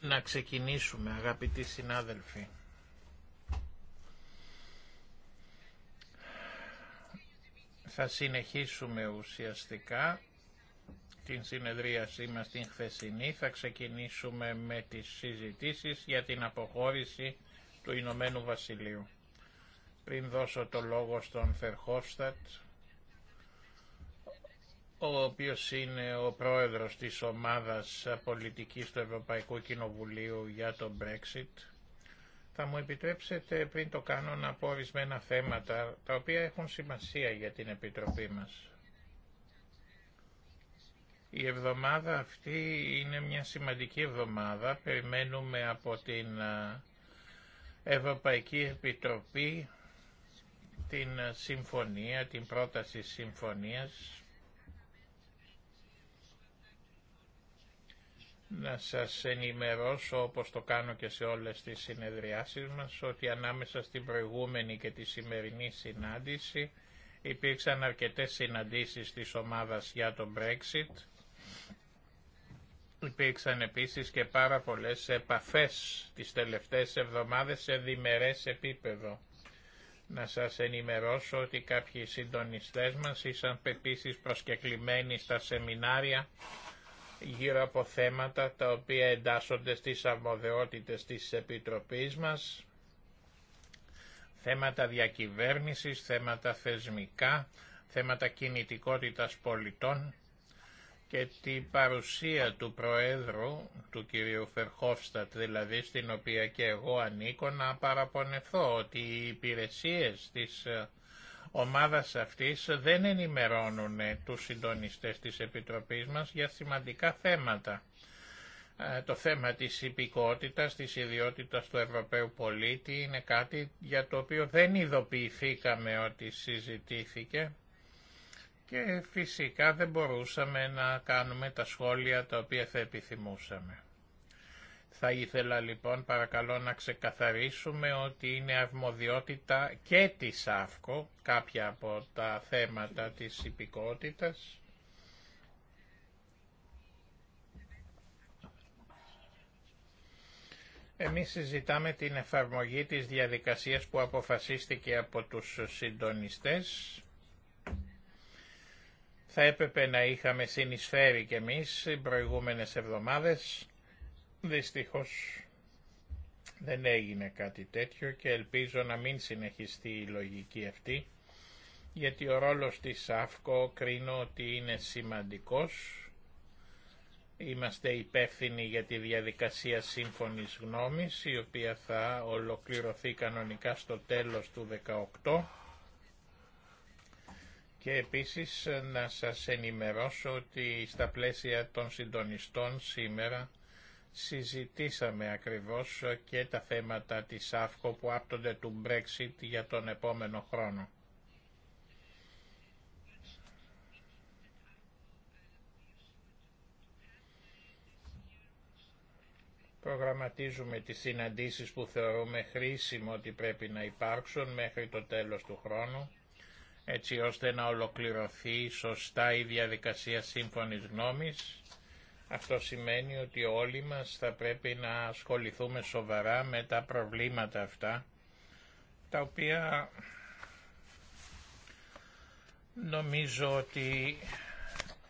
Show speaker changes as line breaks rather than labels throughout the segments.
Να ξεκινήσουμε, αγαπητοί συνάδελφοι. Θα συνεχίσουμε ουσιαστικά την συνεδρίασή μας την χθεσινή. Θα ξεκινήσουμε με τις συζητήσεις για την αποχώρηση του Ηνωμένου Βασιλείου. Πριν δώσω το λόγο στον Φερχόφστατ, ο οποίος είναι ο πρόεδρος της ομάδας πολιτικής του Ευρωπαϊκού Κοινοβουλίου για το Brexit, θα μου επιτρέψετε πριν το κάνω να πω ορισμένα θέματα τα οποία έχουν σημασία για την Επιτροπή μας. Η εβδομάδα αυτή είναι μια σημαντική εβδομάδα. Περιμένουμε από την Ευρωπαϊκή Επιτροπή την συμφωνία, την πρόταση συμφωνίας να σας ενημερώσω όπως το κάνω και σε όλες τις συνεδριάσεις μας ότι ανάμεσα στην προηγούμενη και τη σημερινή συνάντηση υπήρξαν αρκετές συναντήσεις της ομάδας για το Brexit. Υπήρξαν επίσης και πάρα πολλές επαφές τις τελευταίες εβδομάδες σε διμερές επίπεδο. Να σας ενημερώσω ότι κάποιοι συντονιστές μας ήσαν επίσης προσκεκλημένοι στα σεμινάρια γύρω από θέματα τα οποία εντάσσονται στις αρμοδεότητες της Επιτροπής μας, θέματα διακυβέρνησης, θέματα θεσμικά, θέματα κινητικότητας πολιτών και την παρουσία του Προέδρου, του κυρίου Φερχόφστατ, δηλαδή στην οποία και εγώ ανήκω, να παραπονεθώ ότι οι υπηρεσίες της ομάδας αυτής δεν ενημερώνουν ε, τους συντονιστές της Επιτροπής μας για σημαντικά θέματα. Ε, το θέμα της υπηκότητας, της ιδιότητας του Ευρωπαίου πολίτη είναι κάτι για το οποίο δεν ειδοποιηθήκαμε ότι συζητήθηκε και φυσικά δεν μπορούσαμε να κάνουμε τα σχόλια τα οποία θα επιθυμούσαμε. Θα ήθελα λοιπόν παρακαλώ να ξεκαθαρίσουμε ότι είναι αρμοδιότητα και της ΑΦΚΟ κάποια από τα θέματα της υπηκότητας. Εμείς συζητάμε την εφαρμογή της διαδικασίας που αποφασίστηκε από τους συντονιστές. Θα έπρεπε να είχαμε συνεισφέρει κι εμείς οι προηγούμενες εβδομάδες. Δυστυχώς δεν έγινε κάτι τέτοιο και ελπίζω να μην συνεχιστεί η λογική αυτή γιατί ο ρόλος της ΑΦΚΟ κρίνω ότι είναι σημαντικός. Είμαστε υπεύθυνοι για τη διαδικασία σύμφωνης γνώμης, η οποία θα ολοκληρωθεί κανονικά στο τέλος του 18. Και επίσης να σας ενημερώσω ότι στα πλαίσια των συντονιστών σήμερα συζητήσαμε ακριβώς και τα θέματα της ΑΦΚΟ που άπτονται του Brexit για τον επόμενο χρόνο. Προγραμματίζουμε τις συναντήσεις που θεωρούμε χρήσιμο ότι πρέπει να υπάρξουν μέχρι το τέλος του χρόνου, έτσι ώστε να ολοκληρωθεί σωστά η διαδικασία σύμφωνης γνώμης αυτό σημαίνει ότι όλοι μας θα πρέπει να ασχοληθούμε σοβαρά με τα προβλήματα αυτά, τα οποία νομίζω ότι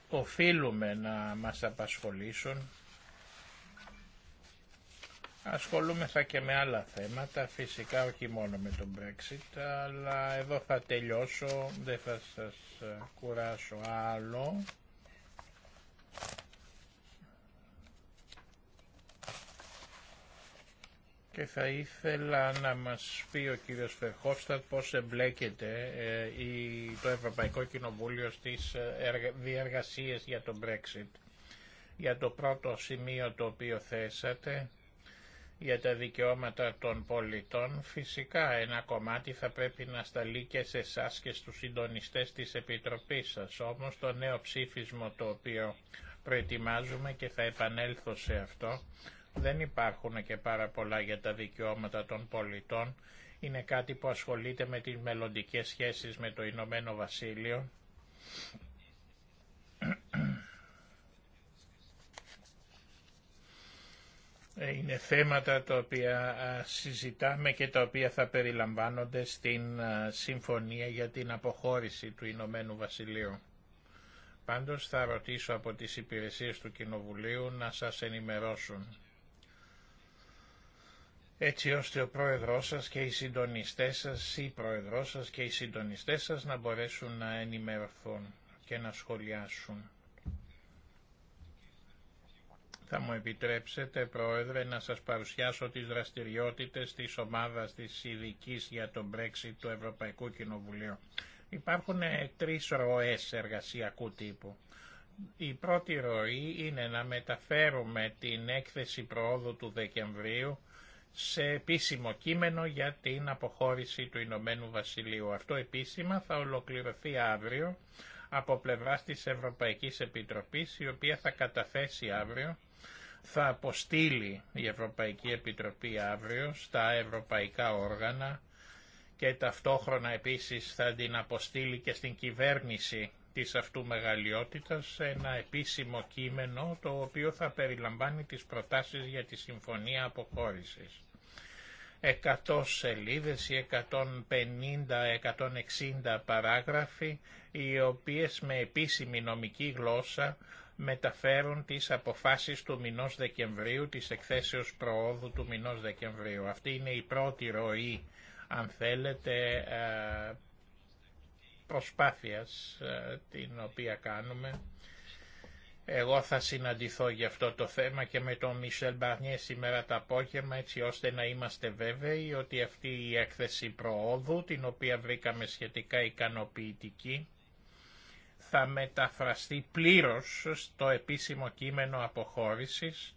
οφείλουμε να μας απασχολήσουν. Ασχολούμεθα και με άλλα θέματα, φυσικά όχι μόνο με τον Brexit, αλλά εδώ θα τελειώσω, δεν θα σας κουράσω άλλο. Και θα ήθελα να μας πει ο κύριος Φερχόφστατ πώς εμπλέκεται ε, το Ευρωπαϊκό Κοινοβούλιο στις ε, διεργασίες για το Brexit. Για το πρώτο σημείο το οποίο θέσατε, για τα δικαιώματα των πολιτών, φυσικά ένα κομμάτι θα πρέπει να σταλεί και σε εσά και στους συντονιστές της Επιτροπής σας. Όμως το νέο ψήφισμο το οποίο προετοιμάζουμε και θα επανέλθω σε αυτό, δεν υπάρχουν και πάρα πολλά για τα δικαιώματα των πολιτών. Είναι κάτι που ασχολείται με τις μελλοντικέ σχέσεις με το Ηνωμένο Βασίλειο. Ε, είναι θέματα τα οποία συζητάμε και τα οποία θα περιλαμβάνονται στην Συμφωνία για την Αποχώρηση του Ηνωμένου Βασιλείου. Πάντως θα ρωτήσω από τις υπηρεσίες του Κοινοβουλίου να σας ενημερώσουν έτσι ώστε ο πρόεδρός σας και οι συντονιστές σας ή η προεδρος και οι συντονιστές σας να μπορέσουν να ενημερωθούν και να σχολιάσουν. Θα μου επιτρέψετε, Πρόεδρε, να σας παρουσιάσω τις δραστηριότητες της ομάδας της ειδική για τον Brexit του Ευρωπαϊκού Κοινοβουλίου. Υπάρχουν ε, τρεις ροές εργασιακού τύπου. Η πρώτη ροή είναι να μεταφέρουμε την έκθεση προόδου του Δεκεμβρίου σε επίσημο κείμενο για την αποχώρηση του Ηνωμένου Βασιλείου. Αυτό επίσημα θα ολοκληρωθεί αύριο από πλευρά της Ευρωπαϊκής Επιτροπής, η οποία θα καταθέσει αύριο, θα αποστείλει η Ευρωπαϊκή Επιτροπή αύριο στα ευρωπαϊκά όργανα και ταυτόχρονα επίσης θα την αποστείλει και στην κυβέρνηση της αυτού μεγαλειότητας ένα επίσημο κείμενο το οποίο θα περιλαμβάνει τις προτάσεις για τη Συμφωνία Αποχώρησης. 100 σελίδες ή 150-160 παράγραφοι οι οποίες με επίσημη νομική γλώσσα μεταφέρουν τις αποφάσεις του μηνός Δεκεμβρίου, της εκθέσεως προόδου του μηνός Δεκεμβρίου. Αυτή είναι η πρώτη ροή, αν θέλετε, ε, προσπάθειας ε, την οποία κάνουμε. Εγώ θα συναντηθώ για αυτό το θέμα και με τον Μισελ Μπαρνιέ σήμερα τα απόγευμα έτσι ώστε να είμαστε βέβαιοι ότι αυτή η έκθεση προόδου την οποία βρήκαμε σχετικά ικανοποιητική θα μεταφραστεί πλήρως στο επίσημο κείμενο αποχώρησης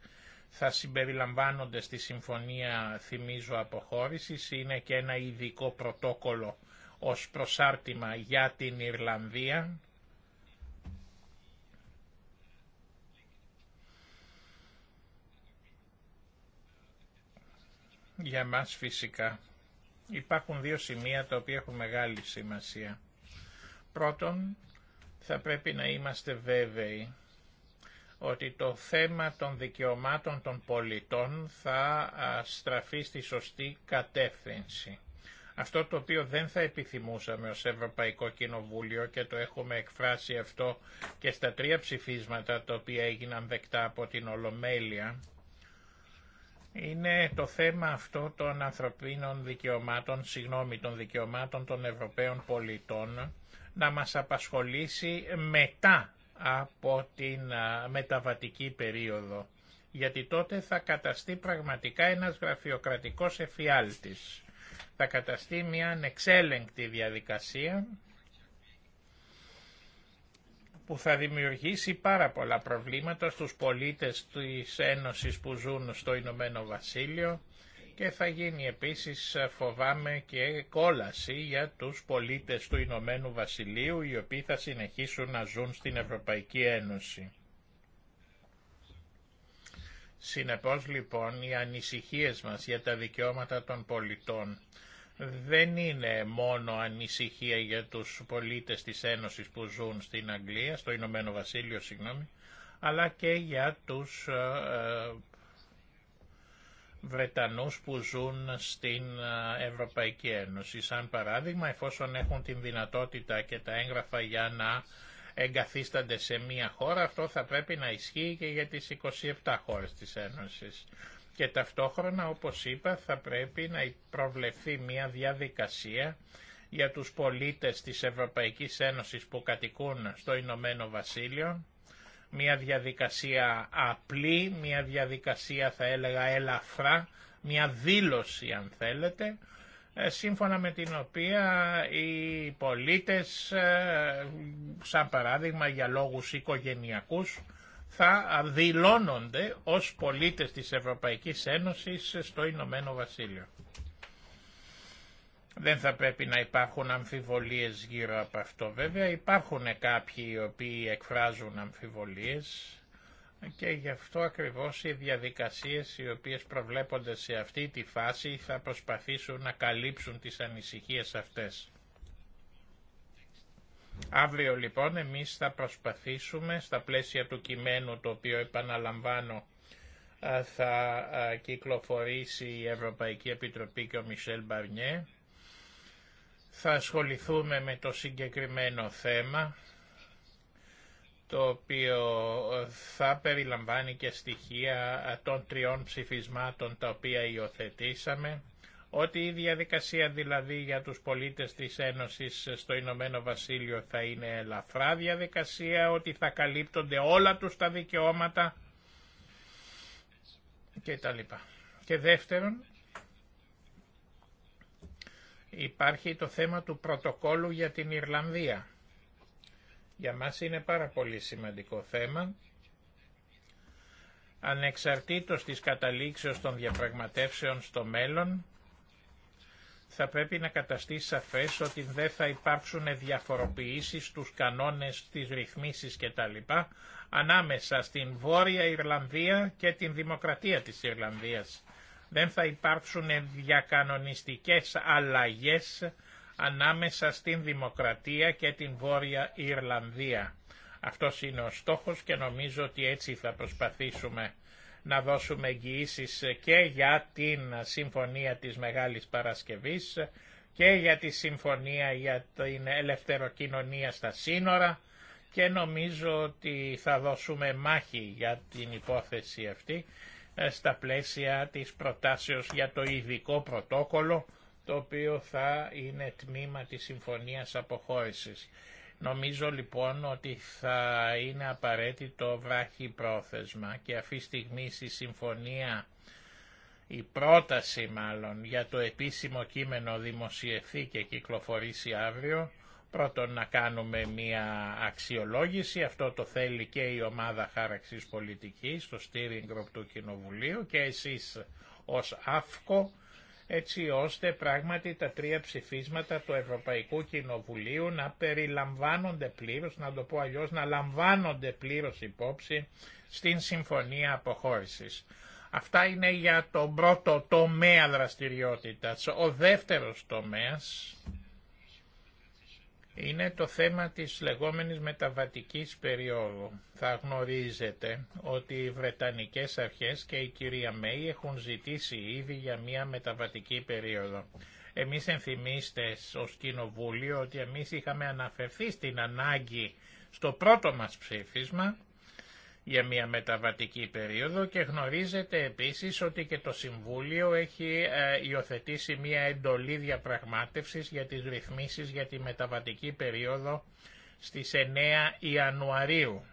θα συμπεριλαμβάνονται στη Συμφωνία Θυμίζω Αποχώρησης, είναι και ένα ειδικό πρωτόκολλο ως προσάρτημα για την Ιρλανδία. Για μας φυσικά υπάρχουν δύο σημεία τα οποία έχουν μεγάλη σημασία. Πρώτον, θα πρέπει να είμαστε βέβαιοι ότι το θέμα των δικαιωμάτων των πολιτών θα στραφεί στη σωστή κατεύθυνση. Αυτό το οποίο δεν θα επιθυμούσαμε ως Ευρωπαϊκό Κοινοβούλιο και το έχουμε εκφράσει αυτό και στα τρία ψηφίσματα τα οποία έγιναν δεκτά από την Ολομέλεια είναι το θέμα αυτό των ανθρωπίνων δικαιωμάτων, συγγνώμη, των δικαιωμάτων των Ευρωπαίων πολιτών να μας απασχολήσει μετά από την μεταβατική περίοδο γιατί τότε θα καταστεί πραγματικά ένας γραφειοκρατικός εφιάλτης θα καταστεί μια ανεξέλεγκτη διαδικασία που θα δημιουργήσει πάρα πολλά προβλήματα στους πολίτες της Ένωσης που ζουν στο Ηνωμένο Βασίλειο και θα γίνει επίσης φοβάμαι και κόλαση για τους πολίτες του Ηνωμένου Βασιλείου οι οποίοι θα συνεχίσουν να ζουν στην Ευρωπαϊκή Ένωση. Συνεπώς λοιπόν οι ανησυχίες μας για τα δικαιώματα των πολιτών δεν είναι μόνο ανησυχία για τους πολίτες της Ένωσης που ζουν στην Αγγλία, στο Ηνωμένο Βασίλειο, συγγνώμη, αλλά και για τους ε, ε, Βρετανούς που ζουν στην ε, Ευρωπαϊκή Ένωση. Σαν παράδειγμα, εφόσον έχουν την δυνατότητα και τα έγγραφα για να εγκαθίστανται σε μία χώρα, αυτό θα πρέπει να ισχύει και για τις 27 χώρες της Ένωσης και ταυτόχρονα όπως είπα θα πρέπει να προβλεφθεί μια διαδικασία για τους πολίτες της Ευρωπαϊκής Ένωσης που κατοικούν στο Ηνωμένο Βασίλειο, μια διαδικασία απλή, μια διαδικασία θα έλεγα ελαφρά, μια δήλωση αν θέλετε, ε, σύμφωνα με την οποία οι πολίτες, ε, σαν παράδειγμα για λόγους οικογενειακούς, θα δηλώνονται ως πολίτες της Ευρωπαϊκής Ένωσης στο Ηνωμένο Βασίλειο. Δεν θα πρέπει να υπάρχουν αμφιβολίες γύρω από αυτό. Βέβαια υπάρχουν κάποιοι οι οποίοι εκφράζουν αμφιβολίες και γι' αυτό ακριβώς οι διαδικασίες οι οποίες προβλέπονται σε αυτή τη φάση θα προσπαθήσουν να καλύψουν τις ανησυχίες αυτές. Αύριο λοιπόν εμείς θα προσπαθήσουμε στα πλαίσια του κειμένου το οποίο επαναλαμβάνω θα κυκλοφορήσει η Ευρωπαϊκή Επιτροπή και ο Μισελ Μπαρνιέ. Θα ασχοληθούμε με το συγκεκριμένο θέμα το οποίο θα περιλαμβάνει και στοιχεία των τριών ψηφισμάτων τα οποία υιοθετήσαμε ότι η διαδικασία δηλαδή για τους πολίτες της Ένωσης στο Ηνωμένο Βασίλειο θα είναι ελαφρά διαδικασία, ότι θα καλύπτονται όλα τους τα δικαιώματα και τα λοιπά. Και δεύτερον, υπάρχει το θέμα του πρωτοκόλου για την Ιρλανδία. Για μας είναι πάρα πολύ σημαντικό θέμα ανεξαρτήτως της καταλήξεως των διαπραγματεύσεων στο μέλλον, θα πρέπει να καταστεί σαφές ότι δεν θα υπάρξουν διαφοροποιήσεις στους κανόνες, της ρυθμίσεις κτλ. ανάμεσα στην Βόρεια Ιρλανδία και την Δημοκρατία της Ιρλανδίας. Δεν θα υπάρξουν διακανονιστικές αλλαγές ανάμεσα στην Δημοκρατία και την Βόρεια Ιρλανδία. Αυτός είναι ο στόχος και νομίζω ότι έτσι θα προσπαθήσουμε να δώσουμε εγγυήσει και για την Συμφωνία της Μεγάλης Παρασκευής και για τη Συμφωνία για την Ελευθεροκοινωνία στα σύνορα και νομίζω ότι θα δώσουμε μάχη για την υπόθεση αυτή ε, στα πλαίσια της προτάσεως για το ειδικό πρωτόκολλο το οποίο θα είναι τμήμα της Συμφωνίας Αποχώρησης. Νομίζω λοιπόν ότι θα είναι απαραίτητο βράχη πρόθεσμα και αυτή τη στιγμή η συμφωνία, η πρόταση μάλλον για το επίσημο κείμενο δημοσιευθεί και κυκλοφορήσει αύριο. Πρώτον να κάνουμε μία αξιολόγηση, αυτό το θέλει και η ομάδα χάραξης πολιτικής, το steering group του Κοινοβουλίου και εσείς ως ΑΦΚΟ έτσι ώστε πράγματι τα τρία ψηφίσματα του Ευρωπαϊκού Κοινοβουλίου να περιλαμβάνονται πλήρως, να το πω αλλιώς, να λαμβάνονται πλήρως υπόψη στην Συμφωνία Αποχώρησης. Αυτά είναι για τον πρώτο τομέα δραστηριότητας. Ο δεύτερος τομέας είναι το θέμα της λεγόμενης μεταβατικής περίοδου. Θα γνωρίζετε ότι οι Βρετανικές αρχές και η κυρία Μέη έχουν ζητήσει ήδη για μια μεταβατική περίοδο. Εμείς ενθυμίστε ως Κοινοβούλιο ότι εμείς είχαμε αναφερθεί στην ανάγκη στο πρώτο μας ψήφισμα για μια μεταβατική περίοδο και γνωρίζετε επίσης ότι και το Συμβούλιο έχει ε, υιοθετήσει μια εντολή διαπραγμάτευσης για τις ρυθμίσεις για τη μεταβατική περίοδο στις 9 Ιανουαρίου.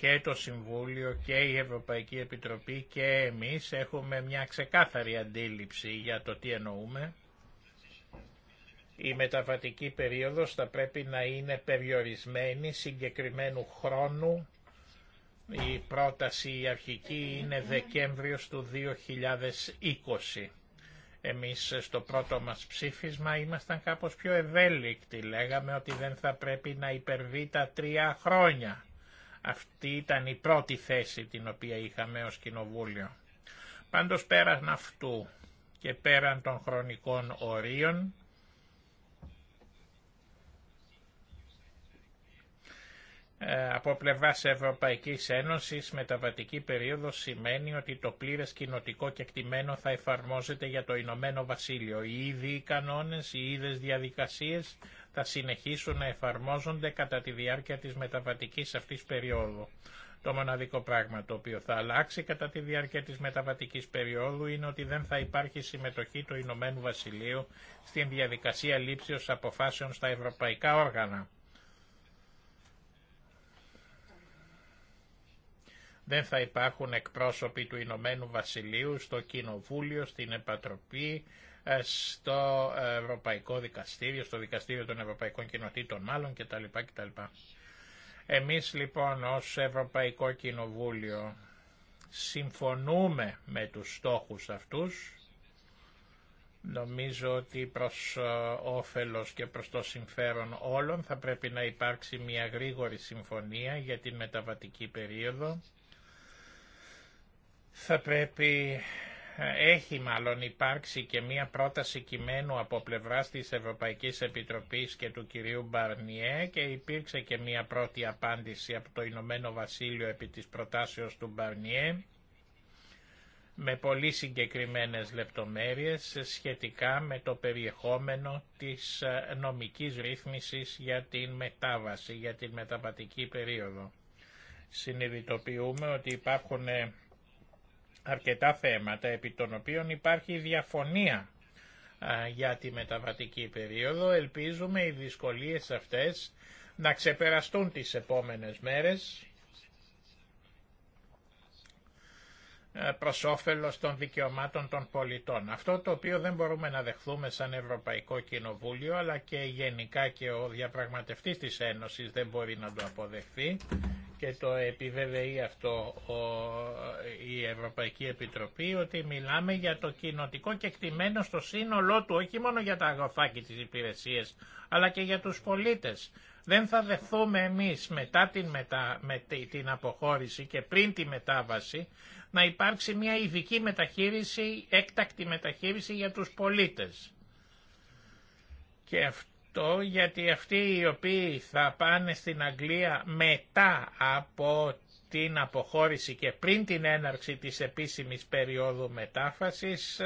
και το Συμβούλιο και η Ευρωπαϊκή Επιτροπή και εμείς έχουμε μια ξεκάθαρη αντίληψη για το τι εννοούμε η μεταβατική περίοδος θα πρέπει να είναι περιορισμένη συγκεκριμένου χρόνου. Η πρόταση η αρχική είναι Δεκέμβριος του 2020. Εμείς στο πρώτο μας ψήφισμα ήμασταν κάπως πιο ευέλικτοι. Λέγαμε ότι δεν θα πρέπει να υπερβεί τα τρία χρόνια. Αυτή ήταν η πρώτη θέση την οποία είχαμε ως Κοινοβούλιο. Πάντως πέραν αυτού και πέραν των χρονικών ορίων, Ε, από πλευρά Ευρωπαϊκή Ένωση, μεταβατική περίοδο σημαίνει ότι το πλήρε κοινοτικό κεκτημένο θα εφαρμόζεται για το Ηνωμένο Βασίλειο. Οι ίδιοι κανόνε οι ίδιες διαδικασίε θα συνεχίσουν να εφαρμόζονται κατά τη διάρκεια τη μεταβατική αυτή περίοδου. Το μοναδικό πράγμα το οποίο θα αλλάξει κατά τη διάρκεια της μεταβατικής περίοδου είναι ότι δεν θα υπάρχει συμμετοχή του Ηνωμένου Βασιλείου στην διαδικασία λήψεως αποφάσεων στα ευρωπαϊκά όργανα. δεν θα υπάρχουν εκπρόσωποι του Ηνωμένου Βασιλείου στο Κοινοβούλιο, στην Επατροπή, ε, στο Ευρωπαϊκό Δικαστήριο, στο Δικαστήριο των Ευρωπαϊκών Κοινοτήτων μάλλον κτλ. κτλ. Εμείς λοιπόν ως Ευρωπαϊκό Κοινοβούλιο συμφωνούμε με τους στόχους αυτούς. Νομίζω ότι προς ε, όφελος και προς το συμφέρον όλων θα πρέπει να υπάρξει μια γρήγορη συμφωνία για την μεταβατική περίοδο θα πρέπει, ε, έχει μάλλον υπάρξει και μία πρόταση κειμένου από πλευράς της Ευρωπαϊκής Επιτροπής και του κυρίου Μπαρνιέ και υπήρξε και μία πρώτη απάντηση από το Ηνωμένο Βασίλειο επί της προτάσεως του Μπαρνιέ με πολύ συγκεκριμένες λεπτομέρειες σχετικά με το περιεχόμενο της ε, νομικής ρύθμισης για την μετάβαση, για την μεταβατική περίοδο. Συνειδητοποιούμε ότι υπάρχουν ε, αρκετά θέματα επί των οποίων υπάρχει διαφωνία για τη μεταβατική περίοδο. Ελπίζουμε οι δυσκολίες αυτές να ξεπεραστούν τις επόμενες μέρες Ε, προς όφελος των δικαιωμάτων των πολιτών. Αυτό το οποίο δεν μπορούμε να δεχθούμε σαν Ευρωπαϊκό Κοινοβούλιο, αλλά και γενικά και ο διαπραγματευτής της Ένωσης δεν μπορεί να το αποδεχθεί και το επιβεβαιεί αυτό η Ευρωπαϊκή Επιτροπή, ότι μιλάμε για το κοινοτικό και κεκτημένο στο σύνολό του, όχι μόνο για τα αγαθάκια της υπηρεσίες, αλλά και για τους πολίτες. Δεν θα δεχθούμε εμείς μετά την, μετα... με την αποχώρηση και πριν τη μετάβαση να υπάρξει μια ειδική μεταχείριση, έκτακτη μεταχείριση για τους πολίτες. Και αυτό γιατί αυτοί οι οποίοι θα πάνε στην Αγγλία μετά από την αποχώρηση και πριν την έναρξη της επίσημης περίοδου μετάφασης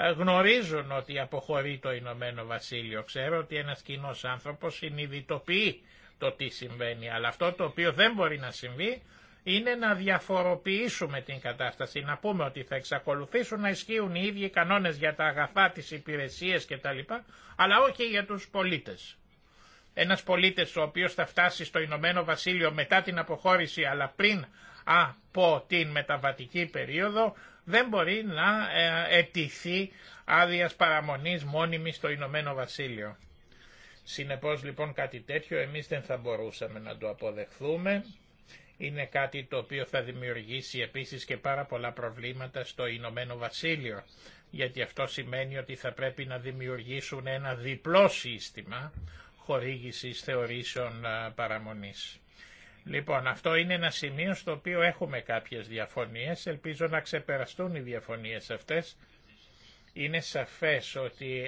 ε, γνωρίζουν ότι αποχωρεί το Ηνωμένο Βασίλειο. Ξέρω ότι ένας κοινό άνθρωπος συνειδητοποιεί το τι συμβαίνει, αλλά αυτό το οποίο δεν μπορεί να συμβεί είναι να διαφοροποιήσουμε την κατάσταση, να πούμε ότι θα εξακολουθήσουν να ισχύουν οι ίδιοι κανόνες για τα αγαθά, τις υπηρεσίες κτλ, αλλά όχι για τους πολίτες. Ένας πολίτης ο οποίος θα φτάσει στο Ηνωμένο Βασίλειο μετά την αποχώρηση, αλλά πριν από την μεταβατική περίοδο, δεν μπορεί να ε, αιτηθεί άδεια παραμονής μόνιμη στο Ηνωμένο Βασίλειο. Συνεπώ λοιπόν κάτι τέτοιο εμεί δεν θα μπορούσαμε να το αποδεχθούμε. Είναι κάτι το οποίο θα δημιουργήσει επίσης και πάρα πολλά προβλήματα στο Ηνωμένο Βασίλειο, γιατί αυτό σημαίνει ότι θα πρέπει να δημιουργήσουν ένα διπλό σύστημα χορήγησης θεωρήσεων ε, παραμονής. Λοιπόν, αυτό είναι ένα σημείο στο οποίο έχουμε κάποιες διαφωνίες. Ελπίζω να ξεπεραστούν οι διαφωνίες αυτές. Είναι σαφές ότι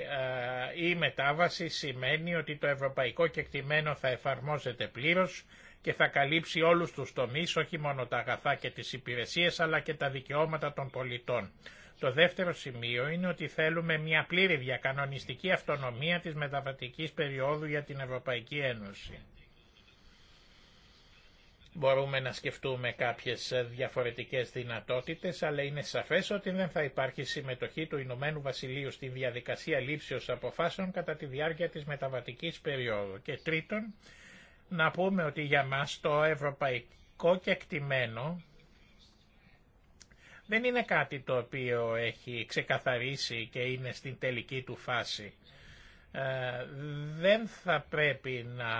η μετάβαση σημαίνει ότι το ευρωπαϊκό κεκτημένο θα εφαρμόζεται πλήρως και θα καλύψει όλους τους τομείς, όχι μόνο τα αγαθά και τις υπηρεσίες, αλλά και τα δικαιώματα των πολιτών. Το δεύτερο σημείο είναι ότι θέλουμε μια πλήρη διακανονιστική αυτονομία της μεταβατικής περίοδου για την Ευρωπαϊκή Ένωση. Μπορούμε να σκεφτούμε κάποιες διαφορετικές δυνατότητες, αλλά είναι σαφές ότι δεν θα υπάρχει συμμετοχή του Ηνωμένου Βασιλείου στη διαδικασία λήψεως αποφάσεων κατά τη διάρκεια της μεταβατικής περίοδου. Και τρίτον, να πούμε ότι για μας το ευρωπαϊκό κεκτημένο δεν είναι κάτι το οποίο έχει ξεκαθαρίσει και είναι στην τελική του φάση. Ε, δεν θα πρέπει να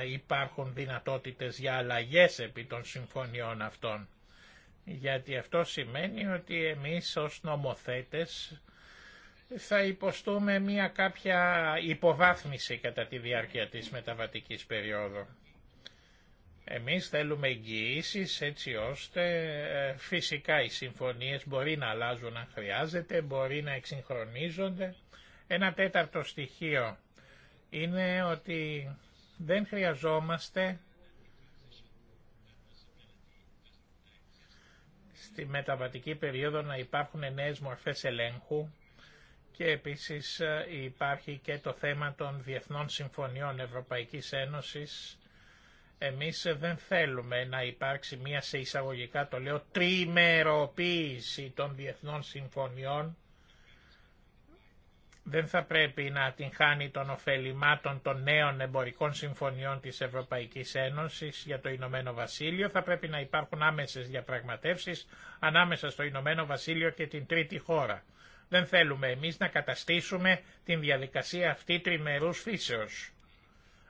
ε, υπάρχουν δυνατότητες για αλλαγές επί των συμφωνιών αυτών. Γιατί αυτό σημαίνει ότι εμείς ως νομοθέτες θα υποστούμε μια κάποια υποβάθμιση κατά τη διάρκεια της μεταβατικής περίοδου. Εμείς θέλουμε εγγυήσει έτσι ώστε ε, φυσικά οι συμφωνίες μπορεί να αλλάζουν αν χρειάζεται, μπορεί να εξυγχρονίζονται, ένα τέταρτο στοιχείο είναι ότι δεν χρειαζόμαστε στη μεταβατική περίοδο να υπάρχουν νέες μορφές ελέγχου και επίσης ε, υπάρχει και το θέμα των Διεθνών Συμφωνιών Ευρωπαϊκής Ένωσης. Εμείς δεν θέλουμε να υπάρξει μία σε εισαγωγικά το λέω τριμεροποίηση των Διεθνών Συμφωνιών δεν θα πρέπει να την χάνει των ωφελημάτων των νέων εμπορικών συμφωνιών της Ευρωπαϊκής Ένωσης για το Ηνωμένο Βασίλειο. Θα πρέπει να υπάρχουν άμεσες διαπραγματεύσεις ανάμεσα στο Ηνωμένο Βασίλειο και την τρίτη χώρα. Δεν θέλουμε εμείς να καταστήσουμε την διαδικασία αυτή τριμερούς φύσεως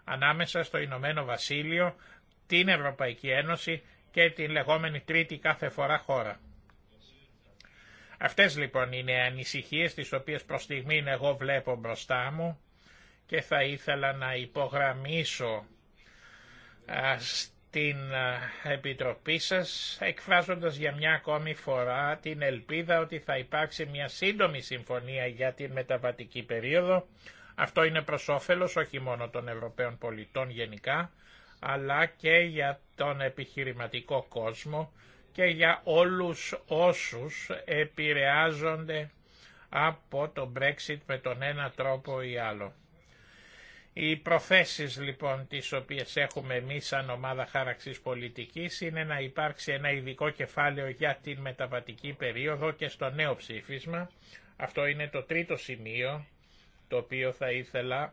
ανάμεσα στο Ηνωμένο Βασίλειο, την Ευρωπαϊκή Ένωση και την λεγόμενη τρίτη κάθε φορά χώρα. Αυτές λοιπόν είναι οι ανησυχίες τις οποίες προς στιγμήν εγώ βλέπω μπροστά μου και θα ήθελα να υπογραμμίσω στην Επιτροπή σας εκφράζοντας για μια ακόμη φορά την ελπίδα ότι θα υπάρξει μια σύντομη συμφωνία για την μεταβατική περίοδο. Αυτό είναι προς όφελος όχι μόνο των Ευρωπαίων πολιτών γενικά αλλά και για τον επιχειρηματικό κόσμο και για όλους όσους επηρεάζονται από το Brexit με τον ένα τρόπο ή άλλο. Οι προθέσεις λοιπόν τις οποίες έχουμε εμείς σαν ομάδα χάραξης πολιτικής είναι να υπάρξει ένα ειδικό κεφάλαιο για την μεταβατική περίοδο και στο νέο ψήφισμα. Αυτό είναι το τρίτο σημείο το οποίο θα ήθελα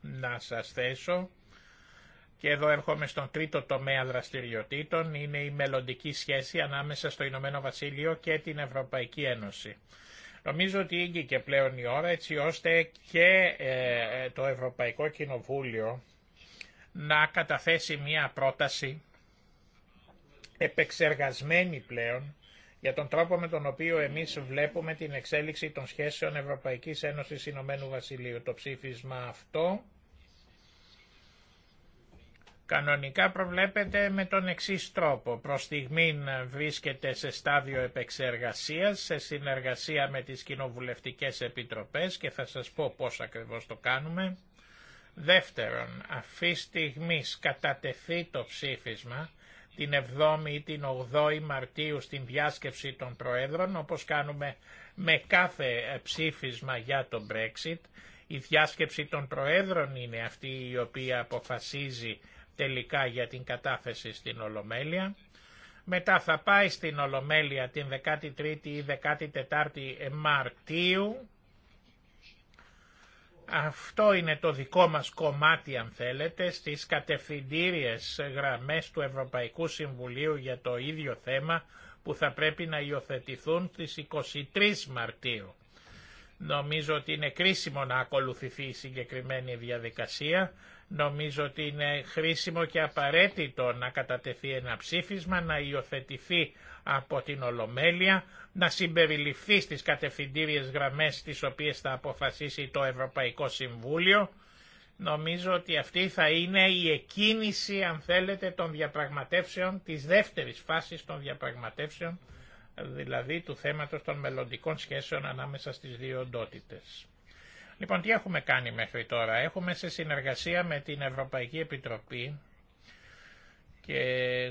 να σας θέσω και εδώ έρχομαι στον τρίτο τομέα δραστηριοτήτων, είναι η μελλοντική σχέση ανάμεσα στο Ηνωμένο Βασίλειο και την Ευρωπαϊκή Ένωση. Νομίζω ότι ήγηκε πλέον η ώρα έτσι ώστε και ε, το Ευρωπαϊκό Κοινοβούλιο να καταθέσει μία πρόταση επεξεργασμένη πλέον για τον τρόπο με τον οποίο εμείς βλέπουμε την εξέλιξη των σχέσεων Ευρωπαϊκής Ένωσης Ηνωμένου Βασιλείου. Το ψήφισμα αυτό Κανονικά προβλέπεται με τον εξή τρόπο. Προ στιγμή βρίσκεται σε στάδιο επεξεργασίας, σε συνεργασία με τις κοινοβουλευτικές επιτροπές και θα σας πω πώ ακριβώς το κάνουμε. Δεύτερον, αυτή στιγμή κατατεθεί το ψήφισμα την 7η ή την 8η Μαρτίου στην διάσκεψη των Προέδρων, όπως κάνουμε με κάθε ψήφισμα για το Brexit. Η διάσκεψη των Προέδρων είναι αυτή η οποία αποφασίζει τελικά για την κατάθεση στην Ολομέλεια. Μετά θα πάει στην Ολομέλεια την 13η ή 14η Μαρτίου. Αυτό είναι το δικό μας κομμάτι αν θέλετε στις κατευθυντήριες γραμμές του Ευρωπαϊκού Συμβουλίου για το ίδιο θέμα που θα πρέπει να υιοθετηθούν στις 23 Μαρτίου. Νομίζω ότι είναι κρίσιμο να ακολουθηθεί η συγκεκριμένη διαδικασία Νομίζω ότι είναι χρήσιμο και απαραίτητο να κατατεθεί ένα ψήφισμα, να υιοθετηθεί από την Ολομέλεια, να συμπεριληφθεί στις κατευθυντήριες γραμμές τις οποίες θα αποφασίσει το Ευρωπαϊκό Συμβούλιο. Νομίζω ότι αυτή θα είναι η εκκίνηση, αν θέλετε, των διαπραγματεύσεων, της δεύτερης φάσης των διαπραγματεύσεων, δηλαδή του θέματος των μελλοντικών σχέσεων ανάμεσα στις δύο οντότητες. Λοιπόν, τι έχουμε κάνει μέχρι τώρα. Έχουμε σε συνεργασία με την Ευρωπαϊκή Επιτροπή και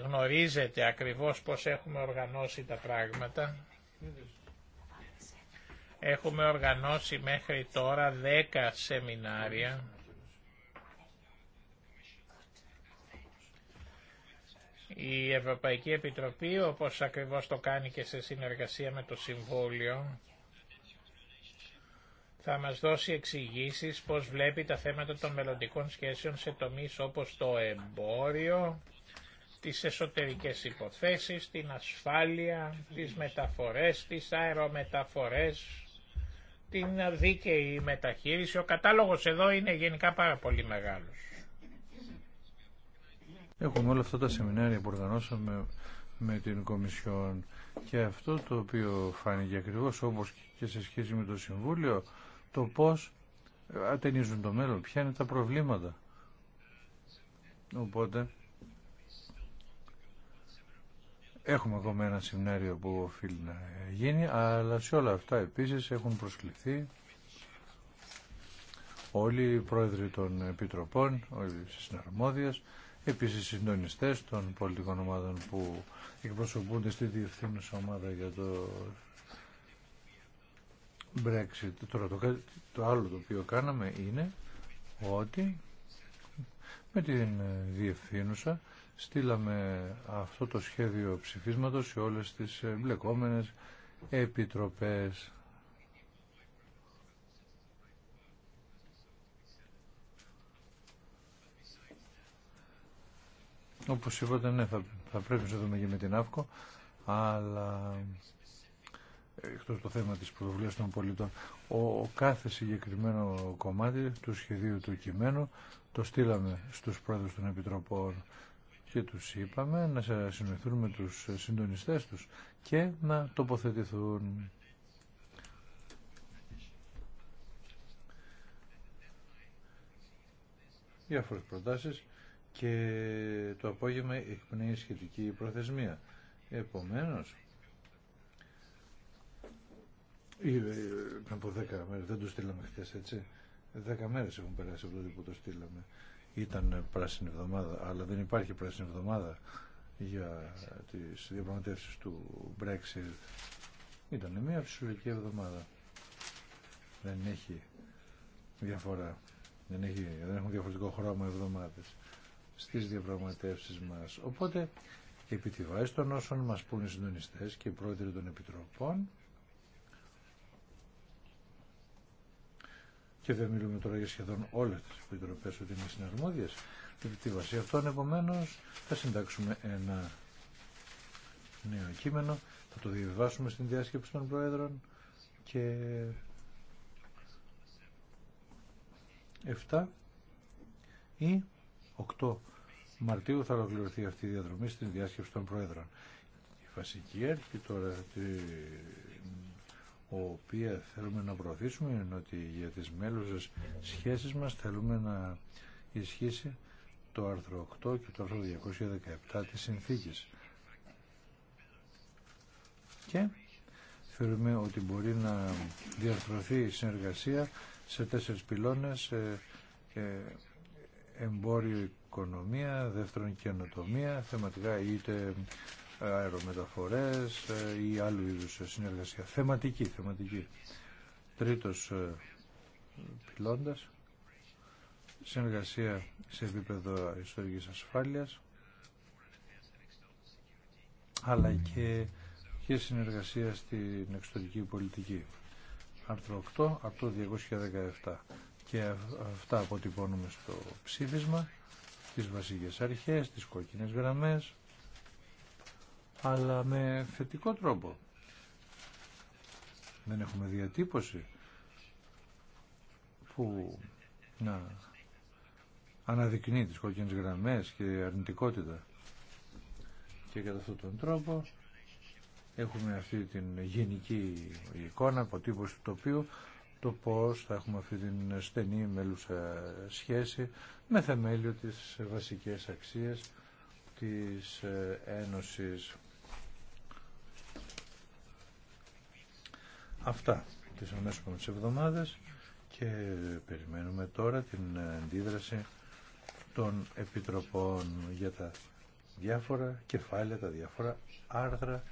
γνωρίζετε ακριβώς πώς έχουμε οργανώσει τα πράγματα. Έχουμε οργανώσει μέχρι τώρα 10 σεμινάρια Η Ευρωπαϊκή Επιτροπή, όπως ακριβώς το κάνει και σε συνεργασία με το Συμβούλιο, θα μας δώσει εξηγήσει πώς βλέπει τα θέματα των μελλοντικών σχέσεων σε τομείς όπως το εμπόριο, τις εσωτερικές υποθέσεις, την ασφάλεια, τις μεταφορές, τις αερομεταφορές, την δίκαιη μεταχείριση. Ο κατάλογος εδώ είναι γενικά πάρα πολύ μεγάλος.
Έχουμε όλα αυτά τα σεμινάρια που οργανώσαμε με την Κομισιόν και αυτό το οποίο φάνηκε ακριβώς όπως και σε σχέση με το Συμβούλιο το πώς ατενίζουν το μέλλον, ποια είναι τα προβλήματα. Οπότε έχουμε ακόμα ένα σεμινάριο που οφείλει να γίνει, αλλά σε όλα αυτά επίσης έχουν προσκληθεί όλοι οι πρόεδροι των επιτροπών, όλοι οι συναρμόδιες, επίσης οι συντονιστές των πολιτικών ομάδων που εκπροσωπούνται στη διευθύνουσα ομάδα για το Brexit. το, το άλλο το οποίο κάναμε είναι ότι με την ε, διευθύνουσα στείλαμε αυτό το σχέδιο ψηφίσματος σε όλες τις ε, μπλεκόμενες επιτροπές. Όπως είπατε, ναι, θα, θα πρέπει να δούμε και με την ΑΦΚΟ, αλλά εκτός το θέμα της πρωτοβουλίας των πολιτών, ο, κάθε συγκεκριμένο κομμάτι του σχεδίου του κειμένου το στείλαμε στους πρόεδρους των Επιτροπών και τους είπαμε να συνοηθούν με τους συντονιστές τους και να τοποθετηθούν. Διάφορες προτάσεις και το απόγευμα εκπνέει σχετική προθεσμία. Επομένως, ε, πριν από δέκα μέρες, δεν το στείλαμε χθε έτσι. Δέκα μέρες έχουν περάσει από τότε που το στείλαμε. Ήταν πράσινη εβδομάδα, αλλά δεν υπάρχει πράσινη εβδομάδα για τις διαπραγματεύσεις του Brexit. Ήταν μια φυσιολογική εβδομάδα. Δεν έχει διαφορά. Δεν, έχει, δεν έχουν διαφορετικό χρώμα εβδομάδες στις διαπραγματεύσεις μας. Οπότε, επί τη βάση των όσων μας πούν οι συντονιστές και οι πρόεδροι των επιτροπών, Και δεν μιλούμε τώρα για σχεδόν όλε τι επιτροπέ ότι είναι συναρμόδιε. Επί τη βάση αυτών, επομένω, θα συντάξουμε ένα νέο κείμενο, θα το διαβάσουμε στην διάσκεψη των Προέδρων και 7 ή 8 Μαρτίου θα ολοκληρωθεί αυτή η διαδρομή στην διάσκεψη των Προέδρων. Η βασική αρχή βασικη τωρα την οποία θέλουμε να προωθήσουμε είναι ότι για τις μέλουσες σχέσεις μας θέλουμε να ισχύσει το άρθρο 8 και το άρθρο 217 της συνθήκης. Και θεωρούμε ότι μπορεί να διαρθρωθεί η συνεργασία σε τέσσερις πυλώνες ε, εμπόριο οικονομία, δεύτερον καινοτομία, θεματικά είτε αερομεταφορές ε, ή άλλου είδους συνεργασία. Θεματική, θεματική. Τρίτος ε, πυλώντας, συνεργασία σε επίπεδο ιστορικής ασφάλειας, αλλά και, και συνεργασία στην εξωτερική πολιτική. Άρθρο 8, το 217. Και αυτά αποτυπώνουμε στο ψήφισμα, τις βασικές αρχές, τις κόκκινες γραμμές, αλλά με θετικό τρόπο. Δεν έχουμε διατύπωση που να αναδεικνύει τις κόκκινες γραμμές και αρνητικότητα. Και κατά αυτόν τον τρόπο έχουμε αυτή την γενική εικόνα, αποτύπωση του τοπίου, το πώς θα έχουμε αυτή την στενή μέλουσα σχέση με θεμέλιο τις βασικές αξίες της Ένωσης. Αυτά τις αμέσως εβδομάδες και περιμένουμε τώρα την αντίδραση των επιτροπών για τα διάφορα κεφάλαια, τα διάφορα άρθρα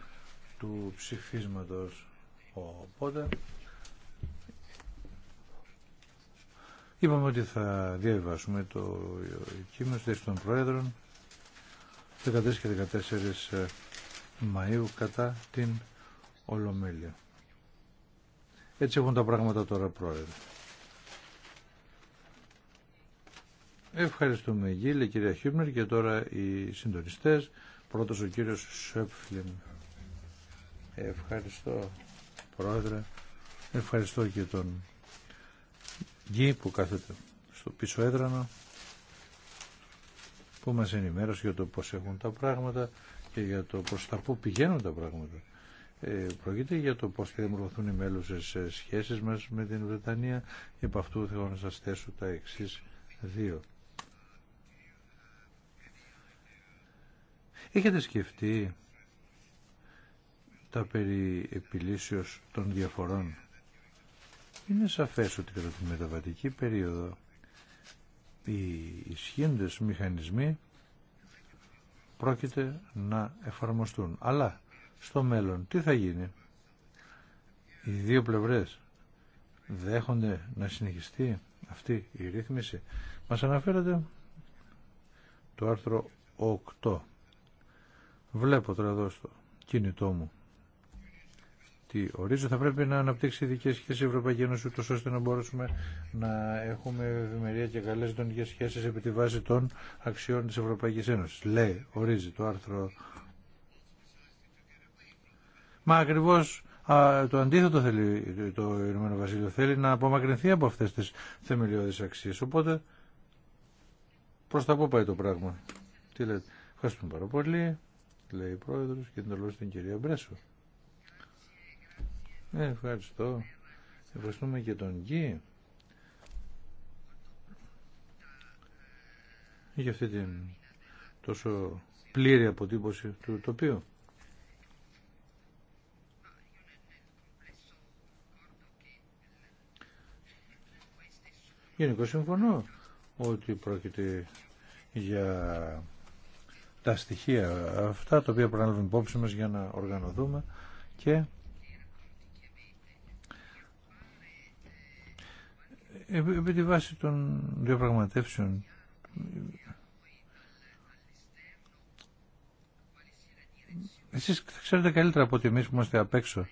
του ψηφίσματος. Οπότε είπαμε ότι θα διαβάσουμε το κείμενο στη των Προέδρων 13 και 14 Μαΐου κατά την Ολομέλεια. Έτσι έχουν τα πράγματα τώρα, Πρόεδρε. Ευχαριστούμε, Γίλη, κυρία Χιούμνερ και τώρα οι συντονιστές. Πρώτος ο κύριος Σέπφλιν. Ευχαριστώ, Πρόεδρε. Ευχαριστώ και τον Γκί που κάθεται στο πίσω έδρανο που μας ενημέρωσε για το πώς έχουν τα πράγματα και για το προς τα πού πηγαίνουν τα πράγματα. Ε, πρόκειται για το πώς θα δημιουργηθούν οι μέλουσες ε, σχέσεις μας με την Βρετανία. Επ' αυτού θέλω να σας θέσω τα εξής δύο. Έχετε σκεφτεί τα περί επιλύσεως των διαφορών. Είναι σαφές ότι κατά τη μεταβατική περίοδο οι ισχύοντες μηχανισμοί πρόκειται να εφαρμοστούν. Αλλά στο μέλλον. Τι θα γίνει. Οι δύο πλευρές δέχονται να συνεχιστεί αυτή η ρύθμιση. Μας αναφέρατε το άρθρο 8. Βλέπω τώρα εδώ στο κινητό μου τι ορίζει Θα πρέπει να αναπτύξει ειδικέ σχέσει η Ευρωπαϊκή Ένωση, ούτω ώστε να μπορέσουμε να έχουμε ευημερία και καλέ δονικέ σχέσει επί τη βάση των αξιών τη Ευρωπαϊκή Ένωση. Λέει, ορίζει το άρθρο Μα ακριβώ το αντίθετο θέλει το Ηνωμένο Βασίλειο. Θέλει να απομακρυνθεί από αυτέ τι θεμελιώδεις αξίες. Οπότε προς τα πού πάει το πράγμα. Τι λέτε. Ευχαριστούμε πάρα πολύ. Λέει η Πρόεδρος και την την κυρία Μπρέσο. Ε, ευχαριστώ. Ευχαριστούμε και τον Γκί. για αυτή την τόσο πλήρη αποτύπωση του τοπίου. Γενικώ συμφωνώ ότι πρόκειται για τα στοιχεία αυτά τα οποία πρέπει να υπόψη μας για να οργανωθούμε και επί τη βάση των διαπραγματεύσεων εσείς ξέρετε καλύτερα από ότι εμείς που είμαστε απ' έξω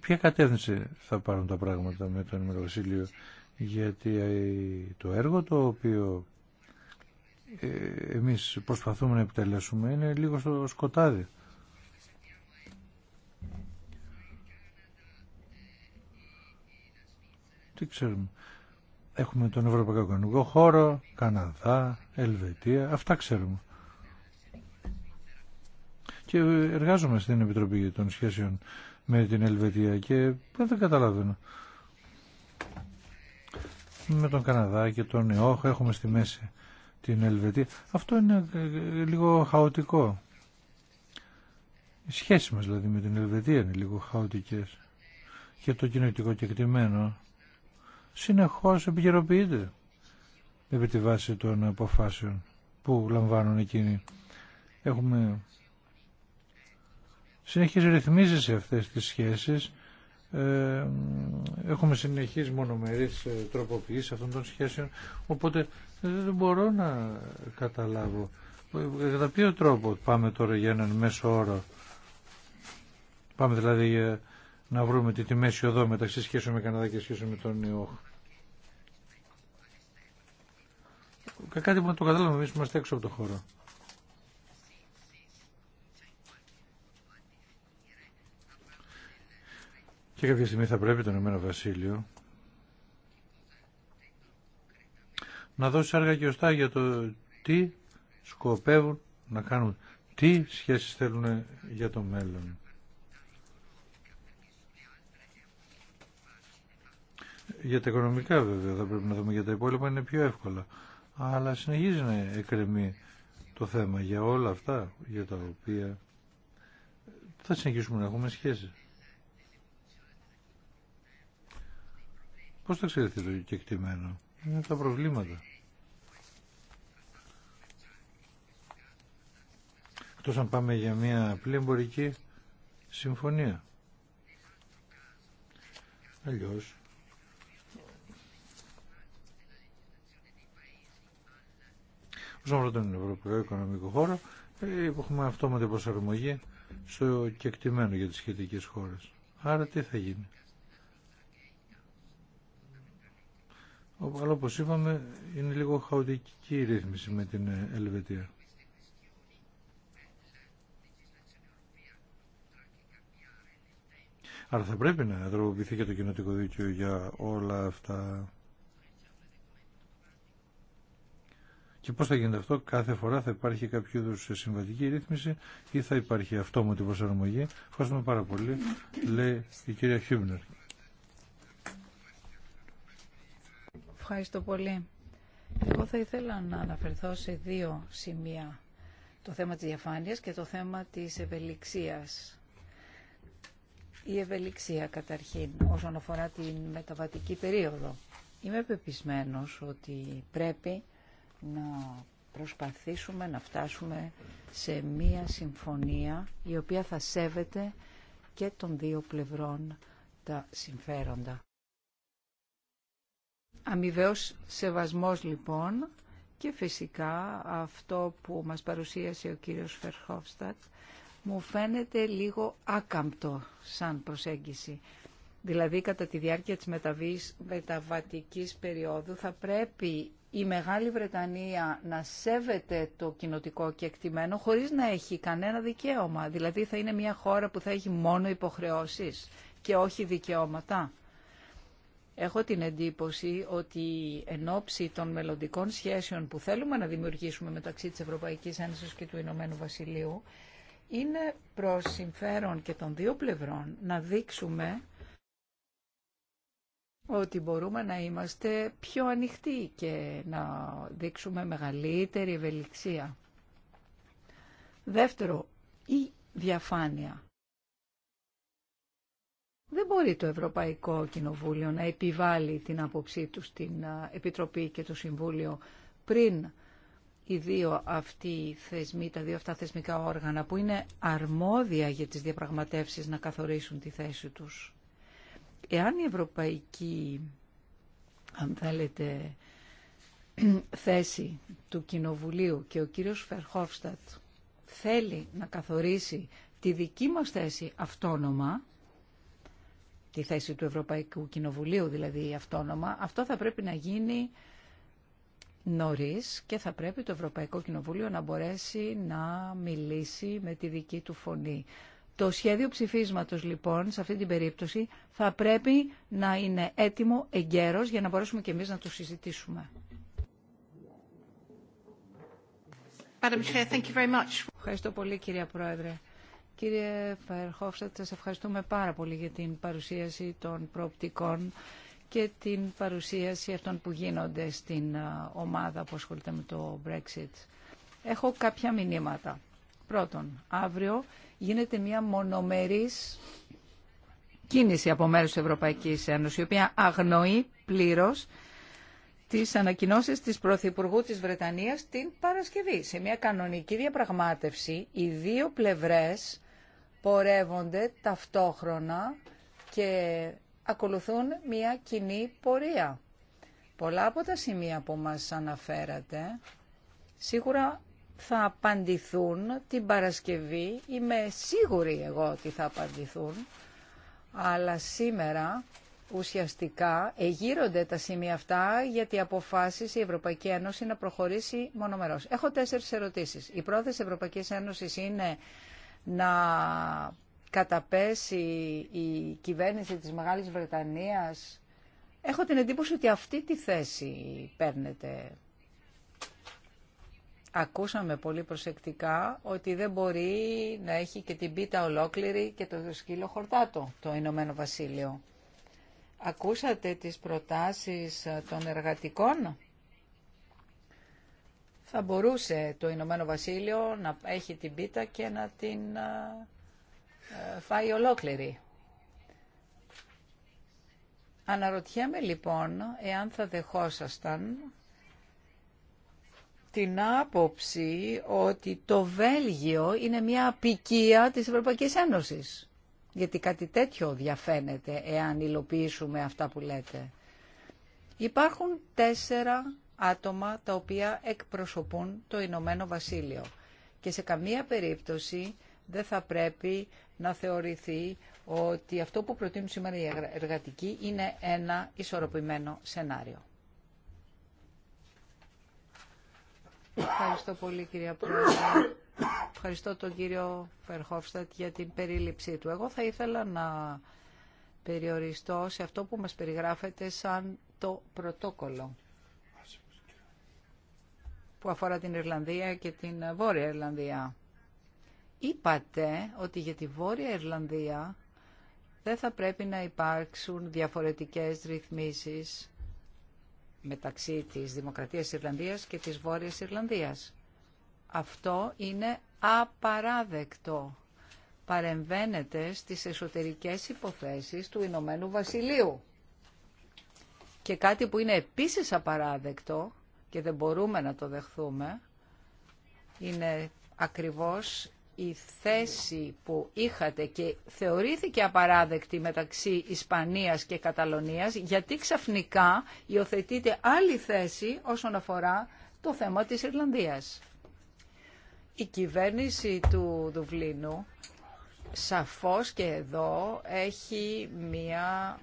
ποια κατεύθυνση θα πάρουν τα πράγματα με τον Βασίλειο γιατί το έργο το οποίο ε, εμείς προσπαθούμε να επιτελέσουμε είναι λίγο στο σκοτάδι. Τι ξέρουμε. Έχουμε τον Ευρωπαϊκό Οικονομικό Χώρο, Καναδά, Ελβετία, αυτά ξέρουμε. Και εργάζομαι στην Επιτροπή των Σχέσεων με την Ελβετία και δεν καταλαβαίνω με τον Καναδά και τον ΕΟΧ, έχουμε στη μέση την Ελβετία. Αυτό είναι ε, ε, λίγο χαοτικό. Οι σχέσεις μας δηλαδή με την Ελβετία είναι λίγο χαοτικές και το κοινωτικό κεκτημένο συνεχώς επικαιροποιείται επί τη βάση των αποφάσεων που λαμβάνουν εκείνοι. Έχουμε συνεχείς ρυθμίσεις σε αυτές τις σχέσεις ε, έχουμε συνεχείς μονομερείς ε, τροποποιήσεις αυτών των σχέσεων οπότε δεν μπορώ να καταλάβω ε, κατά ποιο τρόπο πάμε τώρα για έναν μέσο όρο πάμε δηλαδή ε, να βρούμε τη, τη μέση οδό μεταξύ σχέσεων με Καναδά και σχέσεων με τον ΙΟΧ κάτι που να το καταλάβουμε εμείς είμαστε έξω από το χώρο Και κάποια στιγμή θα πρέπει το Ηνωμένο Βασίλειο να δώσει άργα και ωστά για το τι σκοπεύουν να κάνουν, τι σχέσεις θέλουν για το μέλλον. Για τα οικονομικά βέβαια θα πρέπει να δούμε για τα υπόλοιπα είναι πιο εύκολα. Αλλά συνεχίζει να εκκρεμεί το θέμα για όλα αυτά για τα οποία θα συνεχίσουμε να έχουμε σχέσεις. Πώς θα εξαιρεθεί το κεκτημένο. Είναι τα προβλήματα. Εκτός αν πάμε για μια απλή εμπορική συμφωνία. Αλλιώς. Όσον αφορά τον Ευρωπαϊκό Οικονομικό Χώρο, ε, έχουμε αυτόματη προσαρμογή στο κεκτημένο για τις σχετικές χώρες. Άρα τι θα γίνει. Αλλά όπως είπαμε είναι λίγο χαοτική η ρύθμιση με την ε, Ελβετία. Άρα θα πρέπει να δρομοποιηθεί και το κοινοτικό δίκαιο για όλα αυτά. Και πώς θα γίνεται αυτό, κάθε φορά θα υπάρχει κάποιο είδου συμβατική ρύθμιση ή θα υπάρχει αυτόματη προσαρμογή. Ευχαριστούμε πάρα πολύ, λέει η κυρία Χιούμπνερ.
Ευχαριστώ πολύ. Εγώ θα ήθελα να αναφερθώ σε δύο σημεία. Το θέμα της διαφάνειας και το θέμα της ευελιξίας. Η ευελιξία καταρχήν όσον αφορά την μεταβατική περίοδο. Είμαι πεπισμένος ότι πρέπει να προσπαθήσουμε να φτάσουμε σε μία συμφωνία η οποία θα σέβεται και των δύο πλευρών τα συμφέροντα. Αμοιβαίος σεβασμός λοιπόν και φυσικά αυτό που μας παρουσίασε ο κύριος Φερχόφστατ μου φαίνεται λίγο άκαμπτο σαν προσέγγιση. Δηλαδή κατά τη διάρκεια της μεταβής, μεταβατικής περίοδου θα πρέπει η Μεγάλη Βρετανία να σέβεται το κοινοτικό κεκτημένο χωρίς να έχει κανένα δικαίωμα. Δηλαδή θα είναι μια χώρα που θα έχει μόνο υποχρεώσεις και όχι δικαιώματα. Έχω την εντύπωση ότι εν ώψη των μελλοντικών σχέσεων που θέλουμε να δημιουργήσουμε μεταξύ της Ευρωπαϊκής Ένωσης και του Ηνωμένου Βασιλείου, είναι προς συμφέρον και των δύο πλευρών να δείξουμε ότι μπορούμε να είμαστε πιο ανοιχτοί και να δείξουμε μεγαλύτερη ευελιξία. Δεύτερο, η διαφάνεια. Δεν μπορεί το Ευρωπαϊκό Κοινοβούλιο να επιβάλλει την άποψή του στην Επιτροπή και το Συμβούλιο πριν οι δύο αυτοί θεσμοί, τα δύο αυτά θεσμικά όργανα που είναι αρμόδια για τις διαπραγματεύσεις να καθορίσουν τη θέση τους. Εάν η Ευρωπαϊκή, αν θέλετε, θέση του Κοινοβουλίου και ο κύριος Φερχόφστατ θέλει να καθορίσει τη δική μας θέση αυτόνομα, τη θέση του Ευρωπαϊκού Κοινοβουλίου, δηλαδή αυτόνομα, αυτό θα πρέπει να γίνει νωρίς και θα πρέπει το Ευρωπαϊκό Κοινοβούλιο να μπορέσει να μιλήσει με τη δική του φωνή. Το σχέδιο ψηφίσματος λοιπόν σε αυτή την περίπτωση θα πρέπει να είναι έτοιμο εγκαίρος για να μπορέσουμε και εμείς να το συζητήσουμε. Ευχαριστώ πολύ κυρία Πρόεδρε. Κύριε Φαερχόφστατ, σας ευχαριστούμε πάρα πολύ για την παρουσίαση των προοπτικών και την παρουσίαση αυτών που γίνονται στην ομάδα που ασχολείται με το Brexit. Έχω κάποια μηνύματα. Πρώτον, αύριο γίνεται μια μονομερής κίνηση από μέρους της Ευρωπαϊκής Ένωσης, η οποία αγνοεί πλήρως τις ανακοινώσεις της Πρωθυπουργού της Βρετανίας την Παρασκευή. Σε μια κανονική διαπραγμάτευση, οι δύο πλευρές πορεύονται ταυτόχρονα και ακολουθούν μια κοινή πορεία. Πολλά από τα σημεία που μας αναφέρατε σίγουρα θα απαντηθούν την Παρασκευή, είμαι σίγουρη εγώ ότι θα απαντηθούν, αλλά σήμερα ουσιαστικά εγείρονται τα σημεία αυτά γιατί αποφάσισε η Ευρωπαϊκή Ένωση να προχωρήσει μονομερώς. Έχω τέσσερις ερωτήσεις. Η πρόθεση Ευρωπαϊκής Ένωσης είναι να καταπέσει η κυβέρνηση της Μεγάλης Βρετανίας. Έχω την εντύπωση ότι αυτή τη θέση παίρνετε. Ακούσαμε πολύ προσεκτικά ότι δεν μπορεί να έχει και την πίτα ολόκληρη και το σκύλο χορτάτο το Ηνωμένο Βασίλειο. Ακούσατε τις προτάσεις των εργατικών θα μπορούσε το Ηνωμένο Βασίλειο να έχει την πίτα και να την φάει ολόκληρη. Αναρωτιέμαι λοιπόν εάν θα δεχόσασταν την άποψη ότι το Βέλγιο είναι μια απικία της Ευρωπαϊκής Ένωσης. Γιατί κάτι τέτοιο διαφαίνεται εάν υλοποιήσουμε αυτά που λέτε. Υπάρχουν τέσσερα άτομα τα οποία εκπροσωπούν το Ηνωμένο Βασίλειο. Και σε καμία περίπτωση δεν θα πρέπει να θεωρηθεί ότι αυτό που προτείνουν σήμερα οι εργατικοί είναι ένα ισορροπημένο σενάριο. Ευχαριστώ πολύ κυρία Πρόεδρε. Ευχαριστώ τον κύριο Φερχόφστατ για την περίληψή του. Εγώ θα ήθελα να περιοριστώ σε αυτό που μας περιγράφεται σαν το πρωτόκολλο που αφορά την Ιρλανδία και την Βόρεια Ιρλανδία. Είπατε ότι για τη Βόρεια Ιρλανδία δεν θα πρέπει να υπάρξουν διαφορετικές ρυθμίσεις μεταξύ της Δημοκρατίας Ιρλανδίας και της Βόρειας Ιρλανδίας. Αυτό είναι απαράδεκτο. Παρεμβαίνεται στις εσωτερικές υποθέσεις του Ηνωμένου Βασιλείου. Και κάτι που είναι επίσης απαράδεκτο και δεν μπορούμε να το δεχθούμε είναι ακριβώς η θέση που είχατε και θεωρήθηκε απαράδεκτη μεταξύ Ισπανίας και Καταλωνίας γιατί ξαφνικά υιοθετείται άλλη θέση όσον αφορά το θέμα της Ιρλανδίας. Η κυβέρνηση του Δουβλίνου σαφώς και εδώ έχει μία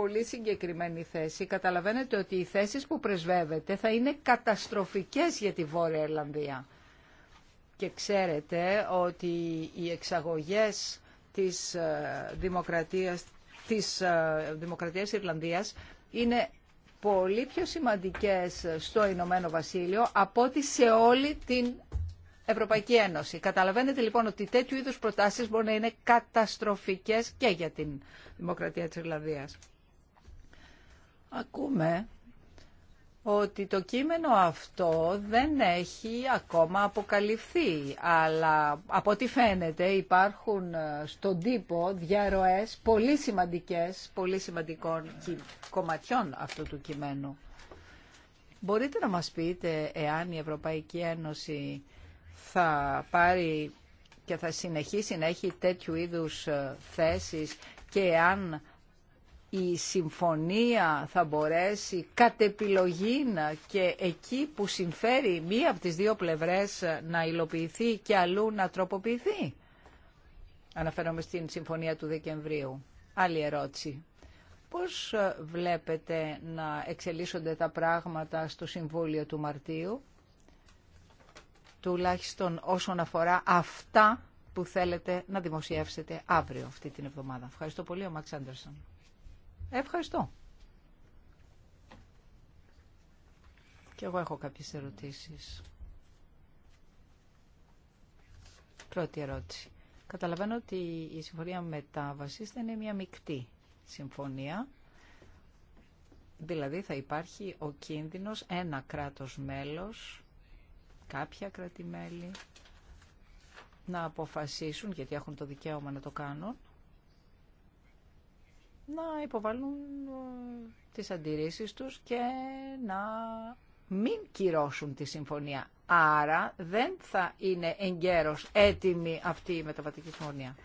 πολύ συγκεκριμένη θέση. Καταλαβαίνετε ότι οι θέσεις που πρεσβεύετε θα είναι καταστροφικές για τη Βόρεια Ιρλανδία. Και ξέρετε ότι οι εξαγωγές της ε, δημοκρατίας της ε, Δημοκρατίας Ιρλανδίας είναι πολύ πιο σημαντικές στο Ηνωμένο Βασίλειο από ότι σε όλη την Ευρωπαϊκή Ένωση. Καταλαβαίνετε λοιπόν ότι τέτοιου είδους προτάσεις μπορεί να είναι καταστροφικές και για την Δημοκρατία της Ιρλανδίας ακούμε ότι το κείμενο αυτό δεν έχει ακόμα αποκαλυφθεί, αλλά από ό,τι φαίνεται υπάρχουν ε, στον τύπο διαρροές πολύ σημαντικές, πολύ σημαντικών κομματιών αυτού του κειμένου. Μπορείτε να μας πείτε εάν η Ευρωπαϊκή Ένωση θα πάρει και θα συνεχίσει να έχει τέτοιου είδους ε, θέσεις και εάν η συμφωνία θα μπορέσει κατ' επιλογή και εκεί που συμφέρει μία από τις δύο πλευρές να υλοποιηθεί και αλλού να τροποποιηθεί. Αναφέρομαι στην συμφωνία του Δεκεμβρίου. Άλλη ερώτηση. Πώς βλέπετε να εξελίσσονται τα πράγματα στο Συμβούλιο του Μαρτίου, τουλάχιστον όσον αφορά αυτά που θέλετε να δημοσιεύσετε αύριο αυτή την εβδομάδα. Ευχαριστώ πολύ, ο Μαξ Ευχαριστώ. Και εγώ έχω κάποιες ερωτήσεις. Πρώτη ερώτηση. Καταλαβαίνω ότι η συμφωνία μετάβασης θα είναι μια μεικτή συμφωνία. Δηλαδή θα υπάρχει ο κίνδυνος ένα κράτος μέλος, κάποια μέλη, να αποφασίσουν, γιατί έχουν το δικαίωμα να το κάνουν, να υποβάλουν ε, τις αντιρρήσεις τους και να μην κυρώσουν τη συμφωνία. Άρα δεν θα είναι εγκαίρος έτοιμη αυτή η μεταβατική συμφωνία.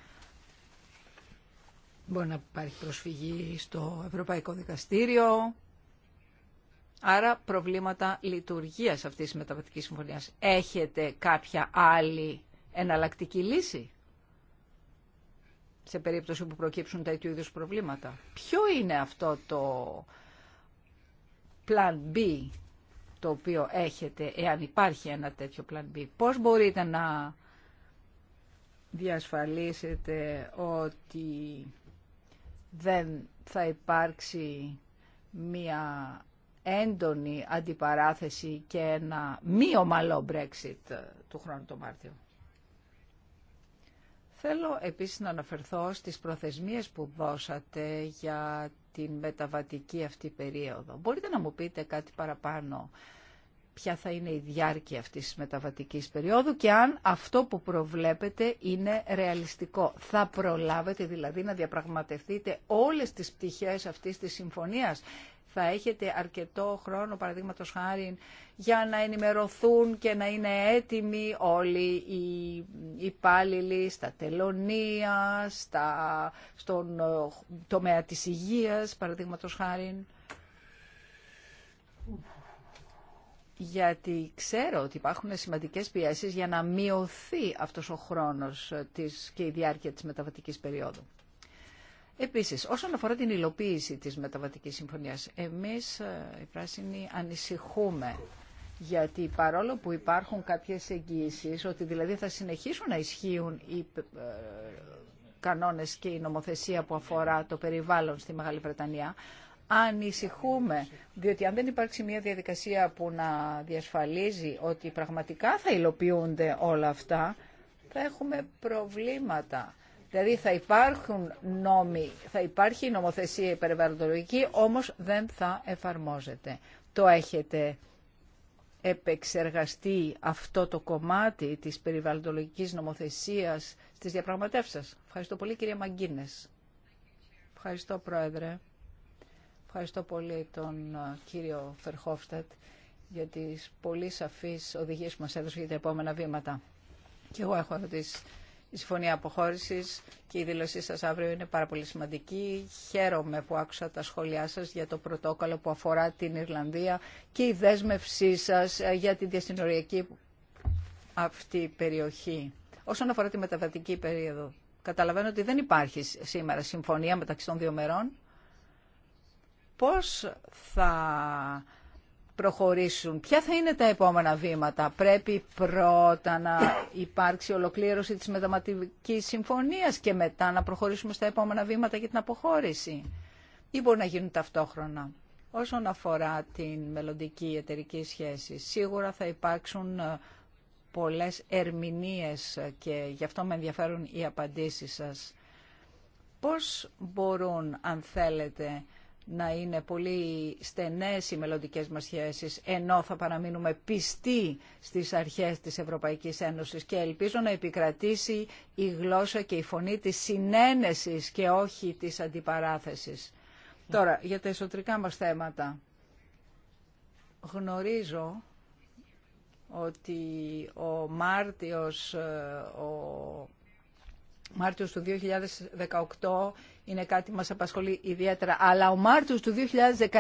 Μπορεί να υπάρχει προσφυγή στο Ευρωπαϊκό Δικαστήριο. Άρα προβλήματα λειτουργίας αυτής της μεταβατικής συμφωνίας. Έχετε κάποια άλλη εναλλακτική λύση σε περίπτωση που προκύψουν τέτοιου είδου προβλήματα. Ποιο είναι αυτό το plan B το οποίο έχετε, εάν υπάρχει ένα τέτοιο plan B. Πώς μπορείτε να διασφαλίσετε ότι δεν θα υπάρξει μία έντονη αντιπαράθεση και ένα μη ομαλό Brexit του χρόνου του Μάρτιο. Θέλω επίσης να αναφερθώ στις προθεσμίες που δώσατε για την μεταβατική αυτή περίοδο. Μπορείτε να μου πείτε κάτι παραπάνω ποια θα είναι η διάρκεια αυτής της μεταβατικής περίοδου και αν αυτό που προβλέπετε είναι ρεαλιστικό. Θα προλάβετε δηλαδή να διαπραγματευτείτε όλες τις πτυχές αυτής της συμφωνίας θα έχετε αρκετό χρόνο, παραδείγματο χάρη, για να ενημερωθούν και να είναι έτοιμοι όλοι οι υπάλληλοι στα τελωνία, στα, στον ε, τομέα της υγείας, παραδείγματο χάρη. Γιατί ξέρω ότι υπάρχουν σημαντικές πιέσεις για να μειωθεί αυτός ο χρόνος ε, της και η διάρκεια της μεταβατικής περίοδου. Επίσης, όσον αφορά την υλοποίηση της μεταβατικής συμφωνίας, εμείς ε, οι πράσινοι ανησυχούμε γιατί παρόλο που υπάρχουν κάποιες εγγύσει, ότι δηλαδή θα συνεχίσουν να ισχύουν οι ε, κανόνες και η νομοθεσία που αφορά το περιβάλλον στη Μεγάλη Βρετανία, ανησυχούμε, διότι αν δεν υπάρξει μια διαδικασία που να διασφαλίζει ότι πραγματικά θα υλοποιούνται όλα αυτά, θα έχουμε προβλήματα. Δηλαδή θα υπάρχουν νόμοι, θα υπάρχει νομοθεσία περιβαλλοντολογική, όμως δεν θα εφαρμόζεται. Το έχετε επεξεργαστεί αυτό το κομμάτι της περιβαλλοντολογικής νομοθεσίας στις διαπραγματεύσεις σας. Ευχαριστώ πολύ κυρία Μαγκίνες. Ευχαριστώ Πρόεδρε. Ευχαριστώ πολύ τον κύριο Φερχόφστατ για τις πολύ σαφείς οδηγίες που μας έδωσε για τα επόμενα βήματα. Και εγώ έχω η συμφωνία αποχώρησης και η δήλωσή σας αύριο είναι πάρα πολύ σημαντική. Χαίρομαι που άκουσα τα σχόλιά σας για το πρωτόκολλο που αφορά την Ιρλανδία και η δέσμευσή σας ε, για την διασυνοριακή αυτή περιοχή. Όσον αφορά τη μεταβατική περίοδο, καταλαβαίνω ότι δεν υπάρχει σήμερα συμφωνία μεταξύ των δύο μερών. Πώς θα προχωρήσουν. Ποια θα είναι τα επόμενα βήματα. Πρέπει πρώτα να υπάρξει ολοκλήρωση της μεταματικής συμφωνίας και μετά να προχωρήσουμε στα επόμενα βήματα για την αποχώρηση. Ή μπορεί να γίνουν ταυτόχρονα. Όσον αφορά την μελλοντική εταιρική σχέση, σίγουρα θα υπάρξουν ε, πολλές ερμηνείες και γι' αυτό με ενδιαφέρουν οι απαντήσεις σας. Πώς μπορούν, αν θέλετε, να είναι πολύ στενές οι μελλοντικές μας σχέσεις, ενώ θα παραμείνουμε πιστοί στις αρχές της Ευρωπαϊκής Ένωσης και ελπίζω να επικρατήσει η γλώσσα και η φωνή της συνένεσης και όχι της αντιπαράθεσης. Τώρα, για τα εσωτερικά μας θέματα. Γνωρίζω ότι ο Μάρτιος, ε, ο Μάρτιος του 2018 είναι κάτι που μας απασχολεί ιδιαίτερα, αλλά ο Μάρτιος του 2019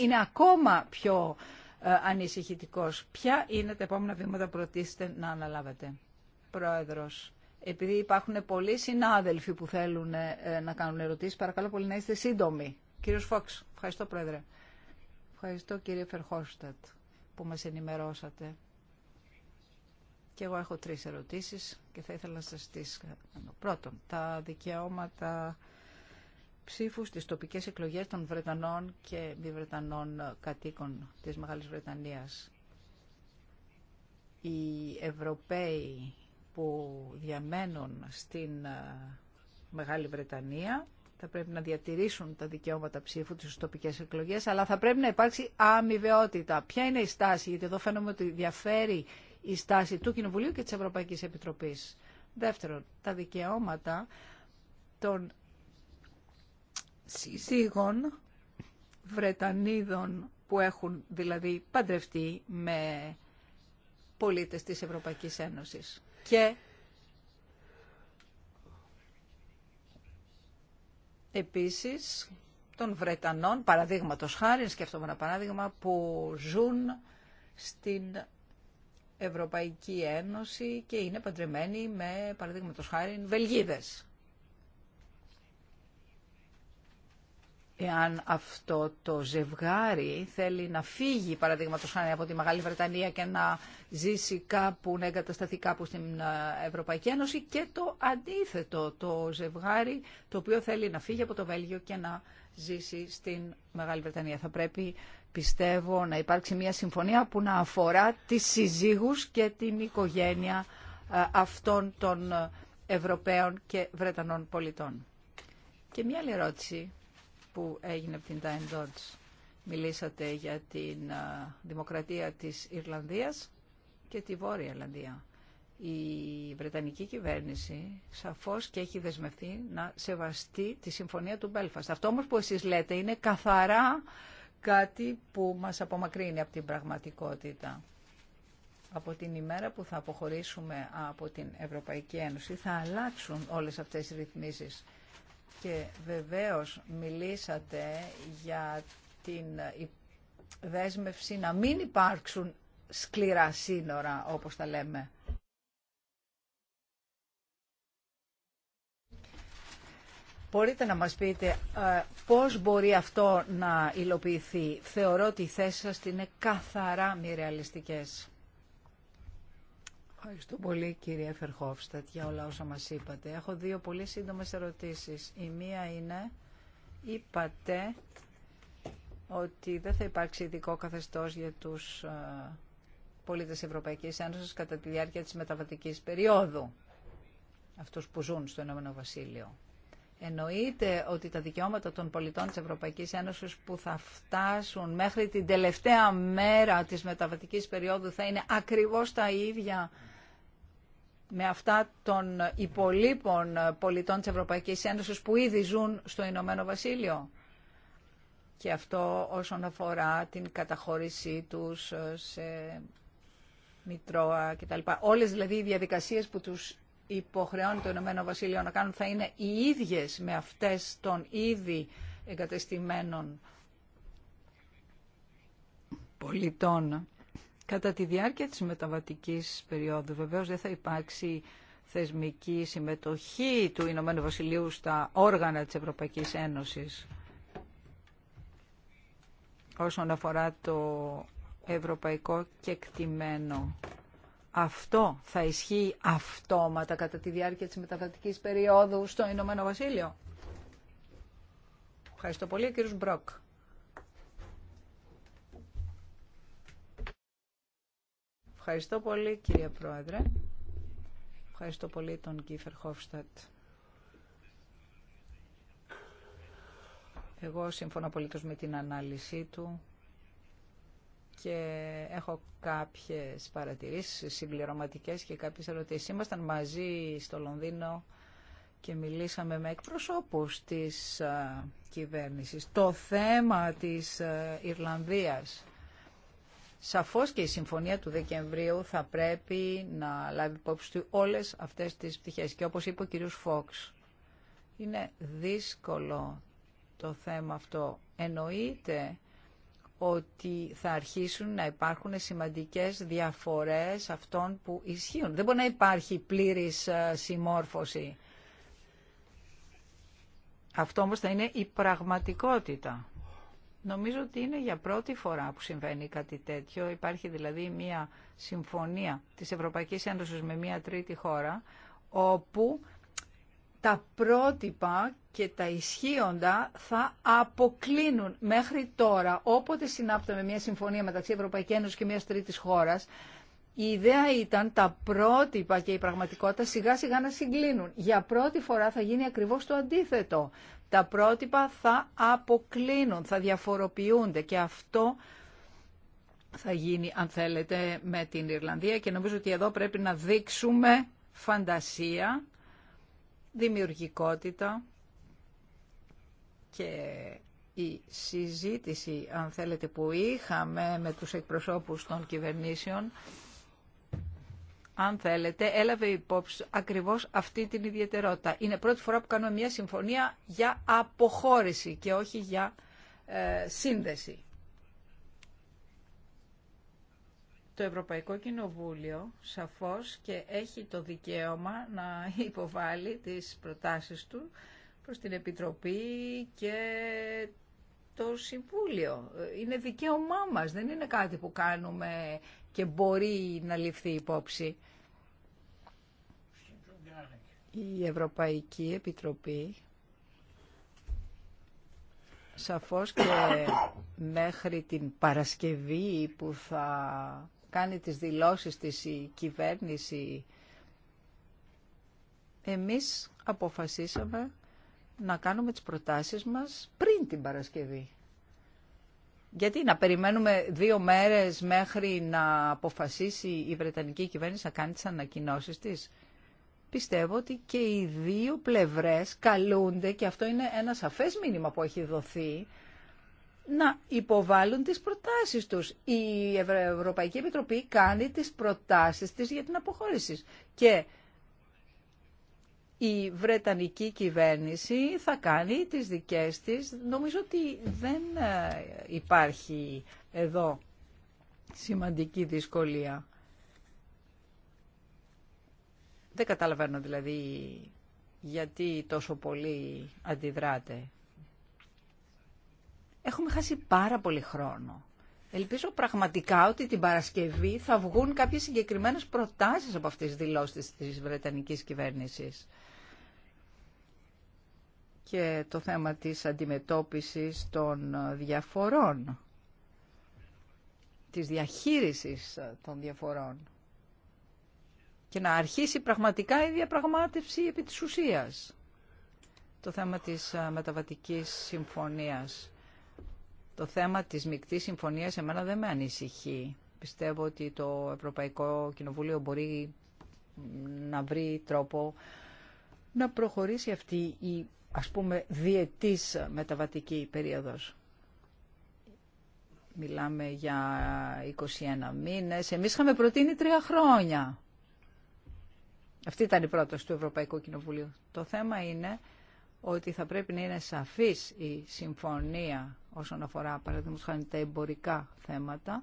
είναι ακόμα πιο ε, ανησυχητικός. Ποια είναι τα επόμενα βήματα που να αναλάβετε. Πρόεδρος, επειδή υπάρχουν πολλοί συνάδελφοι που θέλουν ε, να κάνουν ερωτήσεις, παρακαλώ πολύ να είστε σύντομοι. Κύριος Φόξ, ευχαριστώ Πρόεδρε. Ευχαριστώ κύριε Φερχόστατ που μας ενημερώσατε. Και εγώ έχω τρεις ερωτήσεις και θα ήθελα να σας τις κάνω. Πρώτον, τα δικαιώματα ψήφου στις τοπικές εκλογές των Βρετανών και μη Βρετανών κατοίκων της Μεγάλης Βρετανίας. Οι Ευρωπαίοι που διαμένουν στην ε, Μεγάλη Βρετανία θα πρέπει να διατηρήσουν τα δικαιώματα ψήφου στις τοπικές εκλογές, αλλά θα πρέπει να υπάρξει αμοιβαιότητα. Ποια είναι η στάση, γιατί εδώ φαίνομαι ότι διαφέρει η στάση του Κοινοβουλίου και της Ευρωπαϊκής Επιτροπής. Δεύτερον, τα δικαιώματα των σύζυγων Βρετανίδων που έχουν δηλαδή παντρευτεί με πολίτες της Ευρωπαϊκής Ένωσης. Και επίσης των Βρετανών, παραδείγματος χάρη, σκέφτομαι ένα παράδειγμα, που ζουν στην Ευρωπαϊκή Ένωση και είναι παντρεμένοι με, παραδείγματος χάρη, Βελγίδες. Εάν αυτό το ζευγάρι θέλει να φύγει, παραδείγματο χάρη από τη Μεγάλη Βρετανία και να ζήσει κάπου, να εγκατασταθεί κάπου στην ε, Ευρωπαϊκή Ένωση και το αντίθετο, το ζευγάρι το οποίο θέλει να φύγει από το Βέλγιο και να ζήσει στην Μεγάλη Βρετανία. Θα πρέπει πιστεύω να υπάρξει μια συμφωνία που να αφορά τις συζύγους και την οικογένεια ε, αυτών των ε, Ευρωπαίων και Βρετανών πολιτών. Και μια άλλη ερώτηση που έγινε από την Time Dodge. Μιλήσατε για την ε, δημοκρατία της Ιρλανδίας και τη Βόρεια Ιρλανδία. Η Βρετανική κυβέρνηση σαφώς και έχει δεσμευτεί να σεβαστεί τη συμφωνία του Μπέλφαστ. Αυτό όμως που εσείς λέτε είναι καθαρά κάτι που μας απομακρύνει από την πραγματικότητα. Από την ημέρα που θα αποχωρήσουμε από την Ευρωπαϊκή Ένωση θα αλλάξουν όλες αυτές οι ρυθμίσεις. Και βεβαίως μιλήσατε για την δέσμευση να μην υπάρξουν σκληρά σύνορα, όπως τα λέμε. Μπορείτε να μας πείτε ε, πώς μπορεί αυτό να υλοποιηθεί. Θεωρώ ότι οι θέσεις σας είναι καθαρά μη ρεαλιστικές. Ευχαριστώ πολύ κύριε Φερχόφστατ για όλα όσα μας είπατε. Έχω δύο πολύ σύντομες ερωτήσεις. Η μία είναι, είπατε ότι δεν θα υπάρξει ειδικό καθεστώς για τους ε, πολίτες Ευρωπαϊκής Ένωσης κατά τη διάρκεια της μεταβατικής περίοδου, αυτούς που ζουν στο Ηνωμένο Βασίλειο. Εννοείται ότι τα δικαιώματα των πολιτών της Ευρωπαϊκής Ένωσης που θα φτάσουν μέχρι την τελευταία μέρα της μεταβατικής περίοδου θα είναι ακριβώς τα ίδια με αυτά των υπολείπων πολιτών της Ευρωπαϊκής Ένωσης που ήδη ζουν στο Ηνωμένο Βασίλειο. Και αυτό όσον αφορά την καταχώρησή τους ε, σε Μητρώα κτλ. Όλες δηλαδή οι διαδικασίες που τους υποχρεώνει το Ηνωμένο Βασίλειο να κάνουν θα είναι οι ίδιες με αυτές των ήδη εγκατεστημένων πολιτών. Κατά τη διάρκεια της μεταβατικής περίοδου βεβαίως δεν θα υπάρξει θεσμική συμμετοχή του Ηνωμένου Βασιλείου στα όργανα της Ευρωπαϊκής Ένωσης όσον αφορά το ευρωπαϊκό κεκτημένο αυτό θα ισχύει αυτόματα κατά τη διάρκεια της μεταβατικής περίοδου στο Ηνωμένο Βασίλειο. Ευχαριστώ πολύ, κύριος Μπροκ. Ευχαριστώ πολύ, κύριε Πρόεδρε. Ευχαριστώ πολύ τον Κίφερ Χόφστατ. Εγώ συμφωνώ πολύ με την ανάλυση του και έχω κάποιες παρατηρήσεις συμπληρωματικές και κάποιες ερωτήσεις. Ήμασταν μαζί στο Λονδίνο και μιλήσαμε με εκπροσώπους της ε, κυβέρνησης. Το θέμα της ε, Ιρλανδίας. Σαφώς και η συμφωνία του Δεκεμβρίου θα πρέπει να λάβει υπόψη του όλες αυτές τις πτυχές. Και όπως είπε ο κ. Φόξ, είναι δύσκολο το θέμα αυτό. Εννοείται ότι θα αρχίσουν να υπάρχουν σημαντικές διαφορές αυτών που ισχύουν. Δεν μπορεί να υπάρχει πλήρης ε, συμμόρφωση. Αυτό όμως θα είναι η πραγματικότητα. Νομίζω ότι είναι για πρώτη φορά που συμβαίνει κάτι τέτοιο. Υπάρχει δηλαδή μια συμφωνία της Ευρωπαϊκής Ένωσης με μια τρίτη χώρα, όπου τα πρότυπα και τα ισχύοντα θα αποκλίνουν μέχρι τώρα, όποτε συνάπτουμε μια συμφωνία μεταξύ Ευρωπαϊκή Ένωση και μιας τρίτης χώρας, η ιδέα ήταν τα πρότυπα και η πραγματικότητα σιγά σιγά να συγκλίνουν. Για πρώτη φορά θα γίνει ακριβώς το αντίθετο. Τα πρότυπα θα αποκλίνουν, θα διαφοροποιούνται και αυτό θα γίνει αν θέλετε με την Ιρλανδία και νομίζω ότι εδώ πρέπει να δείξουμε φαντασία δημιουργικότητα και η συζήτηση, αν θέλετε, που είχαμε με τους εκπροσώπους των κυβερνήσεων, αν θέλετε, έλαβε υπόψη ακριβώς αυτή την ιδιαιτερότητα. Είναι πρώτη φορά που κάνουμε μια συμφωνία για αποχώρηση και όχι για ε, σύνδεση. το Ευρωπαϊκό Κοινοβούλιο σαφώς και έχει το δικαίωμα να υποβάλει τις προτάσεις του προς την Επιτροπή και το Συμβούλιο. Είναι δικαίωμά μας, δεν είναι κάτι που κάνουμε και μπορεί να ληφθεί υπόψη. Η Ευρωπαϊκή Επιτροπή σαφώς και μέχρι την Παρασκευή που θα κάνει τις δηλώσεις της η κυβέρνηση. Εμείς αποφασίσαμε να κάνουμε τις προτάσεις μας πριν την Παρασκευή. Γιατί να περιμένουμε δύο μέρες μέχρι να αποφασίσει η Βρετανική κυβέρνηση να κάνει τις ανακοινώσεις της. Πιστεύω ότι και οι δύο πλευρές καλούνται και αυτό είναι ένα σαφές μήνυμα που έχει δοθεί να υποβάλουν τις προτάσεις τους. Η Ευρωπαϊκή Επιτροπή κάνει τις προτάσεις της για την αποχώρηση. Και η Βρετανική κυβέρνηση θα κάνει τις δικές της. Νομίζω ότι δεν ε, υπάρχει εδώ σημαντική δυσκολία. Δεν καταλαβαίνω δηλαδή γιατί τόσο πολύ αντιδράτε. Έχουμε χάσει πάρα πολύ χρόνο. Ελπίζω πραγματικά ότι την Παρασκευή θα βγουν κάποιες συγκεκριμένες προτάσεις από αυτές τις δηλώσεις της Βρετανικής κυβέρνησης. Και το θέμα της αντιμετώπισης των διαφορών, της διαχείρισης των διαφορών. Και να αρχίσει πραγματικά η διαπραγμάτευση επί της ουσίας. Το θέμα της μεταβατικής συμφωνίας το θέμα της μεικτής συμφωνίας εμένα δεν με ανησυχεί. Πιστεύω ότι το Ευρωπαϊκό Κοινοβούλιο μπορεί να βρει τρόπο να προχωρήσει αυτή η ας πούμε διετής μεταβατική περίοδος. Μιλάμε για 21 μήνες. Εμείς είχαμε προτείνει τρία χρόνια. Αυτή ήταν η πρόταση του Ευρωπαϊκού Κοινοβουλίου. Το θέμα είναι ότι θα πρέπει να είναι σαφής η συμφωνία όσον αφορά παραδείγματος τα εμπορικά θέματα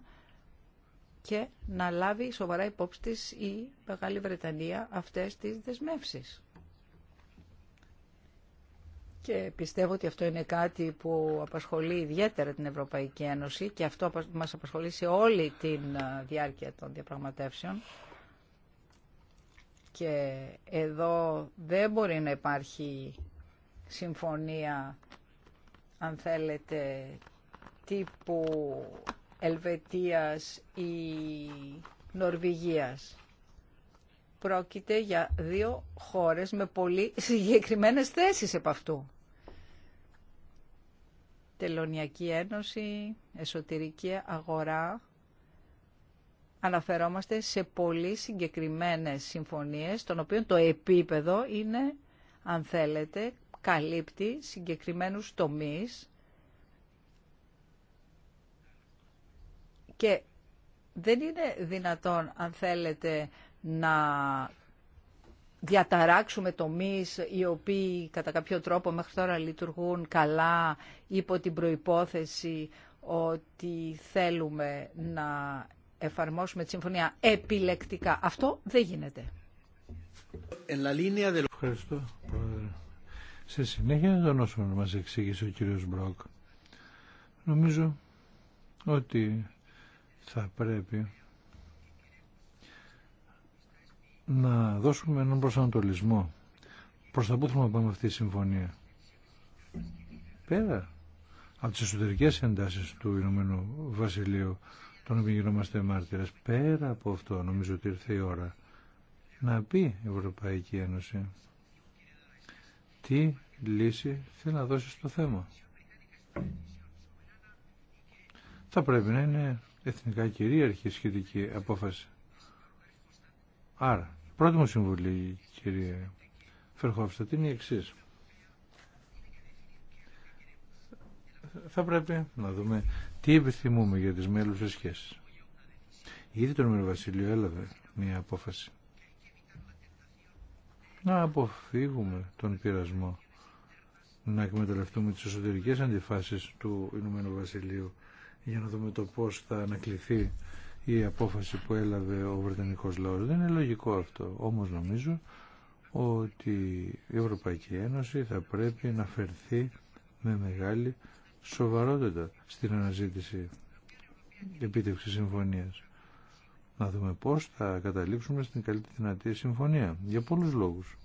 και να λάβει σοβαρά υπόψη της η Μεγάλη Βρετανία αυτές τις δεσμεύσεις. Και πιστεύω ότι αυτό είναι κάτι που απασχολεί ιδιαίτερα την Ευρωπαϊκή Ένωση και αυτό μας απασχολεί σε όλη τη διάρκεια των διαπραγματεύσεων. Και εδώ δεν μπορεί να υπάρχει συμφωνία, αν θέλετε, τύπου Ελβετίας ή Νορβηγίας. Πρόκειται για δύο χώρες με πολύ συγκεκριμένες θέσεις επ' αυτού. Τελωνιακή Ένωση, εσωτερική αγορά. Αναφερόμαστε σε πολύ συγκεκριμένες συμφωνίες, των οποίων το επίπεδο είναι, αν θέλετε, καλύπτει συγκεκριμένους τομείς και δεν είναι δυνατόν, αν θέλετε, να διαταράξουμε τομείς οι οποίοι κατά κάποιο τρόπο μέχρι τώρα λειτουργούν καλά υπό την προϋπόθεση ότι θέλουμε να εφαρμόσουμε τη συμφωνία επιλεκτικά. Αυτό δεν γίνεται.
Σε συνέχεια τον όσο μας εξήγησε ο κύριος Μπρόκ, νομίζω ότι θα πρέπει να δώσουμε έναν προσανατολισμό προς τα που θέλουμε να πάμε αυτή η συμφωνία. Πέρα από τις εσωτερικές εντάσεις του Ηνωμένου Βασιλείου των οποίο γινόμαστε μάρτυρες, πέρα από αυτό νομίζω ότι ήρθε η ώρα να πει η Ευρωπαϊκή Ένωση τι λύση θέλει να δώσει στο θέμα. Θα πρέπει να είναι εθνικά κυρίαρχη σχετική απόφαση. Άρα, πρώτη μου συμβουλή, κύριε Φερχόφστατ, είναι η εξή. Θα πρέπει να δούμε τι επιθυμούμε για τις μέλους σχέσεις. Ήδη το Βασίλειο έλαβε μια απόφαση να αποφύγουμε τον πειρασμό να εκμεταλλευτούμε τις εσωτερικές αντιφάσεις του Ηνωμένου Βασιλείου για να δούμε το πώς θα ανακληθεί η απόφαση που έλαβε ο Βρετανικός λαός. Δεν είναι λογικό αυτό. Όμως νομίζω ότι η Ευρωπαϊκή Ένωση θα πρέπει να φερθεί με μεγάλη σοβαρότητα στην αναζήτηση επίτευξης συμφωνίας να δούμε πώς θα καταλήξουμε στην καλύτερη δυνατή συμφωνία, για πολλούς λόγους.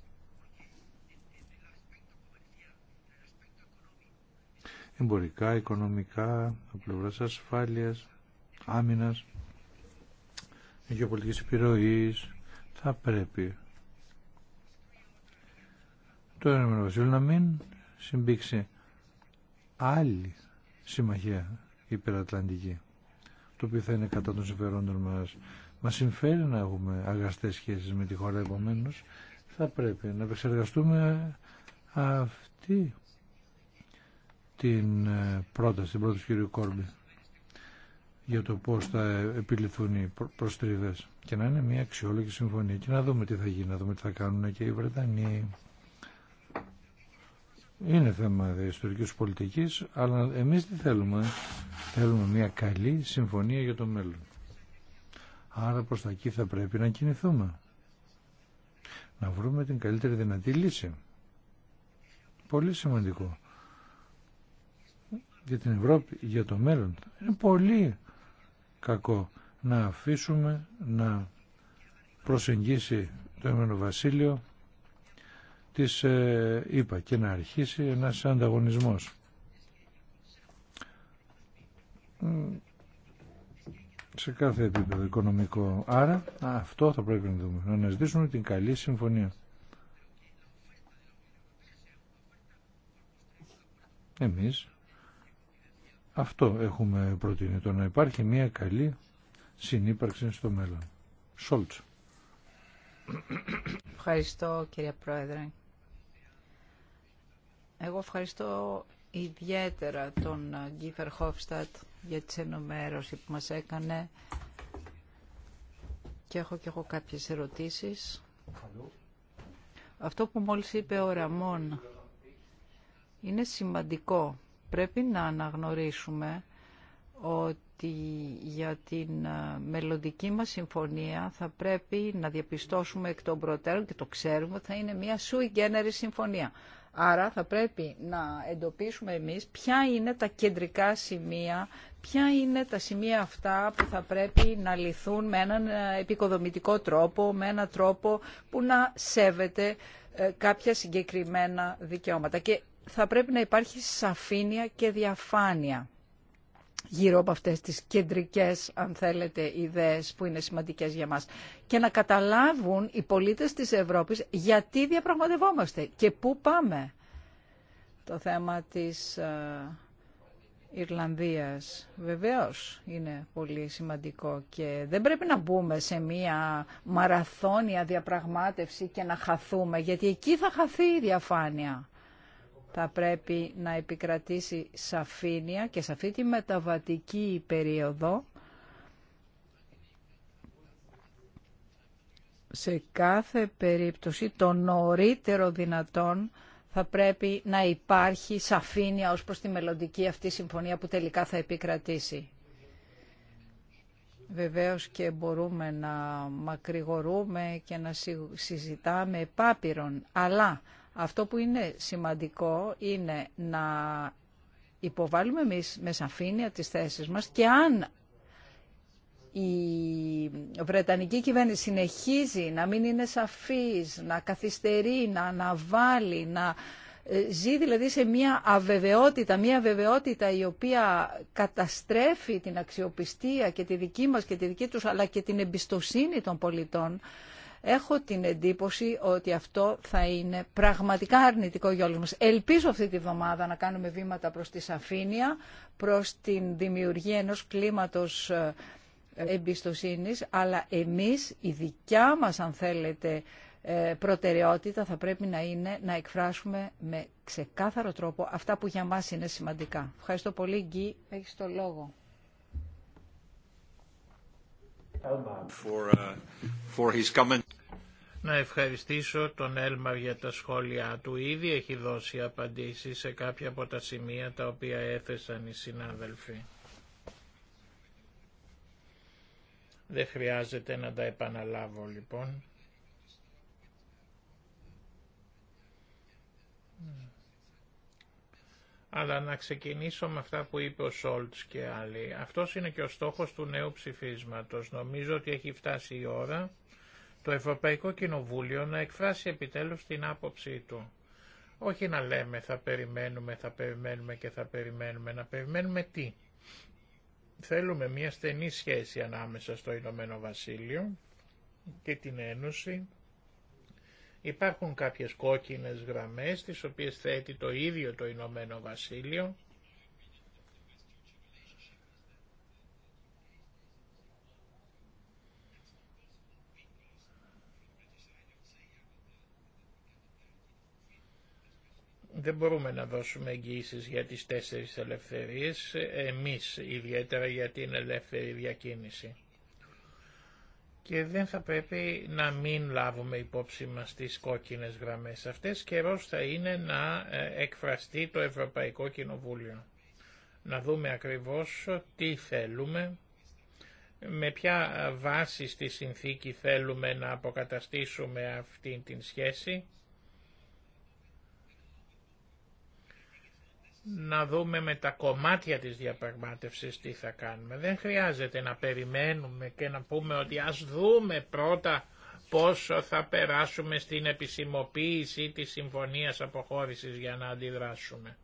Εμπορικά, οικονομικά, από πλευρά ασφάλεια, Άμυνα, γεωπολιτική επιρροή, θα πρέπει το Ηνωμένο να μην συμπήξει άλλη συμμαχία υπερατλαντική, το οποίο θα είναι κατά των συμφερόντων μας Μα συμφέρει να έχουμε αγαστέ σχέσει με τη χώρα, επομένω θα πρέπει να επεξεργαστούμε αυτή την ε, πρόταση, την πρόταση του κ. Κόρμπη για το πώ θα επιληθούν οι προστριβές και να είναι μια αξιόλογη συμφωνία και να δούμε τι θα γίνει, να δούμε τι θα κάνουν και οι Βρετανοί. Είναι θέμα ιστορική πολιτικής, αλλά εμείς τι θέλουμε. Θέλουμε μια καλή συμφωνία για το μέλλον. Άρα προς τα εκεί θα πρέπει να κινηθούμε. Να βρούμε την καλύτερη δυνατή λύση. Πολύ σημαντικό. Για την Ευρώπη, για το μέλλον. Είναι πολύ κακό να αφήσουμε να προσεγγίσει το Εμένο Βασίλειο της ε, είπα και να αρχίσει ένας ανταγωνισμός σε κάθε επίπεδο οικονομικό. Άρα αυτό θα πρέπει να δούμε, να αναζητήσουμε την καλή συμφωνία. Εμείς αυτό έχουμε προτείνει, το να υπάρχει μια καλή συνύπαρξη στο μέλλον. Σόλτς.
Ευχαριστώ κύριε Πρόεδρε. Εγώ ευχαριστώ ιδιαίτερα τον Γκίφερ Χόφστατ για τις ενημέρωση που μας έκανε και έχω και εγώ κάποιες ερωτήσεις. Αυτό που μόλις είπε ο Ραμόν είναι σημαντικό. Πρέπει να αναγνωρίσουμε ότι για την ε, μελλοντική μας συμφωνία θα πρέπει να διαπιστώσουμε εκ των προτέρων και το ξέρουμε ότι θα είναι μια sui generis συμφωνία. Άρα θα πρέπει να εντοπίσουμε εμείς ποια είναι τα κεντρικά σημεία, ποια είναι τα σημεία αυτά που θα πρέπει να λυθούν με έναν ε, επικοδομητικό τρόπο, με έναν τρόπο που να σέβεται ε, κάποια συγκεκριμένα δικαιώματα. Και θα πρέπει να υπάρχει σαφήνεια και διαφάνεια γύρω από αυτές τις κεντρικές, αν θέλετε, ιδέες που είναι σημαντικές για μας και να καταλάβουν οι πολίτες της Ευρώπης γιατί διαπραγματευόμαστε και πού πάμε. Το θέμα της ε, Ιρλανδίας βεβαίως είναι πολύ σημαντικό και δεν πρέπει να μπούμε σε μία μαραθώνια διαπραγμάτευση και να χαθούμε γιατί εκεί θα χαθεί η διαφάνεια θα πρέπει να επικρατήσει σαφήνεια και σε αυτή τη μεταβατική περίοδο σε κάθε περίπτωση το νωρίτερο δυνατόν θα πρέπει να υπάρχει σαφήνεια ως προς τη μελλοντική αυτή συμφωνία που τελικά θα επικρατήσει. Βεβαίως και μπορούμε να μακρηγορούμε και να συζητάμε επάπειρον, αλλά αυτό που είναι σημαντικό είναι να υποβάλουμε εμείς με σαφήνεια τις θέσεις μας και αν η Βρετανική κυβέρνηση συνεχίζει να μην είναι σαφής, να καθυστερεί, να αναβάλει, να ε, ζει δηλαδή σε μια αβεβαιότητα, μια αβεβαιότητα η οποία καταστρέφει την αξιοπιστία και τη δική μας και τη δική τους αλλά και την εμπιστοσύνη των πολιτών, Έχω την εντύπωση ότι αυτό θα είναι πραγματικά αρνητικό για όλους μας. Ελπίζω αυτή τη βδομάδα να κάνουμε βήματα προς τη σαφήνεια, προς την δημιουργία ενός κλίματος ε, εμπιστοσύνης, αλλά εμείς η δικιά μας, αν θέλετε, ε, προτεραιότητα θα πρέπει να είναι να εκφράσουμε με ξεκάθαρο τρόπο αυτά που για μας είναι σημαντικά. Ευχαριστώ πολύ, Γκί. Έχεις το λόγο.
Uh, να ευχαριστήσω τον Έλμαρ για τα σχόλιά του. Ήδη έχει δώσει απαντήσεις σε κάποια από τα σημεία τα οποία έθεσαν οι συνάδελφοι. Δεν χρειάζεται να τα επαναλάβω λοιπόν. αλλά να ξεκινήσω με αυτά που είπε ο Σόλτς και άλλοι. αυτό είναι και ο στόχος του νέου ψηφίσματος. Νομίζω ότι έχει φτάσει η ώρα το Ευρωπαϊκό Κοινοβούλιο να εκφράσει επιτέλους την άποψή του. Όχι να λέμε θα περιμένουμε, θα περιμένουμε και θα περιμένουμε. Να περιμένουμε τι. Θέλουμε μια στενή σχέση ανάμεσα στο Ηνωμένο Βασίλειο και την Ένωση Υπάρχουν κάποιες κόκκινες γραμμές τις οποίες θέτει το ίδιο το Ηνωμένο Βασίλειο δεν μπορούμε να δώσουμε εγγύησει για τις τέσσερις ελευθερίες, εμείς ιδιαίτερα για την ελεύθερη διακίνηση και δεν θα πρέπει να μην λάβουμε υπόψη μας τις κόκκινες γραμμές αυτές. Καιρός θα είναι να ε, εκφραστεί το Ευρωπαϊκό Κοινοβούλιο. Να δούμε ακριβώς τι θέλουμε, με ποια ε, βάση στη συνθήκη θέλουμε να αποκαταστήσουμε αυτή την σχέση να δούμε με τα κομμάτια της διαπραγμάτευσης τι θα κάνουμε. Δεν χρειάζεται να περιμένουμε και να πούμε ότι ας δούμε πρώτα πόσο θα περάσουμε στην επισημοποίηση της συμφωνίας αποχώρησης για να αντιδράσουμε.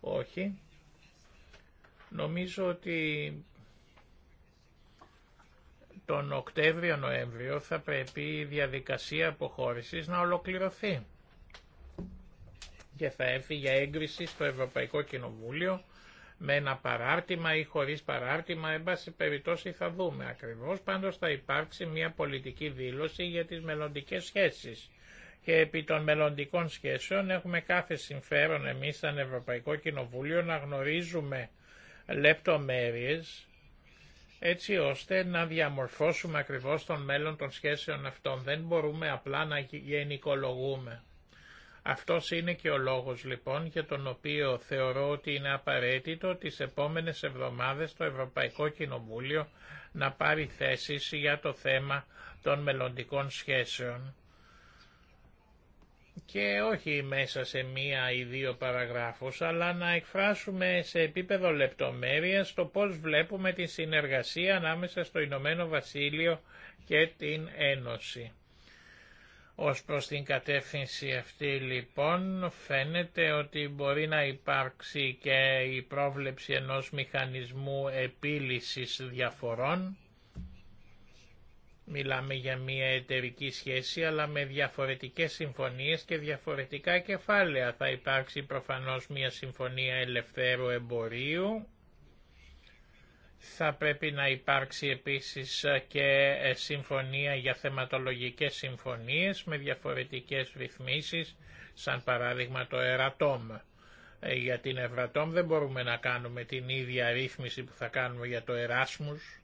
Όχι. Νομίζω ότι τον Οκτέβριο-Νοέμβριο θα πρέπει η διαδικασία αποχώρησης να ολοκληρωθεί και θα έρθει για έγκριση στο Ευρωπαϊκό Κοινοβούλιο με ένα παράρτημα ή χωρίς παράρτημα, εν πάση περιπτώσει θα δούμε ακριβώς, πάντως θα υπάρξει μια πολιτική δήλωση για τις μελλοντικέ σχέσεις. Και επί των μελλοντικών σχέσεων έχουμε κάθε συμφέρον εμείς σαν Ευρωπαϊκό Κοινοβούλιο να γνωρίζουμε λεπτομέρειες έτσι ώστε να διαμορφώσουμε ακριβώς τον μέλλον των σχέσεων αυτών. Δεν μπορούμε απλά να γενικολογούμε. Αυτός είναι και ο λόγος λοιπόν για τον οποίο θεωρώ ότι είναι απαραίτητο τις επόμενες εβδομάδες το Ευρωπαϊκό Κοινοβούλιο να πάρει θέσεις για το θέμα των μελλοντικών σχέσεων και όχι μέσα σε μία ή δύο παραγράφους, αλλά να εκφράσουμε σε επίπεδο λεπτομέρειας το πώς βλέπουμε τη συνεργασία ανάμεσα στο Ηνωμένο Βασίλειο και την Ένωση. Ως προς την κατεύθυνση αυτή λοιπόν φαίνεται ότι μπορεί να υπάρξει και η πρόβλεψη ενός μηχανισμού επίλυσης διαφορών. Μιλάμε για μια εταιρική σχέση αλλά με διαφορετικές συμφωνίες και διαφορετικά κεφάλαια. Θα υπάρξει προφανώς μια συμφωνία ελευθέρου εμπορίου θα πρέπει να υπάρξει επίσης ε, και ε, συμφωνία για θεματολογικές συμφωνίες με διαφορετικές ρυθμίσεις, σαν παράδειγμα το ΕΡΑΤΟΜ. Για την ΕΡΑΤΟΜ δεν μπορούμε να κάνουμε την ίδια ρύθμιση που θα κάνουμε για το Εράσμους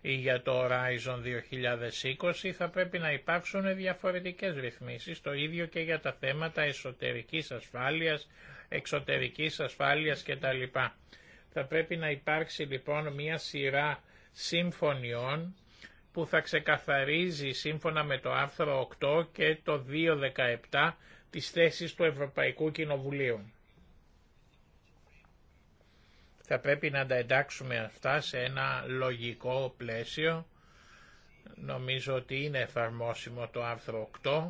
ή για το Horizon 2020, θα πρέπει να υπάρξουν διαφορετικές ρυθμίσεις, το ίδιο και για τα θέματα εσωτερικής ασφάλειας, εξωτερικής ασφάλειας κτλ. Θα πρέπει να υπάρξει λοιπόν μια σειρά συμφωνιών που θα ξεκαθαρίζει σύμφωνα με το άρθρο 8 και το 2.17 τις θέσεις του Ευρωπαϊκού Κοινοβουλίου. Θα πρέπει να τα εντάξουμε αυτά σε ένα λογικό πλαίσιο. Νομίζω ότι είναι εφαρμόσιμο το άρθρο 8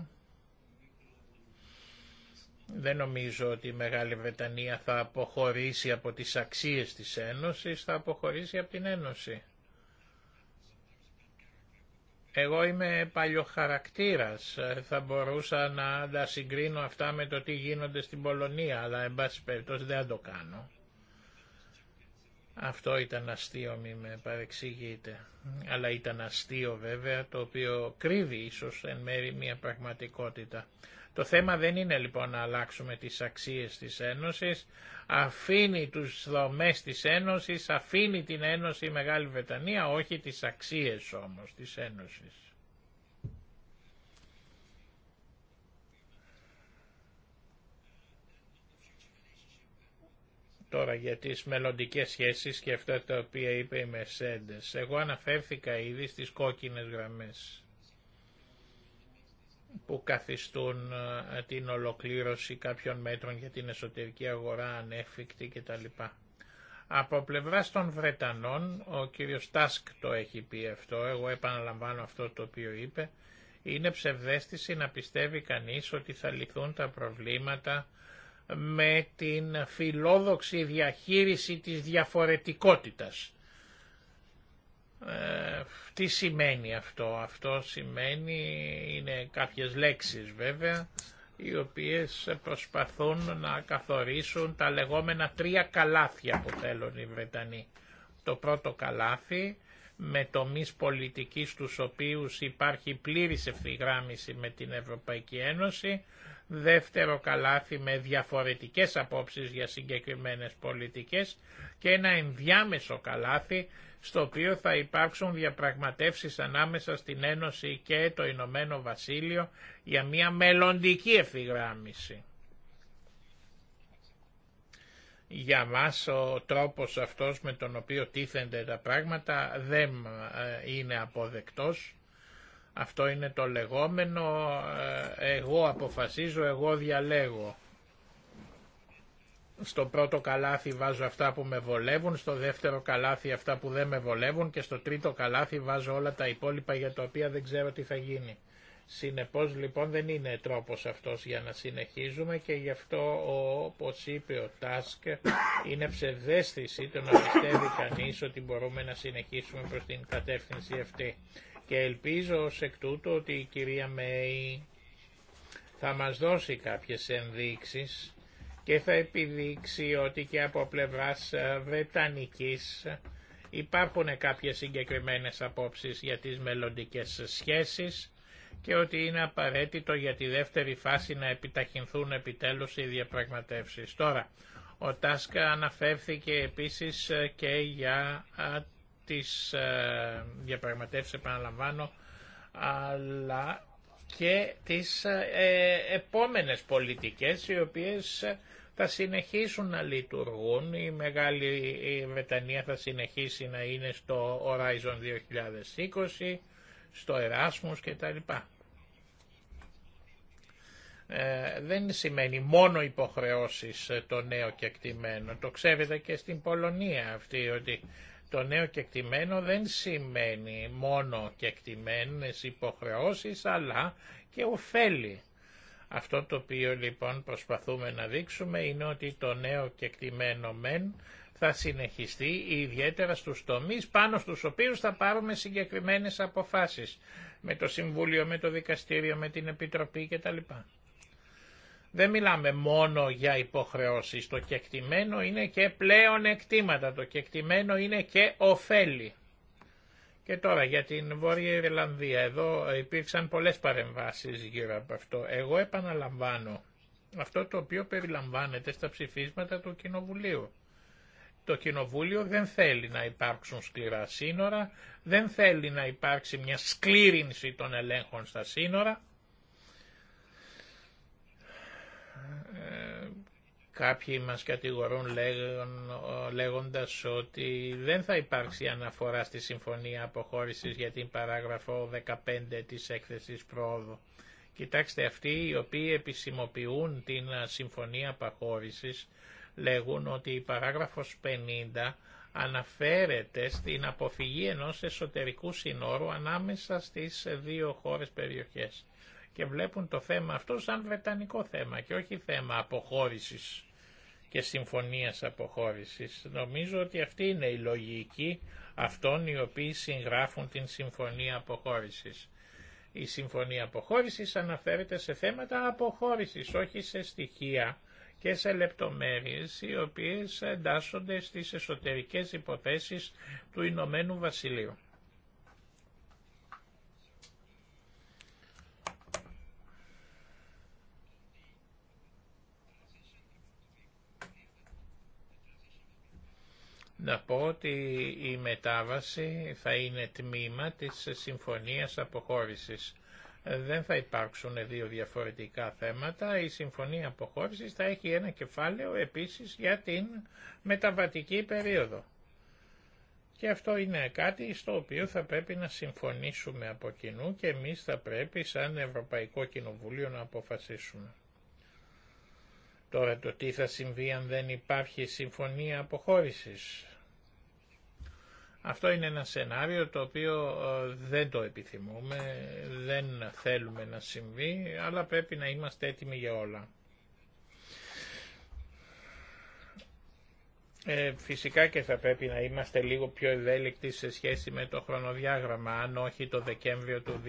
δεν νομίζω ότι η Μεγάλη Βρετανία θα αποχωρήσει από τις αξίες της Ένωσης, θα αποχωρήσει από την Ένωση. Εγώ είμαι παλιοχαρακτήρας, θα μπορούσα να τα συγκρίνω αυτά με το τι γίνονται στην Πολωνία, αλλά εν πάση περιπτώσει δεν το κάνω. Αυτό ήταν αστείο, μη με παρεξηγείτε. Αλλά ήταν αστείο βέβαια, το οποίο κρύβει ίσως εν μέρη μια πραγματικότητα. Το θέμα δεν είναι λοιπόν να αλλάξουμε τις αξίες της Ένωσης, αφήνει τους δομές της Ένωσης, αφήνει την Ένωση η Μεγάλη Βρετανία, όχι τις αξίες όμως της Ένωσης. Τώρα για τις μελλοντικές σχέσεις και αυτά τα οποία είπε η Μεσέντες. Εγώ αναφέρθηκα ήδη στις κόκκινες γραμμές που καθιστούν ε, την ολοκλήρωση κάποιων μέτρων για την εσωτερική αγορά ανέφικτη κτλ. Από πλευρά των Βρετανών, ο κύριος Τάσκ το έχει πει αυτό, εγώ επαναλαμβάνω αυτό το οποίο είπε, είναι ψευδέστηση να πιστεύει κανείς ότι θα λυθούν τα προβλήματα με την φιλόδοξη διαχείριση της διαφορετικότητας. Ε, τι σημαίνει αυτό. Αυτό σημαίνει, είναι κάποιες λέξεις βέβαια, οι οποίες προσπαθούν να καθορίσουν τα λεγόμενα τρία καλάθια που θέλουν οι Βρετανοί. Το πρώτο καλάθι με τομείς πολιτικής τους οποίους υπάρχει πλήρης ευθυγράμμιση με την Ευρωπαϊκή Ένωση, δεύτερο καλάθι με διαφορετικές απόψεις για συγκεκριμένες πολιτικές και ένα ενδιάμεσο καλάθι στο οποίο θα υπάρξουν διαπραγματεύσεις ανάμεσα στην Ένωση και το Ηνωμένο Βασίλειο για μια μελλοντική ευθυγράμμιση. Για μας ο τρόπος αυτός με τον οποίο τίθενται τα πράγματα δεν ε, είναι αποδεκτός. Αυτό είναι το λεγόμενο ε, «εγώ αποφασίζω, εγώ διαλέγω» στο πρώτο καλάθι βάζω αυτά που με βολεύουν, στο δεύτερο καλάθι αυτά που δεν με βολεύουν και στο τρίτο καλάθι βάζω όλα τα υπόλοιπα για τα οποία δεν ξέρω τι θα γίνει. Συνεπώς λοιπόν δεν είναι τρόπος αυτός για να συνεχίζουμε και γι' αυτό όπως είπε ο Τάσκ είναι ψευδέστηση το να πιστεύει κανείς ότι μπορούμε να συνεχίσουμε προς την κατεύθυνση αυτή. Και ελπίζω ως εκ τούτου ότι η κυρία Μέη θα μας δώσει κάποιες ενδείξεις και θα επιδείξει ότι και από πλευράς ε, Βρετανικής υπάρχουν κάποιες συγκεκριμένες απόψεις για τις μελλοντικές σχέσεις και ότι είναι απαραίτητο για τη δεύτερη φάση να επιταχυνθούν επιτέλους οι διαπραγματεύσεις. Τώρα, ο Τάσκα αναφέρθηκε επίσης ε, και για τις ε, διαπραγματεύσεις, επαναλαμβάνω, αλλά και τις ε, ε, επόμενες πολιτικές οι οποίες θα συνεχίσουν να λειτουργούν. Η Μεγάλη Βρετανία θα συνεχίσει να είναι στο Horizon 2020, στο Erasmus κτλ. Ε, δεν σημαίνει μόνο υποχρεώσεις το νέο κεκτημένο. Το ξέρετε και στην Πολωνία αυτή ότι το νέο κεκτημένο δεν σημαίνει μόνο κεκτημένες υποχρεώσεις, αλλά και ωφέλη. Αυτό το οποίο λοιπόν προσπαθούμε να δείξουμε είναι ότι το νέο κεκτημένο μεν θα συνεχιστεί ιδιαίτερα στους τομείς πάνω στους οποίους θα πάρουμε συγκεκριμένες αποφάσεις με το Συμβούλιο, με το Δικαστήριο, με την Επιτροπή κτλ. Δεν μιλάμε μόνο για υποχρεώσεις. Το κεκτημένο είναι και πλέον εκτίματα. Το κεκτημένο είναι και ωφέλη. Και τώρα για την Βόρεια Ιρλανδία. Εδώ υπήρξαν πολλές παρεμβάσεις γύρω από αυτό. Εγώ επαναλαμβάνω αυτό το οποίο περιλαμβάνεται στα ψηφίσματα του Κοινοβουλίου. Το Κοινοβούλιο δεν θέλει να υπάρξουν σκληρά σύνορα, δεν θέλει να υπάρξει μια σκλήρινση των ελέγχων στα σύνορα, Κάποιοι μας κατηγορούν λέγοντας ότι δεν θα υπάρξει αναφορά στη Συμφωνία Αποχώρησης για την παράγραφο 15 της έκθεσης πρόοδου. Κοιτάξτε, αυτοί οι οποίοι επισημοποιούν την Συμφωνία Αποχώρησης λέγουν ότι η παράγραφος 50 αναφέρεται στην αποφυγή ενός εσωτερικού συνόρου ανάμεσα στις δύο χώρες περιοχές και βλέπουν το θέμα αυτό σαν βρετανικό θέμα και όχι θέμα αποχώρησης και συμφωνίας αποχώρησης. Νομίζω ότι αυτή είναι η λογική αυτών οι οποίοι συγγράφουν την συμφωνία αποχώρησης. Η συμφωνία αποχώρησης αναφέρεται σε θέματα αποχώρησης, όχι σε στοιχεία και σε λεπτομέρειες οι οποίες εντάσσονται στις εσωτερικές υποθέσεις του Ηνωμένου Βασιλείου. να πω ότι η μετάβαση θα είναι τμήμα της συμφωνίας αποχώρησης. Δεν θα υπάρξουν δύο διαφορετικά θέματα. Η συμφωνία αποχώρησης θα έχει ένα κεφάλαιο επίσης για την μεταβατική περίοδο. Και αυτό είναι κάτι στο οποίο θα πρέπει να συμφωνήσουμε από κοινού και εμείς θα πρέπει σαν Ευρωπαϊκό Κοινοβούλιο να αποφασίσουμε. Τώρα το τι θα συμβεί αν δεν υπάρχει συμφωνία αποχώρησης. Αυτό είναι ένα σενάριο το οποίο ε, δεν το επιθυμούμε, δεν θέλουμε να συμβεί, αλλά πρέπει να είμαστε έτοιμοι για όλα. Ε, φυσικά και θα πρέπει να είμαστε λίγο πιο ευέλικτοι σε σχέση με το χρονοδιάγραμμα. Αν όχι το Δεκέμβριο του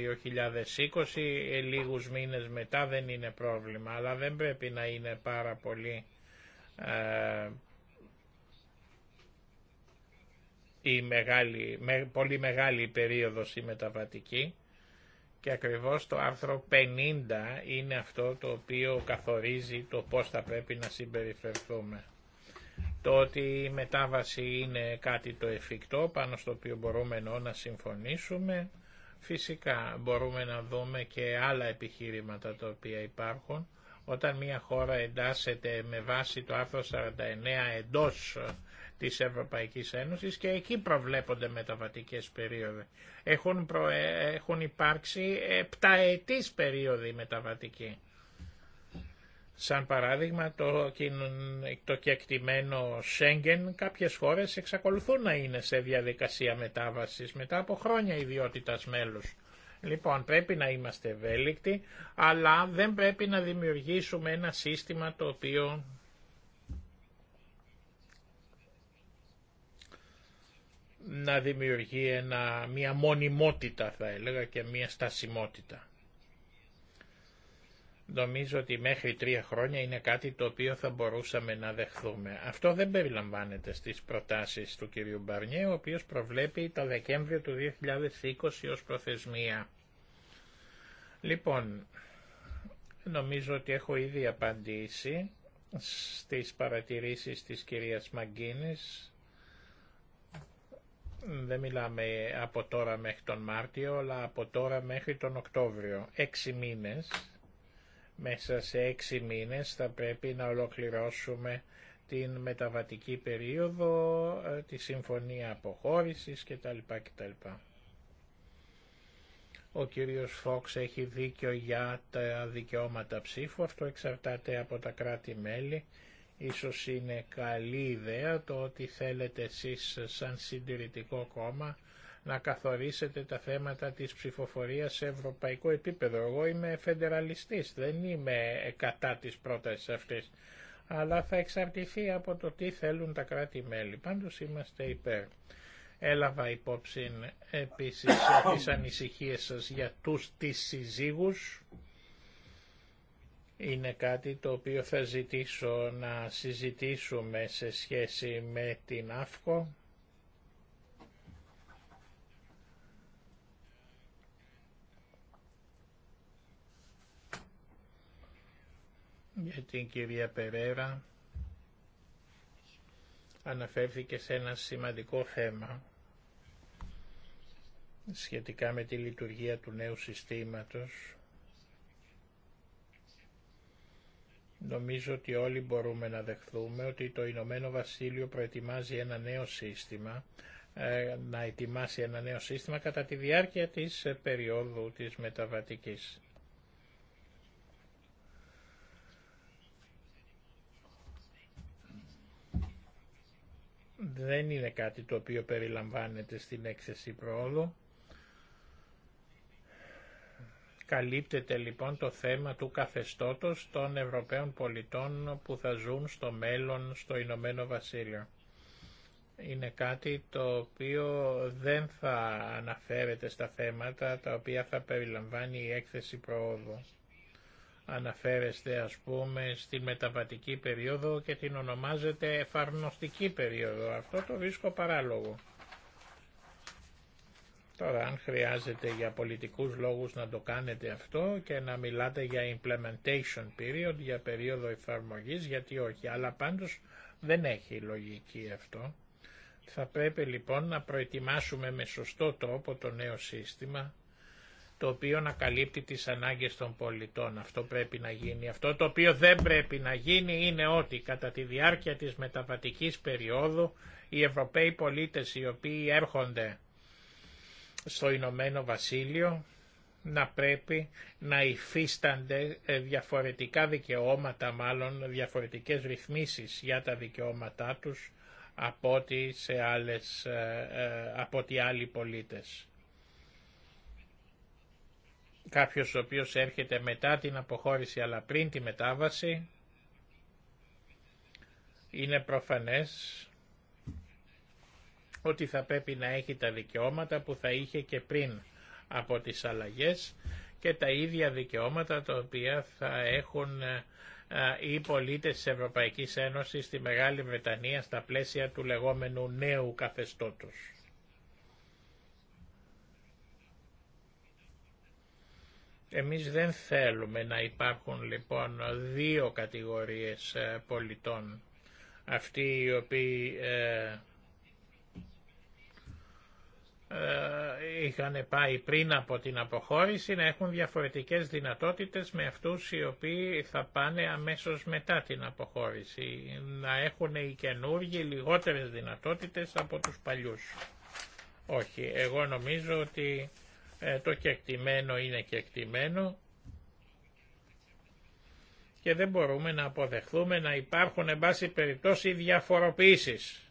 2020, ε, λίγους μήνες μετά δεν είναι πρόβλημα, αλλά δεν πρέπει να είναι πάρα πολύ ε, η μεγάλη, πολύ μεγάλη περίοδος η μεταβατική και ακριβώς το άρθρο 50 είναι αυτό το οποίο καθορίζει το πώς θα πρέπει να συμπεριφερθούμε. Το ότι η μετάβαση είναι κάτι το εφικτό πάνω στο οποίο μπορούμε να συμφωνήσουμε. Φυσικά μπορούμε να δούμε και άλλα επιχείρηματα τα οποία υπάρχουν. Όταν μια χώρα εντάσσεται με βάση το άρθρο 49 εντός της Ευρωπαϊκής Ένωσης και εκεί προβλέπονται μεταβατικές περίοδοι. Έχουν, ε, Έχουν υπάρξει επταετής περίοδοι μεταβατικοί. Σαν παράδειγμα το, το κεκτημένο Σέγγεν κάποιες χώρες εξακολουθούν να είναι σε διαδικασία μετάβασης μετά από χρόνια ιδιότητας μέλους. Λοιπόν, πρέπει να είμαστε ευέλικτοι, αλλά δεν πρέπει να δημιουργήσουμε ένα σύστημα το οποίο να δημιουργεί ένα, μια μονιμότητα θα έλεγα και μια στασιμότητα. Νομίζω ότι μέχρι τρία χρόνια είναι κάτι το οποίο θα μπορούσαμε να δεχθούμε. Αυτό δεν περιλαμβάνεται στις προτάσεις του κ. Μπαρνιέ, ο οποίος προβλέπει το Δεκέμβριο του 2020 ως προθεσμία. Λοιπόν, νομίζω ότι έχω ήδη απαντήσει στις παρατηρήσεις της κυρίας Μαγκίνης δεν μιλάμε από τώρα μέχρι τον Μάρτιο, αλλά από τώρα μέχρι τον Οκτώβριο. Έξι μήνες, μέσα σε έξι μήνες θα πρέπει να ολοκληρώσουμε την μεταβατική περίοδο, ε, τη συμφωνία αποχώρησης κτλ. κτλ. Ο κύριος Φόξ έχει δίκιο για τα δικαιώματα ψήφου, αυτό εξαρτάται από τα κράτη-μέλη Ίσως είναι καλή ιδέα το ότι θέλετε εσείς σαν συντηρητικό κόμμα να καθορίσετε τα θέματα της ψηφοφορίας σε ευρωπαϊκό επίπεδο. Εγώ είμαι φεντεραλιστής, δεν είμαι κατά της πρότασης αυτής, αλλά θα εξαρτηθεί από το τι θέλουν τα κράτη-μέλη. Πάντως είμαστε υπέρ. Έλαβα υπόψη επίσης τις ανησυχίες σας για τους τις συζύγους είναι κάτι το οποίο θα ζητήσω να συζητήσουμε σε σχέση με την ΑΦΚΟ. Για την κυρία Περέρα αναφέρθηκε σε ένα σημαντικό θέμα σχετικά με τη λειτουργία του νέου συστήματος Νομίζω ότι όλοι μπορούμε να δεχθούμε ότι το Ηνωμένο Βασίλειο προετοιμάζει ένα νέο σύστημα, ε, να ετοιμάσει ένα νέο σύστημα κατά τη διάρκεια της ε, περίοδου της μεταβατικής. Δεν είναι κάτι το οποίο περιλαμβάνεται στην έκθεση πρόοδου. Καλύπτεται λοιπόν το θέμα του καθεστώτος των Ευρωπαίων πολιτών που θα ζουν στο μέλλον στο Ηνωμένο Βασίλειο. Είναι κάτι το οποίο δεν θα αναφέρεται στα θέματα τα οποία θα περιλαμβάνει η έκθεση προόδου. Αναφέρεστε ας πούμε στη μεταβατική περίοδο και την ονομάζεται εφαρμοστική περίοδο. Αυτό το βρίσκω παράλογο. Τώρα αν χρειάζεται για πολιτικούς λόγους να το κάνετε αυτό και να μιλάτε για implementation period, για περίοδο εφαρμογής, γιατί όχι, αλλά πάντως δεν έχει λογική αυτό. Θα πρέπει λοιπόν να προετοιμάσουμε με σωστό τρόπο το νέο σύστημα, το οποίο να καλύπτει τις ανάγκες των πολιτών. Αυτό πρέπει να γίνει. Αυτό το οποίο δεν πρέπει να γίνει είναι ότι κατά τη διάρκεια της μεταβατικής περίοδου οι Ευρωπαίοι πολίτες οι οποίοι έρχονται στο Ηνωμένο Βασίλειο να πρέπει να υφίστανται ε, διαφορετικά δικαιώματα, μάλλον διαφορετικές ρυθμίσεις για τα δικαιώματά τους από ό,τι σε άλλες, ε, ε, από ό,τι άλλοι πολίτες. Κάποιος ο οποίος έρχεται μετά την αποχώρηση αλλά πριν τη μετάβαση είναι προφανές ότι θα πρέπει να έχει τα δικαιώματα που θα είχε και πριν από τις αλλαγές και τα ίδια δικαιώματα τα οποία θα έχουν ε, ε, οι πολίτες της Ευρωπαϊκής Ένωσης στη Μεγάλη Βρετανία στα πλαίσια του λεγόμενου νέου καθεστώτος. Εμείς δεν θέλουμε να υπάρχουν λοιπόν δύο κατηγορίες ε, πολιτών. Αυτοί οι οποίοι ε, είχαν πάει πριν από την αποχώρηση να έχουν διαφορετικές δυνατότητες με αυτούς οι οποίοι θα πάνε αμέσως μετά την αποχώρηση, να έχουν οι καινούργοι λιγότερες δυνατότητες από τους παλιούς. Όχι, εγώ νομίζω ότι ε, το κεκτημένο είναι κεκτημένο και δεν μπορούμε να αποδεχθούμε να υπάρχουν εν πάση περιπτώσει διαφοροποίησεις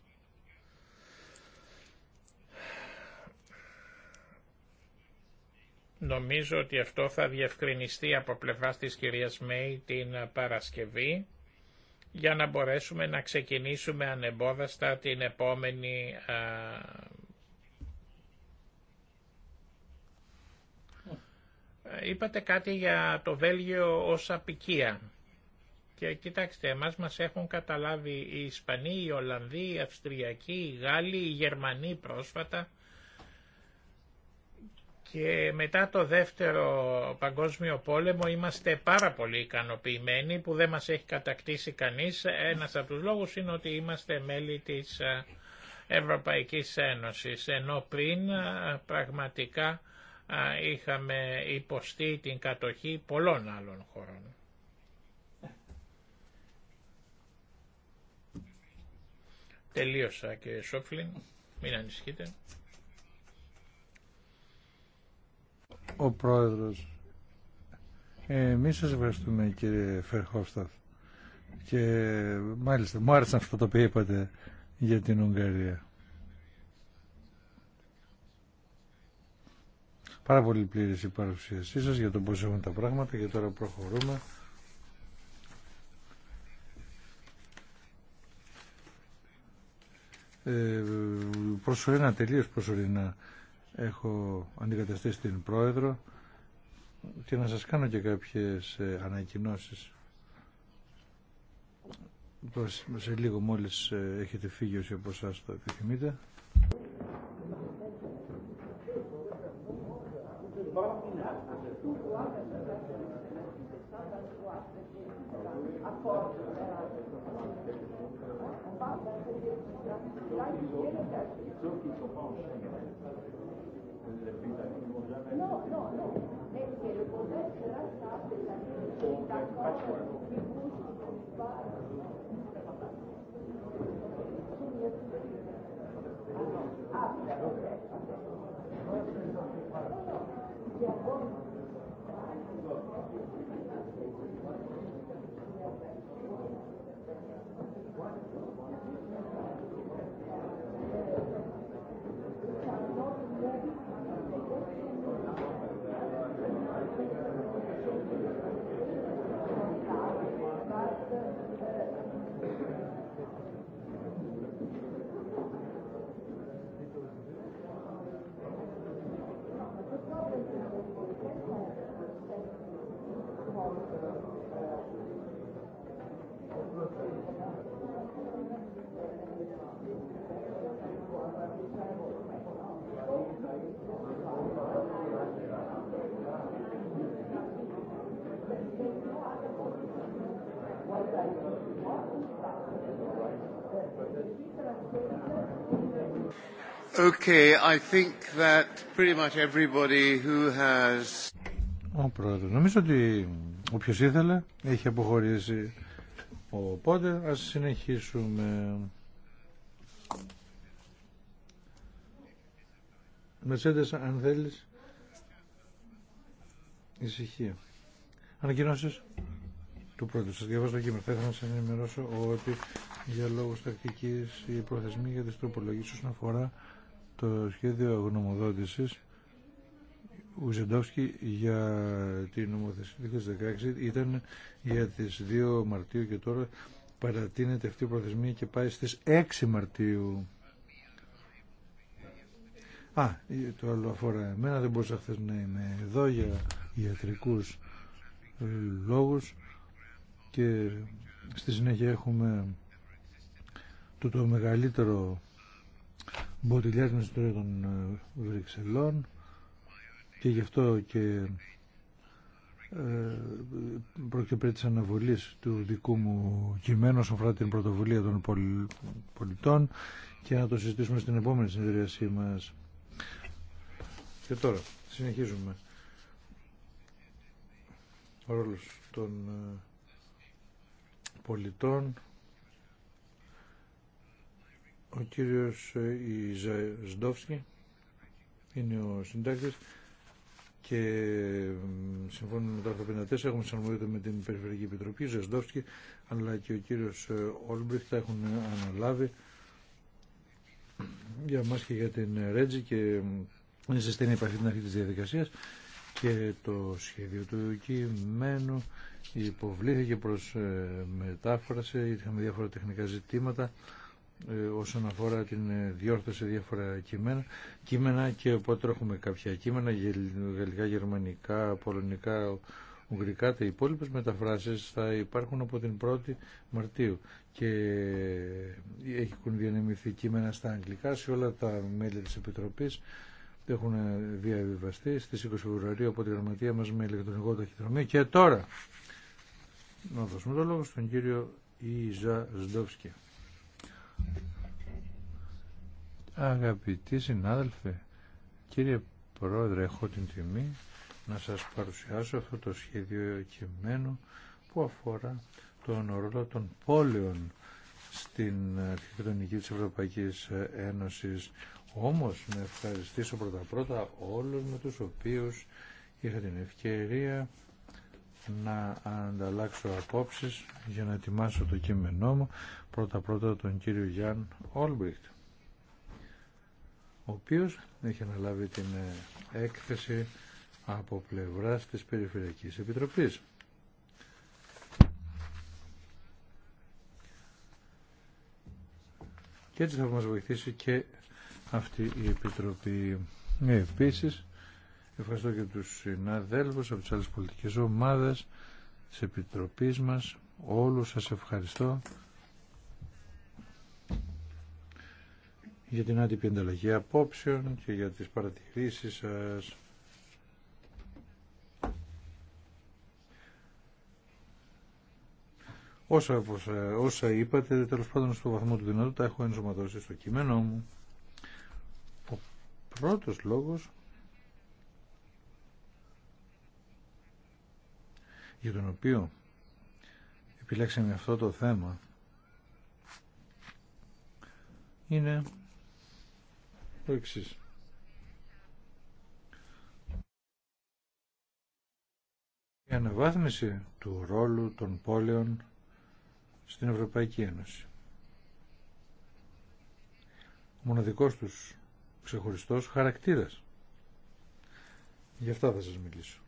Νομίζω ότι αυτό θα διευκρινιστεί από πλευρά της κυρίας Μέη την ε, Παρασκευή για να μπορέσουμε να ξεκινήσουμε ανεμπόδαστα την επόμενη ε, είπατε κάτι για το Βέλγιο ως απικία. Και κοιτάξτε, εμάς μας έχουν καταλάβει οι Ισπανοί, οι Ολλανδοί, οι Αυστριακοί, οι Γάλλοι, οι Γερμανοί πρόσφατα και μετά το δεύτερο παγκόσμιο πόλεμο είμαστε πάρα πολύ ικανοποιημένοι που δεν μας έχει κατακτήσει κανείς. Ένας από τους λόγους είναι ότι είμαστε μέλη της ε, Ευρωπαϊκής Ένωσης, ενώ πριν ε, πραγματικά ε, είχαμε υποστεί την κατοχή πολλών άλλων χωρών. Τελείωσα και Σόφλιν, μην ανησυχείτε.
Ο Πρόεδρος. Ε, εμείς σας ευχαριστούμε κύριε Φερχόφσταθ. Και μάλιστα μου άρεσαν αυτό το οποίο είπατε για την Ουγγαρία. Πάρα πολύ πλήρης η παρουσίασή σας για το πώς έχουν τα πράγματα και τώρα προχωρούμε. Ε, προσωρινά, τελείως προσωρινά έχω αντικαταστήσει την πρόεδρο και να σας κάνω και κάποιες ε, ανακοινώσεις σε λίγο μόλις ε, έχετε φύγει όσοι από εσάς το επιθυμείτε
No, no, no, è che stato la Ah, ok.
Ο πρόεδρο. Νομίζω ότι οποίο ήθελε έχει αποχωρήσει. Οπότε ας συνεχίσουμε. Μετσέντε, αν θέλει. ησυχία. Ανακοινώσεις του πρώτου. Σας διαβάζω το κείμενο. Θα ήθελα να σας ενημερώσω ότι για λόγους τακτικής οι προθεσμοί για τις τροπολογίες όσον αφορά το σχέδιο αγνομοδότησης Ουζεντόφσκι για την νομοθεσία 2016 ήταν για τις 2 Μαρτίου και τώρα παρατείνεται αυτή η προθεσμία και πάει στις 6 Μαρτίου. Α, το άλλο αφορά εμένα, δεν μπορούσα να είμαι εδώ για ιατρικούς λόγους και στη συνέχεια έχουμε το, το μεγαλύτερο Μποτιλιάς με ιστορία των ε, Βρυξελών και γι' αυτό και ε, πρόκειται περί της αναβολής του δικού μου κειμένου όσον αφορά την πρωτοβουλία των πολιτών και να το συζητήσουμε στην επόμενη συνεδρίασή μας. Και τώρα συνεχίζουμε. Ο ρόλος των ε, πολιτών ο κύριος ε, Ζντόφσκι είναι ο συντάκτης και συμφώνω με το άρθρο 54 έχουμε συνομιλήσει με την Περιφερειακή Επιτροπή, Ζεσδόφσκι, αλλά και ο κύριος Όλμπριχτ ε, τα έχουν αναλάβει για μας και για την Ρέτζη και είναι σε στενή επαφή την αρχή της διαδικασίας και το σχέδιο του κειμένου υποβλήθηκε προς ε, μετάφραση, είχαμε διάφορα τεχνικά ζητήματα ε, όσον αφορά την ε, διόρθωση διάφορα κείμενα, κείμενα και οπότε έχουμε κάποια κείμενα γαλλικά, γερμανικά, πολωνικά, ουγγρικά. Τα υπόλοιπες μεταφράσεις θα υπάρχουν από την 1η Μαρτίου και ε, έχουν διανεμηθεί κείμενα στα αγγλικά σε όλα τα μέλη της Επιτροπής έχουν διαβιβαστεί στις 20 Φεβρουαρίου από τη γραμματεία μας με ηλεκτρονικό ταχυδρομείο και τώρα να δώσουμε το λόγο στον κύριο Ιζα Ζντόφσκι. Αγαπητοί συνάδελφοι, κύριε Πρόεδρε, έχω την τιμή να σας παρουσιάσω αυτό το σχέδιο κειμένου που αφορά τον ρόλο των πόλεων στην αρχιτεκτονική της Ευρωπαϊκής Ένωσης. Όμως να ευχαριστήσω πρώτα πρώτα όλους με τους οποίους είχα την ευκαιρία να ανταλλάξω απόψεις για να ετοιμάσω το κείμενό μου πρώτα πρώτα τον κύριο Γιάνν Όλμπριχτ ο οποίος έχει αναλάβει την ε, έκθεση από πλευράς της Περιφερειακής Επιτροπής. Και έτσι θα μας βοηθήσει και αυτή η Επιτροπή. Ναι, επίσης, ευχαριστώ και τους συναδέλφους από τις άλλες πολιτικές ομάδες της Επιτροπής μας. Όλους σας ευχαριστώ. για την άτυπη ανταλλαγή απόψεων και για τις παρατηρήσεις σας. Όσα, ε, όσα, είπατε, τέλο πάντων στο βαθμό του δυνατού, τα έχω ενσωματώσει στο κείμενό μου. Ο πρώτος λόγος για τον οποίο επιλέξαμε αυτό το θέμα είναι το εξή. Η αναβάθμιση του ρόλου των πόλεων στην Ευρωπαϊκή Ένωση. Ο μοναδικός τους ξεχωριστός χαρακτήρας. Γι' αυτά θα σας μιλήσω.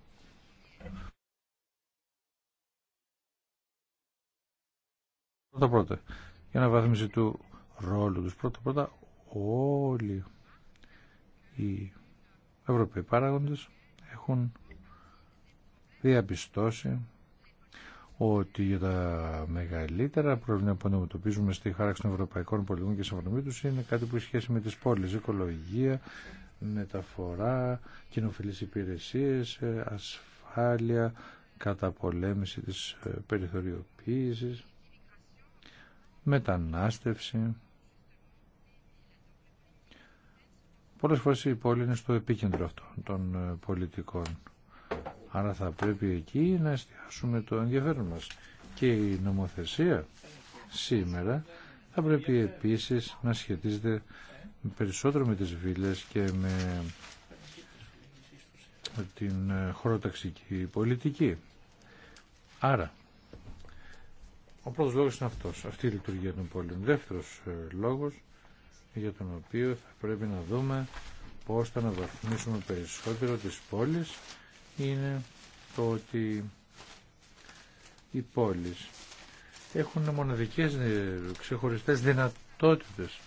Πρώτα πρώτα, η αναβάθμιση του ρόλου τους. Πρώτα πρώτα όλοι οι Ευρωπαίοι παράγοντες έχουν διαπιστώσει ότι για τα μεγαλύτερα προβλήματα που αντιμετωπίζουμε στη χάραξη των ευρωπαϊκών πολιτικών και συμφωνή του είναι κάτι που έχει σχέση με τις πόλεις, οικολογία, μεταφορά, κοινοφιλείς υπηρεσίες, ε, ασφάλεια, καταπολέμηση της ε, περιθωριοποίησης, μετανάστευση, Πολλές φορές η πόλη είναι στο επίκεντρο αυτών των ε, πολιτικών. Άρα θα πρέπει εκεί να εστιάσουμε το ενδιαφέρον μας. Και η νομοθεσία σήμερα θα πρέπει επίσης να σχετίζεται περισσότερο με τις βίλες και με την ε, χωροταξική πολιτική. Άρα, ο πρώτος λόγος είναι αυτός, αυτή η λειτουργία των πόλεων. Δεύτερος ε, λόγος για τον οποίο θα πρέπει να δούμε πώς θα αναβαθμίσουμε περισσότερο τις πόλεις είναι το ότι οι πόλεις έχουν μοναδικές ξεχωριστές δυνατότητες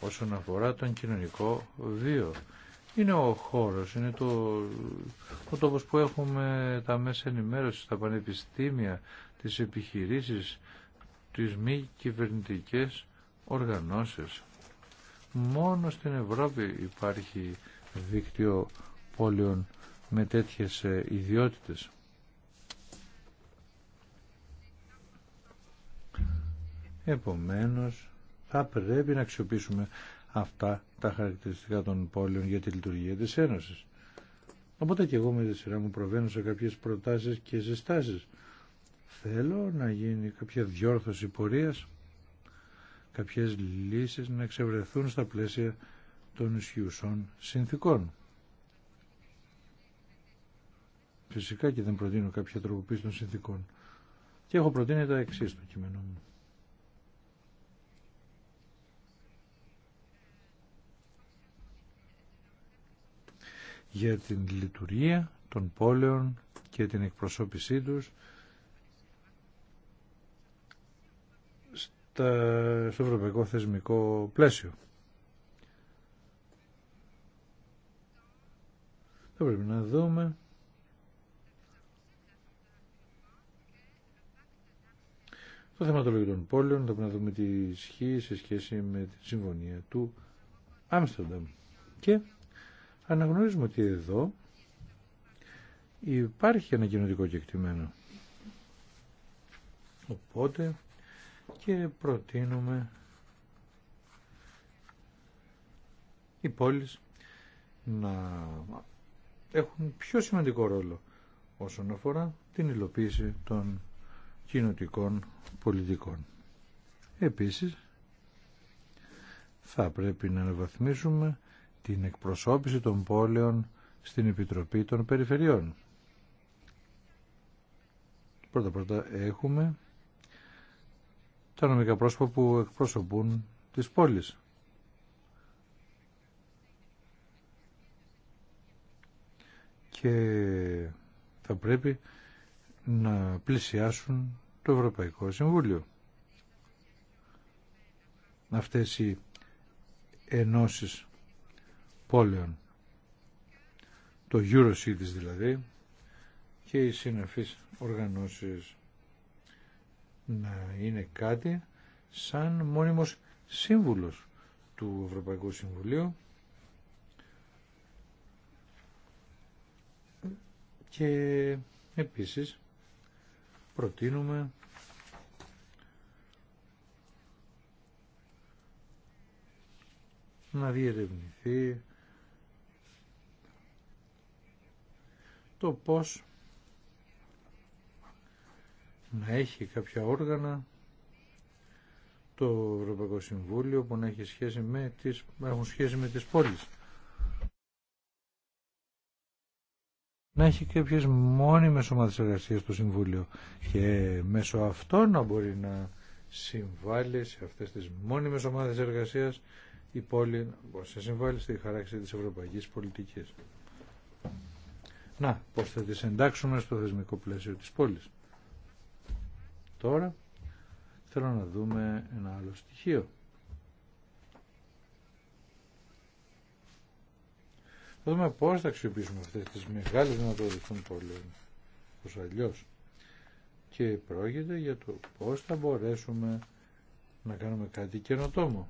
όσον αφορά τον κοινωνικό βίο. Είναι ο χώρος, είναι το, ο τόπος που έχουμε τα μέσα ενημέρωση τα πανεπιστήμια, τις επιχειρήσεις, τις μη κυβερνητικές οργανώσεις. Μόνο στην Ευρώπη υπάρχει δίκτυο πόλεων με τέτοιες ε, ιδιότητες. Επομένως, θα πρέπει να αξιοποιήσουμε αυτά τα χαρακτηριστικά των πόλεων για τη λειτουργία της Ένωσης. Οπότε και εγώ με τη σειρά μου προβαίνω σε κάποιες προτάσεις και συστάσεις. Θέλω να γίνει κάποια διόρθωση πορείας κάποιες λύσεις να εξευρεθούν στα πλαίσια των ισχυουσών συνθήκων. Φυσικά και δεν προτείνω κάποια τροποποίηση των συνθήκων. Και έχω προτείνει τα εξή στο κείμενό μου. για την λειτουργία των πόλεων και την εκπροσώπησή τους στα, στο ευρωπαϊκό θεσμικό πλαίσιο. Θα πρέπει να δούμε το θέμα των πόλεων, θα πρέπει να δούμε τι ισχύει σε σχέση με τη συμφωνία του Άμστερνταμ. Και αναγνωρίζουμε ότι εδώ υπάρχει ένα κοινωτικό κεκτημένο. Οπότε και προτείνουμε οι πόλεις να έχουν πιο σημαντικό ρόλο όσον αφορά την υλοποίηση των κοινοτικών πολιτικών. Επίσης, θα πρέπει να αναβαθμίσουμε την εκπροσώπηση των πόλεων στην Επιτροπή των Περιφερειών. Πρώτα-πρώτα έχουμε τα νομικά πρόσωπα που εκπροσωπούν τις πόλεις. Και θα πρέπει να πλησιάσουν το Ευρωπαϊκό Συμβούλιο. Αυτές οι ενώσεις πόλεων, το EuroCities δηλαδή, και οι συναφείς οργανώσεις να είναι κάτι σαν μόνιμος σύμβουλος του Ευρωπαϊκού Συμβουλίου και επίσης προτείνουμε να διερευνηθεί το πώς να έχει κάποια όργανα το Ευρωπαϊκό Συμβούλιο που να έχει σχέση με τις, έχουν σχέση με τις πόλεις. Να έχει κάποιες μόνιμες ομάδες εργασίας στο Συμβούλιο και μέσω αυτών να μπορεί να συμβάλλει σε αυτές τις μόνιμες ομάδες εργασίας η πόλη μπορεί να συμβάλλει στη χαράξη της ευρωπαϊκής πολιτικής. Να, πώς θα τις εντάξουμε στο θεσμικό πλαίσιο της πόλης. Τώρα θέλω να δούμε ένα άλλο στοιχείο. Θα δούμε πώς θα αξιοποιήσουμε αυτές τις μεγάλες δυνατότητες των Πώς αλλιώς. Και πρόκειται για το πώς θα μπορέσουμε να κάνουμε κάτι καινοτόμο.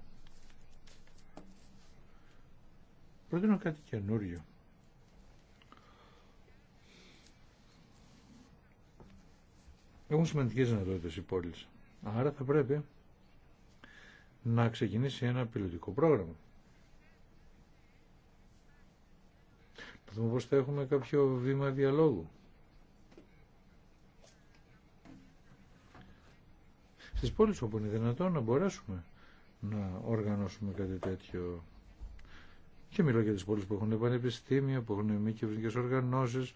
Προτείνω κάτι καινούριο. Έχουν σημαντικές δυνατότητες οι πόλεις. Άρα θα πρέπει να ξεκινήσει ένα πιλωτικό πρόγραμμα. Να δούμε πώς θα έχουμε κάποιο βήμα διαλόγου. Στις πόλεις όπου είναι δυνατόν να μπορέσουμε να οργανώσουμε κάτι τέτοιο. Και μιλώ για τις πόλεις που έχουν πανεπιστήμια, που έχουν μη κυβερνικές οργανώσεις,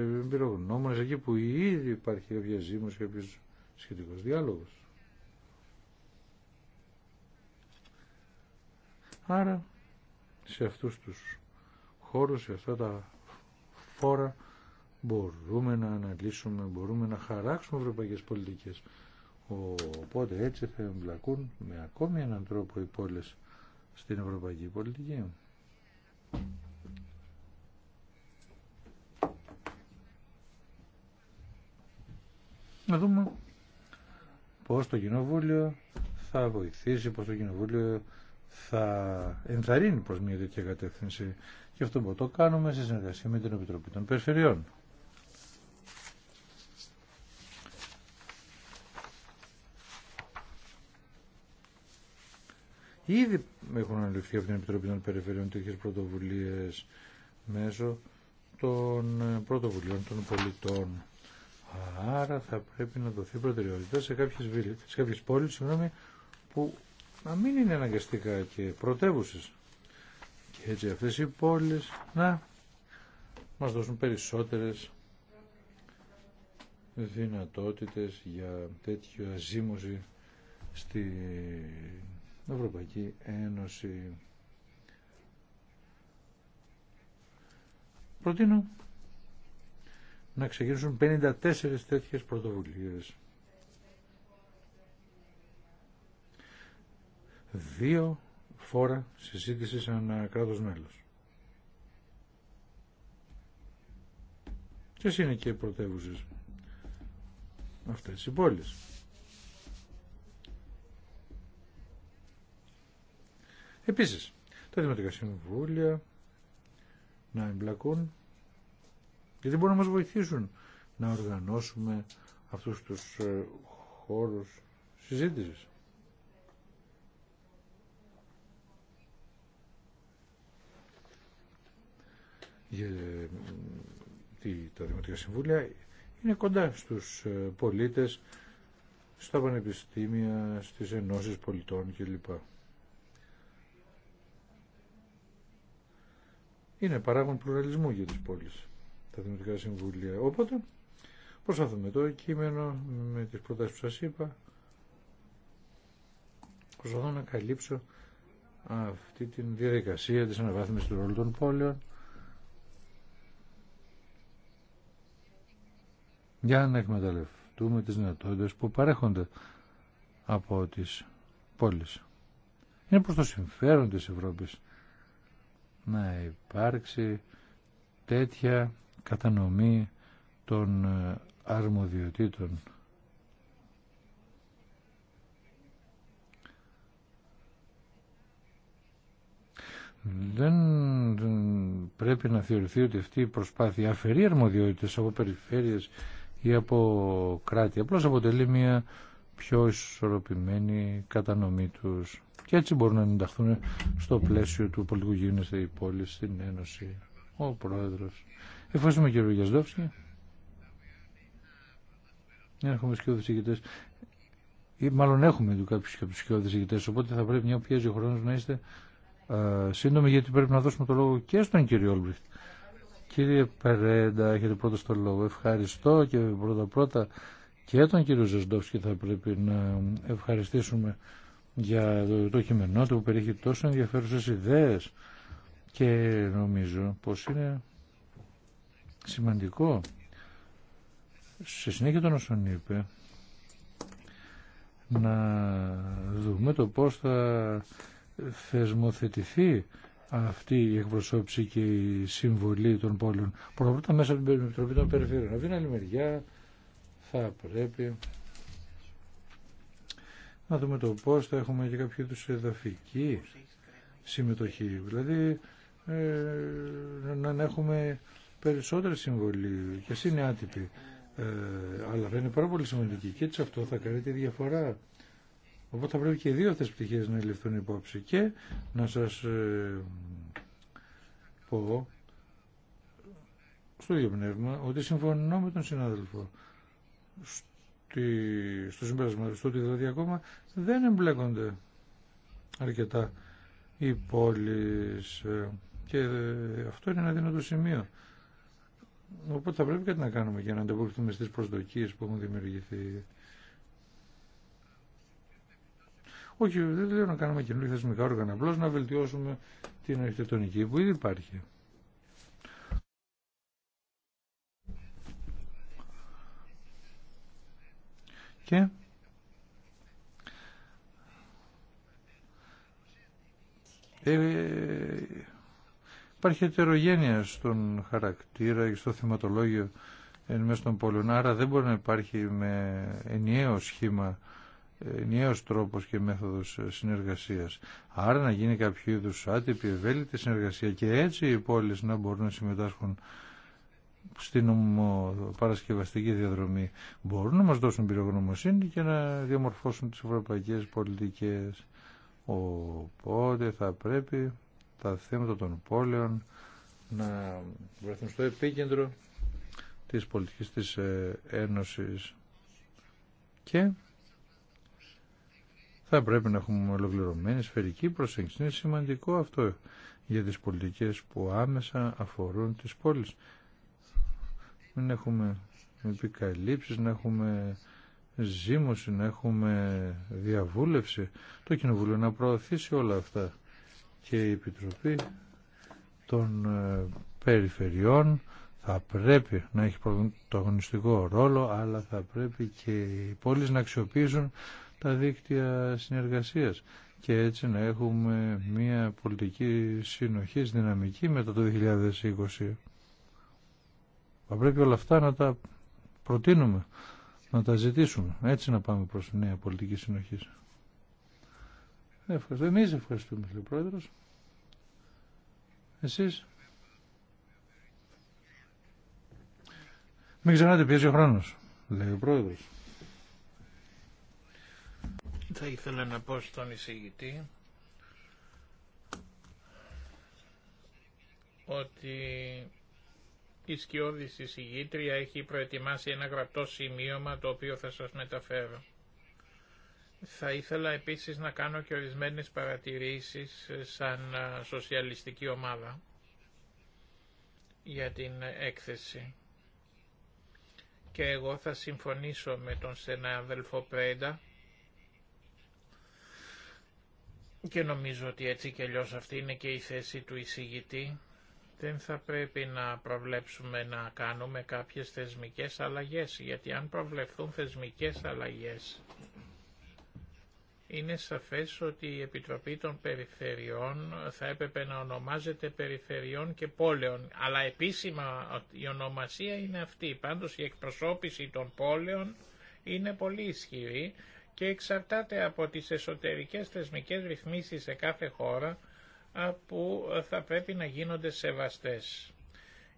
εμπειρογνώμονες, εκεί που ήδη υπάρχει κάποια ζήμωση, κάποιος σχετικός διάλογος. Άρα, σε αυτούς τους χώρους, σε αυτά τα φόρα, μπορούμε να αναλύσουμε, μπορούμε να χαράξουμε ευρωπαϊκές πολιτικές. Οπότε έτσι θα εμπλακούν με ακόμη έναν τρόπο οι πόλεις στην ευρωπαϊκή πολιτική. Να δούμε πώς το Κοινοβούλιο θα βοηθήσει, πώς το Κοινοβούλιο θα ενθαρρύνει προς μια τέτοια κατεύθυνση. Και αυτό που το κάνουμε σε συνεργασία με την Επιτροπή των Περιφερειών. Ήδη έχουν αναλυφθεί από την Επιτροπή των Περιφερειών τέτοιε πρωτοβουλίε μέσω των πρωτοβουλίων των πολιτών. Άρα θα πρέπει να δοθεί προτεραιότητα σε κάποιες, βίλες, σε κάποιες πόλεις συγγνώμη, που να μην είναι αναγκαστικά και πρωτεύουσε. Και έτσι αυτές οι πόλεις να μας δώσουν περισσότερες δυνατότητες για τέτοιο ζήμωση στη Ευρωπαϊκή Ένωση. Προτείνω να ξεκινήσουν 54 τέτοιες πρωτοβουλίες. Δύο φόρα συζήτηση σαν κράτος μέλος. Ποιες είναι και οι πρωτεύουσες αυτές οι πόλεις. Επίσης, τα Δημοτικά Συμβούλια να εμπλακούν γιατί μπορούν να μας βοηθήσουν να οργανώσουμε αυτούς τους ε, χώρους συζήτησης. Γιατί ε, τα Δημοτικά Συμβούλια είναι κοντά στους ε, πολίτες, στα πανεπιστήμια, στις ενώσεις πολιτών κλπ. Είναι παράγον πλουραλισμού για τις πόλεις τα Δημοτικά Συμβούλια. Οπότε προσπαθούμε το κείμενο με τις προτάσεις που σας είπα. Προσπαθώ να καλύψω αυτή τη διαδικασία της αναβάθμισης του ρόλου των πόλεων για να εκμεταλλευτούμε τις δυνατότητες που παρέχονται από τις πόλεις. Είναι προς το συμφέρον της Ευρώπης να υπάρξει τέτοια κατανομή των ε, αρμοδιοτήτων. Δεν πρέπει να θεωρηθεί ότι αυτή η προσπάθεια αφαιρεί αρμοδιότητες από περιφέρειες ή από κράτη. Απλώς αποτελεί μια πιο ισορροπημένη κατανομή τους. Και έτσι μπορούν να ενταχθούν στο πλαίσιο του πολιτικού γίνεσθε η πόλη στην Ένωση. Ο Πρόεδρος. Ευχαριστούμε κύριο Γιασδόφσκι. Ναι, έχουμε σκιώδη ηγητέ. Ή μάλλον έχουμε κάποιου και από οπότε θα πρέπει μια πιέζει ο χρόνο να είστε α, σύντομοι, γιατί πρέπει να δώσουμε το λόγο και στον κύριο Όλμπριχτ. Κύριε Περέντα, έχετε πρώτα στο λόγο. Ευχαριστώ και πρώτα-πρώτα και τον κύριο Ζεσντόφσκι θα πρέπει να ευχαριστήσουμε για το, το κειμενό του που περιέχει τόσο ενδιαφέρουσε ιδέες και νομίζω πως είναι σημαντικό σε συνέχεια των όσων είπε να δούμε το πώς θα θεσμοθετηθεί αυτή η εκπροσώπηση και η συμβολή των πόλεων πρώτα μέσα από την Επιτροπή των Περιφέρειων. Από την άλλη μεριά θα πρέπει να δούμε το πώς θα έχουμε και κάποιο είδους εδαφική συμμετοχή. Δηλαδή ε, να έχουμε περισσότερη συμβολή και είναι άτυπη. Ε, αλλά θα είναι πάρα πολύ σημαντική και έτσι αυτό θα κάνει τη διαφορά. Οπότε θα πρέπει και οι δύο αυτές πτυχές να ληφθούν υπόψη και να σας ε, πω στο ίδιο πνεύμα ότι συμφωνώ με τον συνάδελφο στο συμπέρασμα στο ότι δηλαδή ακόμα δεν εμπλέκονται αρκετά οι πόλεις ε, και ε, αυτό είναι ένα δύνατο σημείο Οπότε θα πρέπει κάτι να κάνουμε για να ανταποκριθούμε στις προσδοκίες που έχουν δημιουργηθεί. Όχι, δεν λέω να κάνουμε καινούργια θεσμικά όργανα, απλώ να βελτιώσουμε την αρχιτεκτονική που ήδη υπάρχει. Και ε, υπάρχει ετερογένεια στον χαρακτήρα και στο θεματολόγιο εν μέσω των πόλεων. Άρα δεν μπορεί να υπάρχει με ενιαίο σχήμα, ενιαίο τρόπος και μέθοδος συνεργασίας. Άρα να γίνει κάποιο είδου άτυπη, ευέλικτη συνεργασία και έτσι οι πόλεις να μπορούν να συμμετάσχουν στην παρασκευαστική διαδρομή μπορούν να μας δώσουν πυρογνωμοσύνη και να διαμορφώσουν τις ευρωπαϊκές πολιτικές. Οπότε θα πρέπει τα θέματα των πόλεων να βρεθούν στο επίκεντρο της πολιτικής της ε, Ένωσης και θα πρέπει να έχουμε ολοκληρωμένη σφαιρική προσέγγιση. Είναι σημαντικό αυτό για τις πολιτικές που άμεσα αφορούν τις πόλεις. Μην έχουμε επικαλύψεις, να έχουμε ζήμωση, να έχουμε διαβούλευση. Το Κοινοβούλιο να προωθήσει όλα αυτά και η Επιτροπή των ε, Περιφερειών θα πρέπει να έχει πρωτογνωστικό ρόλο αλλά θα πρέπει και οι πόλεις να αξιοποιήσουν τα δίκτυα συνεργασίας και έτσι να έχουμε μια πολιτική συνοχή δυναμική μετά το 2020. Θα πρέπει όλα αυτά να τα προτείνουμε, να τα ζητήσουμε. Έτσι να πάμε προς νέα πολιτική συνοχή. Ευχαριστώ. Εμείς ευχαριστούμε, λέει ο Πρόεδρος. Εσείς. Μην ξεχνάτε πιέζει ο χρόνος, λέει ο Πρόεδρος.
Θα ήθελα να πω στον εισηγητή ότι η σκιώδης εισηγήτρια έχει προετοιμάσει ένα γραπτό σημείωμα το οποίο θα σας μεταφέρω. Θα ήθελα επίσης να κάνω και ορισμένες παρατηρήσεις ε, σαν ε, σοσιαλιστική ομάδα για την έκθεση. Και εγώ θα συμφωνήσω με τον στενάδελφο Πρέντα και νομίζω ότι έτσι και αλλιώς αυτή είναι και η θέση του εισηγητή. Δεν θα πρέπει να προβλέψουμε να κάνουμε κάποιες θεσμικές αλλαγές, γιατί αν προβλεφθούν θεσμικές αλλαγές είναι σαφές ότι η Επιτροπή των Περιφερειών θα έπρεπε να ονομάζεται Περιφερειών και Πόλεων, αλλά επίσημα η ονομασία είναι αυτή. Πάντως η εκπροσώπηση των πόλεων είναι πολύ ισχυρή και εξαρτάται από τις εσωτερικές θεσμικές ρυθμίσεις σε κάθε χώρα που θα πρέπει να γίνονται σεβαστές.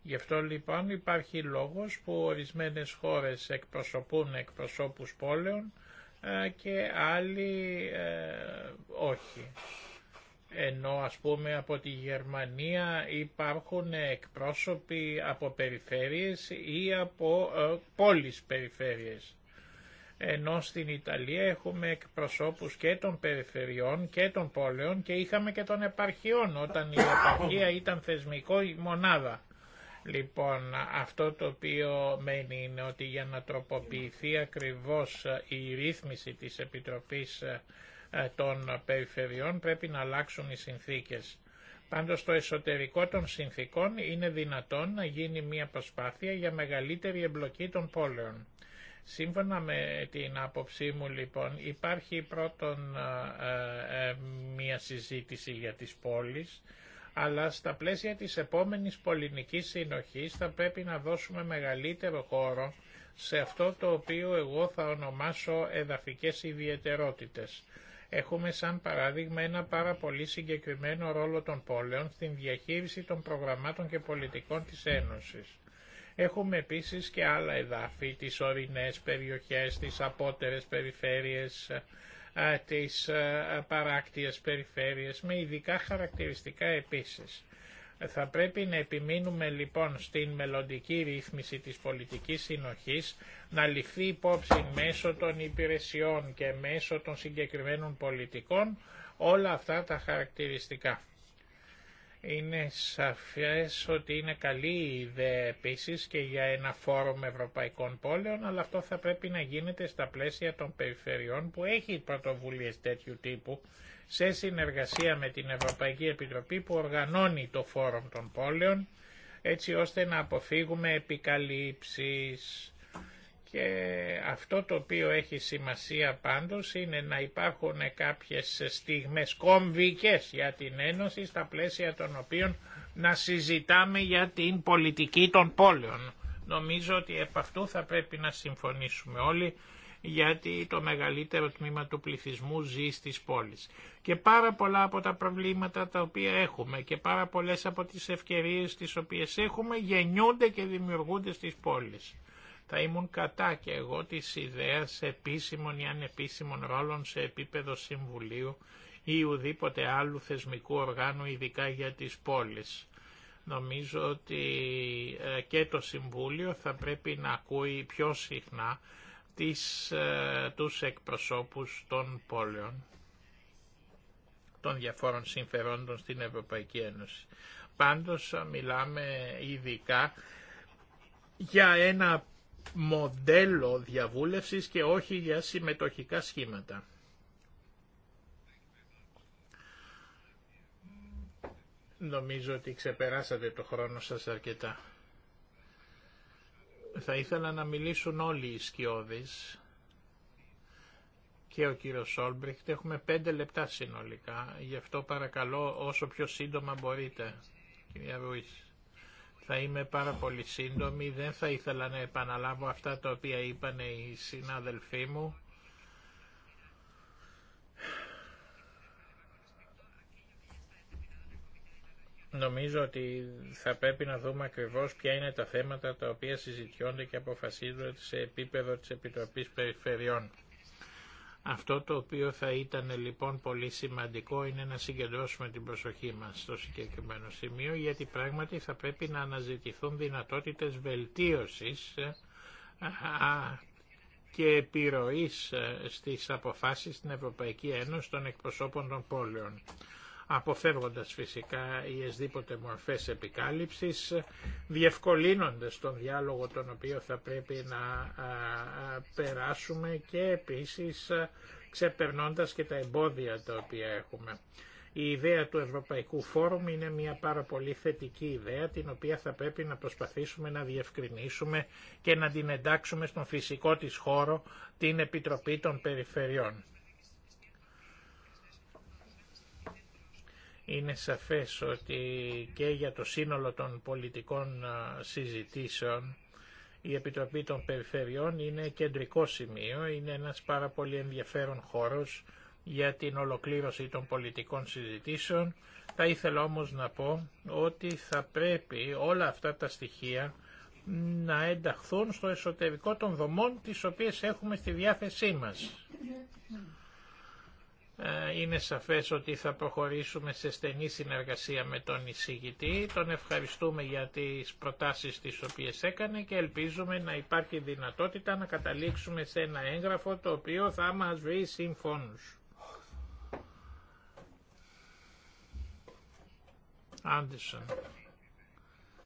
Γι' αυτό λοιπόν υπάρχει λόγος που ορισμένες χώρες εκπροσωπούν εκπροσώπους πόλεων ε, και άλλοι ε, όχι. Ενώ ας πούμε από τη Γερμανία υπάρχουν εκπρόσωποι από περιφέρειες ή από ε, πόλεις περιφέρειες ενώ στην Ιταλία έχουμε εκπροσώπους και των περιφερειών και των πόλεων και είχαμε και των επαρχιών όταν η επαρχία ήταν θεσμικό η μονάδα. Λοιπόν, αυτό το οποίο μένει είναι ότι για να τροποποιηθεί ακριβώς η ρύθμιση της Επιτροπής ε, ε, των Περιφερειών πρέπει να αλλάξουν οι συνθήκες. Πάντως στο εσωτερικό των συνθήκων είναι δυνατόν να γίνει μια προσπάθεια για μεγαλύτερη εμπλοκή των πόλεων. Σύμφωνα με την άποψή μου λοιπόν υπάρχει πρώτον ε, μια συζήτηση για τις πόλεις, αλλά στα πλαίσια της επόμενης πολιτικής συνοχής θα πρέπει να δώσουμε μεγαλύτερο χώρο σε αυτό το οποίο εγώ θα ονομάσω εδαφικές ιδιαιτερότητες. Έχουμε σαν παράδειγμα ένα πάρα πολύ συγκεκριμένο ρόλο των πόλεων στην διαχείριση των προγραμμάτων και πολιτικών της Ένωσης. Έχουμε επίσης και άλλα εδάφη, τις ορεινές περιοχές, τις απότερες περιφέρειες, ε, τις ε, παράκτιες περιφέρειες με ειδικά χαρακτηριστικά επίσης. Θα πρέπει να επιμείνουμε λοιπόν στην μελλοντική ρύθμιση της πολιτικής συνοχής να ληφθεί υπόψη μέσω των υπηρεσιών και μέσω των συγκεκριμένων πολιτικών όλα αυτά τα χαρακτηριστικά. Είναι σαφές ότι είναι καλή η ιδέα επίσης και για ένα φόρουμ ευρωπαϊκών πόλεων, αλλά αυτό θα πρέπει να γίνεται στα πλαίσια των περιφερειών που έχει πρωτοβουλίες τέτοιου τύπου, σε συνεργασία με την Ευρωπαϊκή Επιτροπή που οργανώνει το φόρουμ των πόλεων, έτσι ώστε να αποφύγουμε επικαλύψεις. Και αυτό το οποίο έχει σημασία πάντως είναι να υπάρχουν κάποιες στιγμές κομβικές για την Ένωση στα πλαίσια των οποίων να συζητάμε για την πολιτική των πόλεων. Νομίζω ότι επ' αυτού θα πρέπει να συμφωνήσουμε όλοι γιατί το μεγαλύτερο τμήμα του πληθυσμού ζει στις πόλεις. Και πάρα πολλά από τα προβλήματα τα οποία έχουμε και πάρα πολλές από τις ευκαιρίες τις οποίες έχουμε γεννιούνται και δημιουργούνται στις πόλεις. Θα ήμουν κατά και εγώ της ιδέας επίσημων ή ανεπίσημων ρόλων σε επίπεδο συμβουλίου ή ουδήποτε άλλου θεσμικού οργάνου ειδικά για τις πόλεις. Νομίζω ότι ε, και το Συμβούλιο θα πρέπει να ακούει πιο συχνά τις, ε, τους εκπροσώπους των πόλεων των διαφόρων συμφερόντων στην Ευρωπαϊκή Ένωση. Πάντως μιλάμε ειδικά για ένα μοντέλο διαβούλευσης και όχι για συμμετοχικά σχήματα. Νομίζω ότι ξεπεράσατε το χρόνο σας αρκετά. Θα ήθελα να μιλήσουν όλοι οι σκιώδεις και ο κύριος Σόλμπριχτ. Έχουμε πέντε λεπτά συνολικά, γι' αυτό παρακαλώ όσο πιο σύντομα μπορείτε. Κυρία Ρουίση. Θα είμαι πάρα πολύ σύντομη, δεν θα ήθελα να επαναλάβω αυτά τα οποία είπαν οι συνάδελφοί μου. Νομίζω ότι θα πρέπει να δούμε ακριβώς ποια είναι τα θέματα τα οποία συζητιώνται και αποφασίζονται σε επίπεδο της Επιτροπής Περιφερειών. Αυτό το οποίο θα ήταν λοιπόν πολύ σημαντικό είναι να συγκεντρώσουμε την προσοχή μας στο συγκεκριμένο σημείο γιατί πράγματι θα πρέπει να αναζητηθούν δυνατότητες βελτίωσης ε, και επιρροής ε, στις αποφάσεις στην Ευρωπαϊκή Ένωση των εκπροσώπων των πόλεων αποφεύγοντας φυσικά οι εσδήποτε μορφές επικάλυψης, διευκολύνοντας τον διάλογο τον οποίο θα πρέπει να περάσουμε και επίσης ξεπερνώντας και τα εμπόδια τα οποία έχουμε. Η ιδέα του Ευρωπαϊκού Φόρουμ είναι μια πάρα πολύ θετική ιδέα την οποία θα πρέπει να προσπαθήσουμε να διευκρινίσουμε και να την εντάξουμε στον φυσικό της χώρο την Επιτροπή των Περιφερειών. Είναι σαφές ότι και για το σύνολο των πολιτικών συζητήσεων η Επιτροπή των Περιφερειών είναι κεντρικό σημείο, είναι ένας πάρα πολύ ενδιαφέρον χώρος για την ολοκλήρωση των πολιτικών συζητήσεων. Θα ήθελα όμως να πω ότι θα πρέπει όλα αυτά τα στοιχεία να ενταχθούν στο εσωτερικό των δομών τις οποίες έχουμε στη διάθεσή μας. Ε, είναι σαφές ότι θα προχωρήσουμε σε στενή συνεργασία με τον εισηγητή. Τον ευχαριστούμε για τις προτάσεις τις οποίες έκανε και ελπίζουμε να υπάρχει δυνατότητα να καταλήξουμε σε ένα έγγραφο το οποίο θα μας βρει συμφώνους. Άντισον.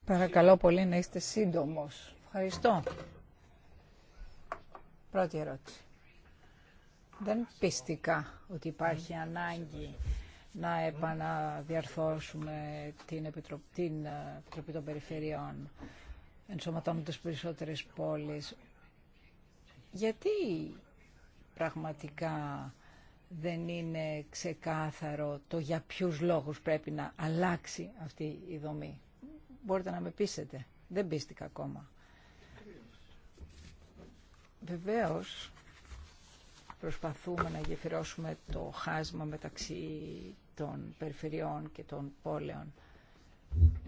Παρακαλώ πολύ να είστε σύντομος. Ευχαριστώ. Πρώτη ερώτηση. Δεν πίστηκα ότι υπάρχει ανάγκη να επαναδιαρθώσουμε την Επιτροπή, την ε, Επιτροπή των Περιφερειών, ενσωματώνοντας περισσότερες πόλεις. Γιατί πραγματικά δεν είναι ξεκάθαρο το για ποιους λόγους πρέπει να αλλάξει αυτή η δομή. Μπορείτε να με πείσετε. Δεν πίστηκα ακόμα. Βεβαίως, Προσπαθούμε να γεφυρώσουμε το χάσμα μεταξύ των περιφερειών και των πόλεων.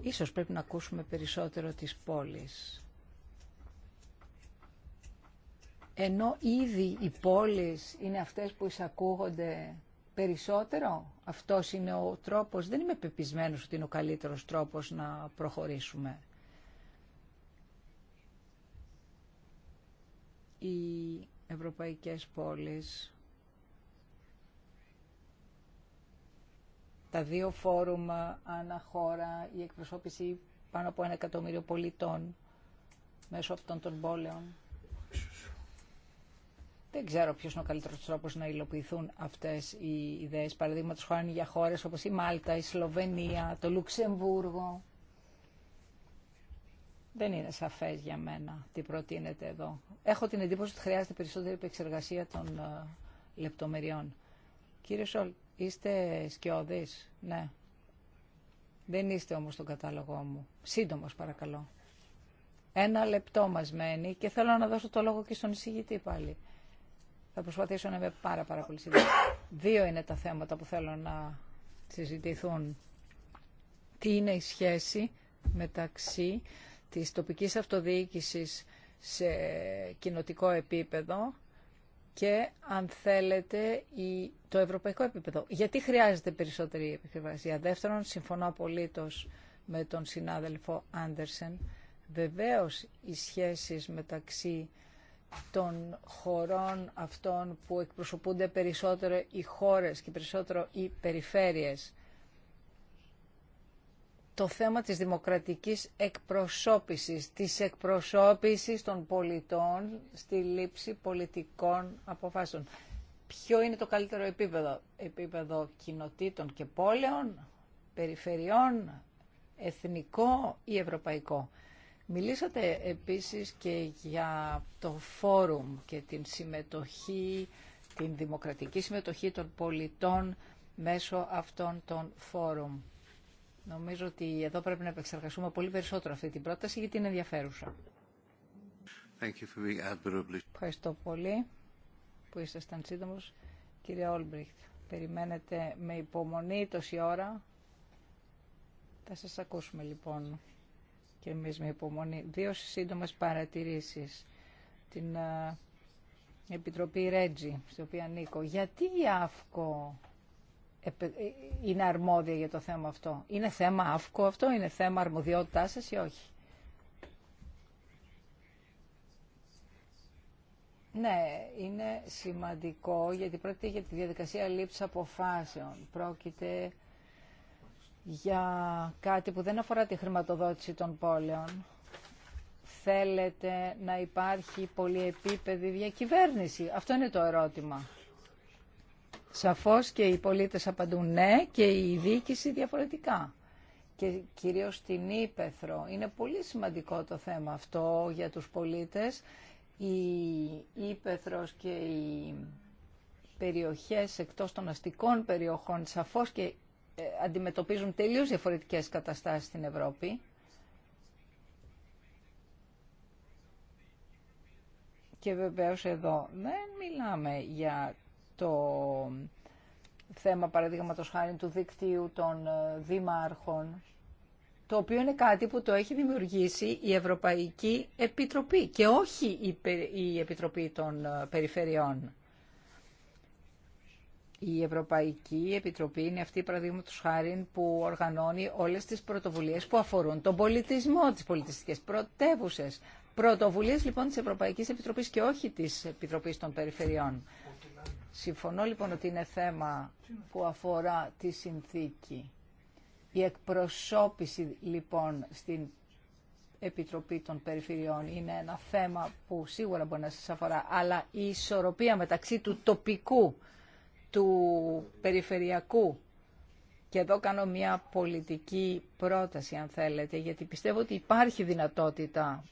Ίσως πρέπει να ακούσουμε περισσότερο τις πόλεις. Ενώ ήδη οι πόλεις είναι αυτές που εισακούγονται περισσότερο, αυτός είναι ο τρόπος, δεν είμαι πεπισμένος ότι είναι ο καλύτερος τρόπος να προχωρήσουμε. Η ευρωπαϊκές πόλεις. Τα δύο φόρουμα ανά χώρα, η εκπροσώπηση πάνω από ένα εκατομμύριο πολιτών μέσω αυτών των πόλεων. Δεν ξέρω ποιο είναι ο καλύτερο τρόπο να υλοποιηθούν αυτέ οι ιδέε. Παραδείγματο χάρη για χώρε όπω η Μάλτα, η Σλοβενία, το Λουξεμβούργο. Δεν είναι σαφέ για μένα τι προτείνεται εδώ. Έχω την εντύπωση ότι χρειάζεται περισσότερη επεξεργασία των ε, λεπτομεριών. Κύριε Σόλ, είστε σκιώδης. Ναι. Δεν είστε όμως στον κατάλογό μου. Σύντομος παρακαλώ. Ένα λεπτό μας μένει και θέλω να δώσω το λόγο και στον εισηγητή πάλι. Θα προσπαθήσω να είμαι πάρα πάρα πολύ σύντομη. Δύο είναι τα θέματα που θέλω να συζητηθούν. Τι είναι η σχέση μεταξύ της τοπικής αυτοδιοίκησης σε κοινοτικό επίπεδο και αν θέλετε η, το ευρωπαϊκό επίπεδο. Γιατί χρειάζεται περισσότερη επιχειρημασία. Δεύτερον, συμφωνώ απολύτως με τον συνάδελφο Άντερσεν. Βεβαίως οι σχέσεις μεταξύ των χωρών αυτών που εκπροσωπούνται περισσότερο οι χώρες και περισσότερο οι περιφέρειες το θέμα της δημοκρατικής εκπροσώπησης, της εκπροσώπησης των πολιτών στη λήψη πολιτικών αποφάσεων. Ποιο είναι το καλύτερο επίπεδο, επίπεδο κοινοτήτων και πόλεων, περιφερειών, εθνικό ή ευρωπαϊκό. Μιλήσατε επίσης και για το φόρουμ και την συμμετοχή, την δημοκρατική συμμετοχή των πολιτών μέσω αυτών των φόρουμ. Νομίζω ότι εδώ πρέπει να επεξεργαστούμε πολύ περισσότερο αυτή την πρόταση γιατί είναι ενδιαφέρουσα. Thank Ευχαριστώ πολύ που ήσασταν σύντομο. Κύριε Όλμπριχτ, περιμένετε με υπομονή τόση ώρα. Θα σας ακούσουμε λοιπόν και εμείς με υπομονή. Δύο σύντομες παρατηρήσεις. Την ε, Επιτροπή Ρέτζι, στην οποία ανήκω. Γιατί η ΑΦΚΟ ε, είναι αρμόδια για το θέμα αυτό. Είναι θέμα αύκο αυτό, είναι θέμα αρμοδιότητά σας ή όχι. Ναι, είναι σημαντικό γιατί πρόκειται για τη διαδικασία λήψη αποφάσεων. Πρόκειται για κάτι που δεν αφορά τη χρηματοδότηση των πόλεων. Θέλετε να υπάρχει πολυεπίπεδη διακυβέρνηση. Αυτό είναι το ερώτημα. Σαφώς και οι πολίτες απαντούν ναι και η διοίκηση διαφορετικά. Και κυρίως στην Ήπεθρο. Είναι πολύ σημαντικό το θέμα αυτό για τους πολίτες. Η Ήπεθρος και οι περιοχές εκτός των αστικών περιοχών σαφώς και ε, αντιμετωπίζουν τελείως διαφορετικές καταστάσεις στην Ευρώπη. Και βεβαίως εδώ δεν μιλάμε για το θέμα παραδείγματο χάρη του δικτύου των ε, δημάρχων, το οποίο είναι κάτι που το έχει δημιουργήσει η Ευρωπαϊκή Επιτροπή και όχι η Επιτροπή των ε, Περιφερειών. Η Ευρωπαϊκή Επιτροπή είναι αυτή, παραδείγματο χάρη, που οργανώνει όλε τι πρωτοβουλίε που αφορούν τον πολιτισμό, τι πολιτιστικέ πρωτεύουσε. Πρωτοβουλίε λοιπόν τη Ευρωπαϊκή Επιτροπή και όχι τη Επιτροπή των Περιφερειών. Συμφωνώ λοιπόν ότι είναι θέμα που αφορά τη συνθήκη. Η εκπροσώπηση λοιπόν στην Επιτροπή των Περιφερειών είναι ένα θέμα που σίγουρα μπορεί να σας αφορά, αλλά η ισορροπία μεταξύ του τοπικού, του περιφερειακού και εδώ κάνω μια πολιτική πρόταση αν θέλετε, γιατί πιστεύω ότι υπάρχει δυνατότητα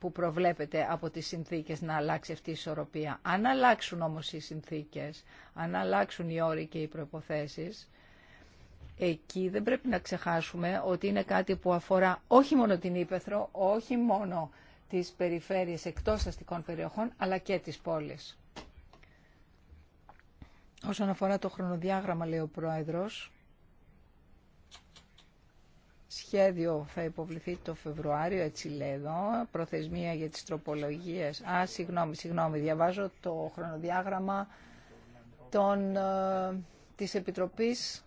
που προβλέπεται από τις συνθήκες να αλλάξει αυτή η ισορροπία. Αν αλλάξουν όμως οι συνθήκες, αν αλλάξουν οι όροι και οι προϋποθέσεις, εκεί δεν πρέπει να ξεχάσουμε ότι είναι κάτι που αφορά όχι μόνο την Ήπεθρο, όχι μόνο τις περιφέρειες εκτός αστικών περιοχών, αλλά και τις πόλεις. Όσον αφορά το χρονοδιάγραμμα, λέει ο Πρόεδρος, Σχέδιο θα υποβληθεί το Φεβρουάριο, έτσι λέω. Προθεσμία για τις τροπολογίες. Α, συγγνώμη, συγγνώμη, διαβάζω το χρονοδιάγραμμα των, ε, της Επιτροπής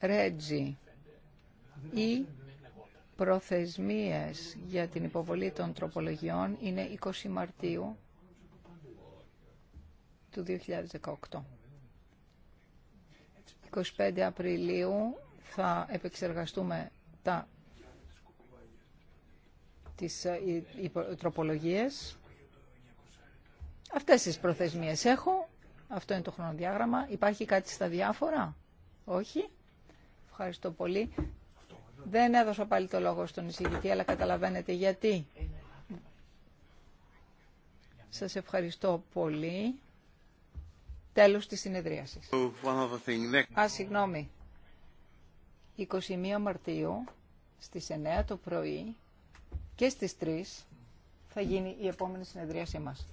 Ρέτζι. Η προθεσμίες για την υποβολή των τροπολογιών είναι 20 Μαρτίου του 2018. 25 Απριλίου θα επεξεργαστούμε τα, τις ε, τροπολογίες. Αυτές τις προθεσμίες έχω. Αυτό είναι το χρονοδιάγραμμα. Υπάρχει κάτι στα διάφορα. Όχι. Ευχαριστώ πολύ. Δεν έδωσα πάλι το λόγο στον εισηγητή, αλλά καταλαβαίνετε γιατί. Σας ευχαριστώ πολύ. Τέλος της συνεδρίασης. Α, συγγνώμη. 21 Μαρτίου στις 9 το πρωί και στις 3 θα γίνει η επόμενη συνεδρίασή μας.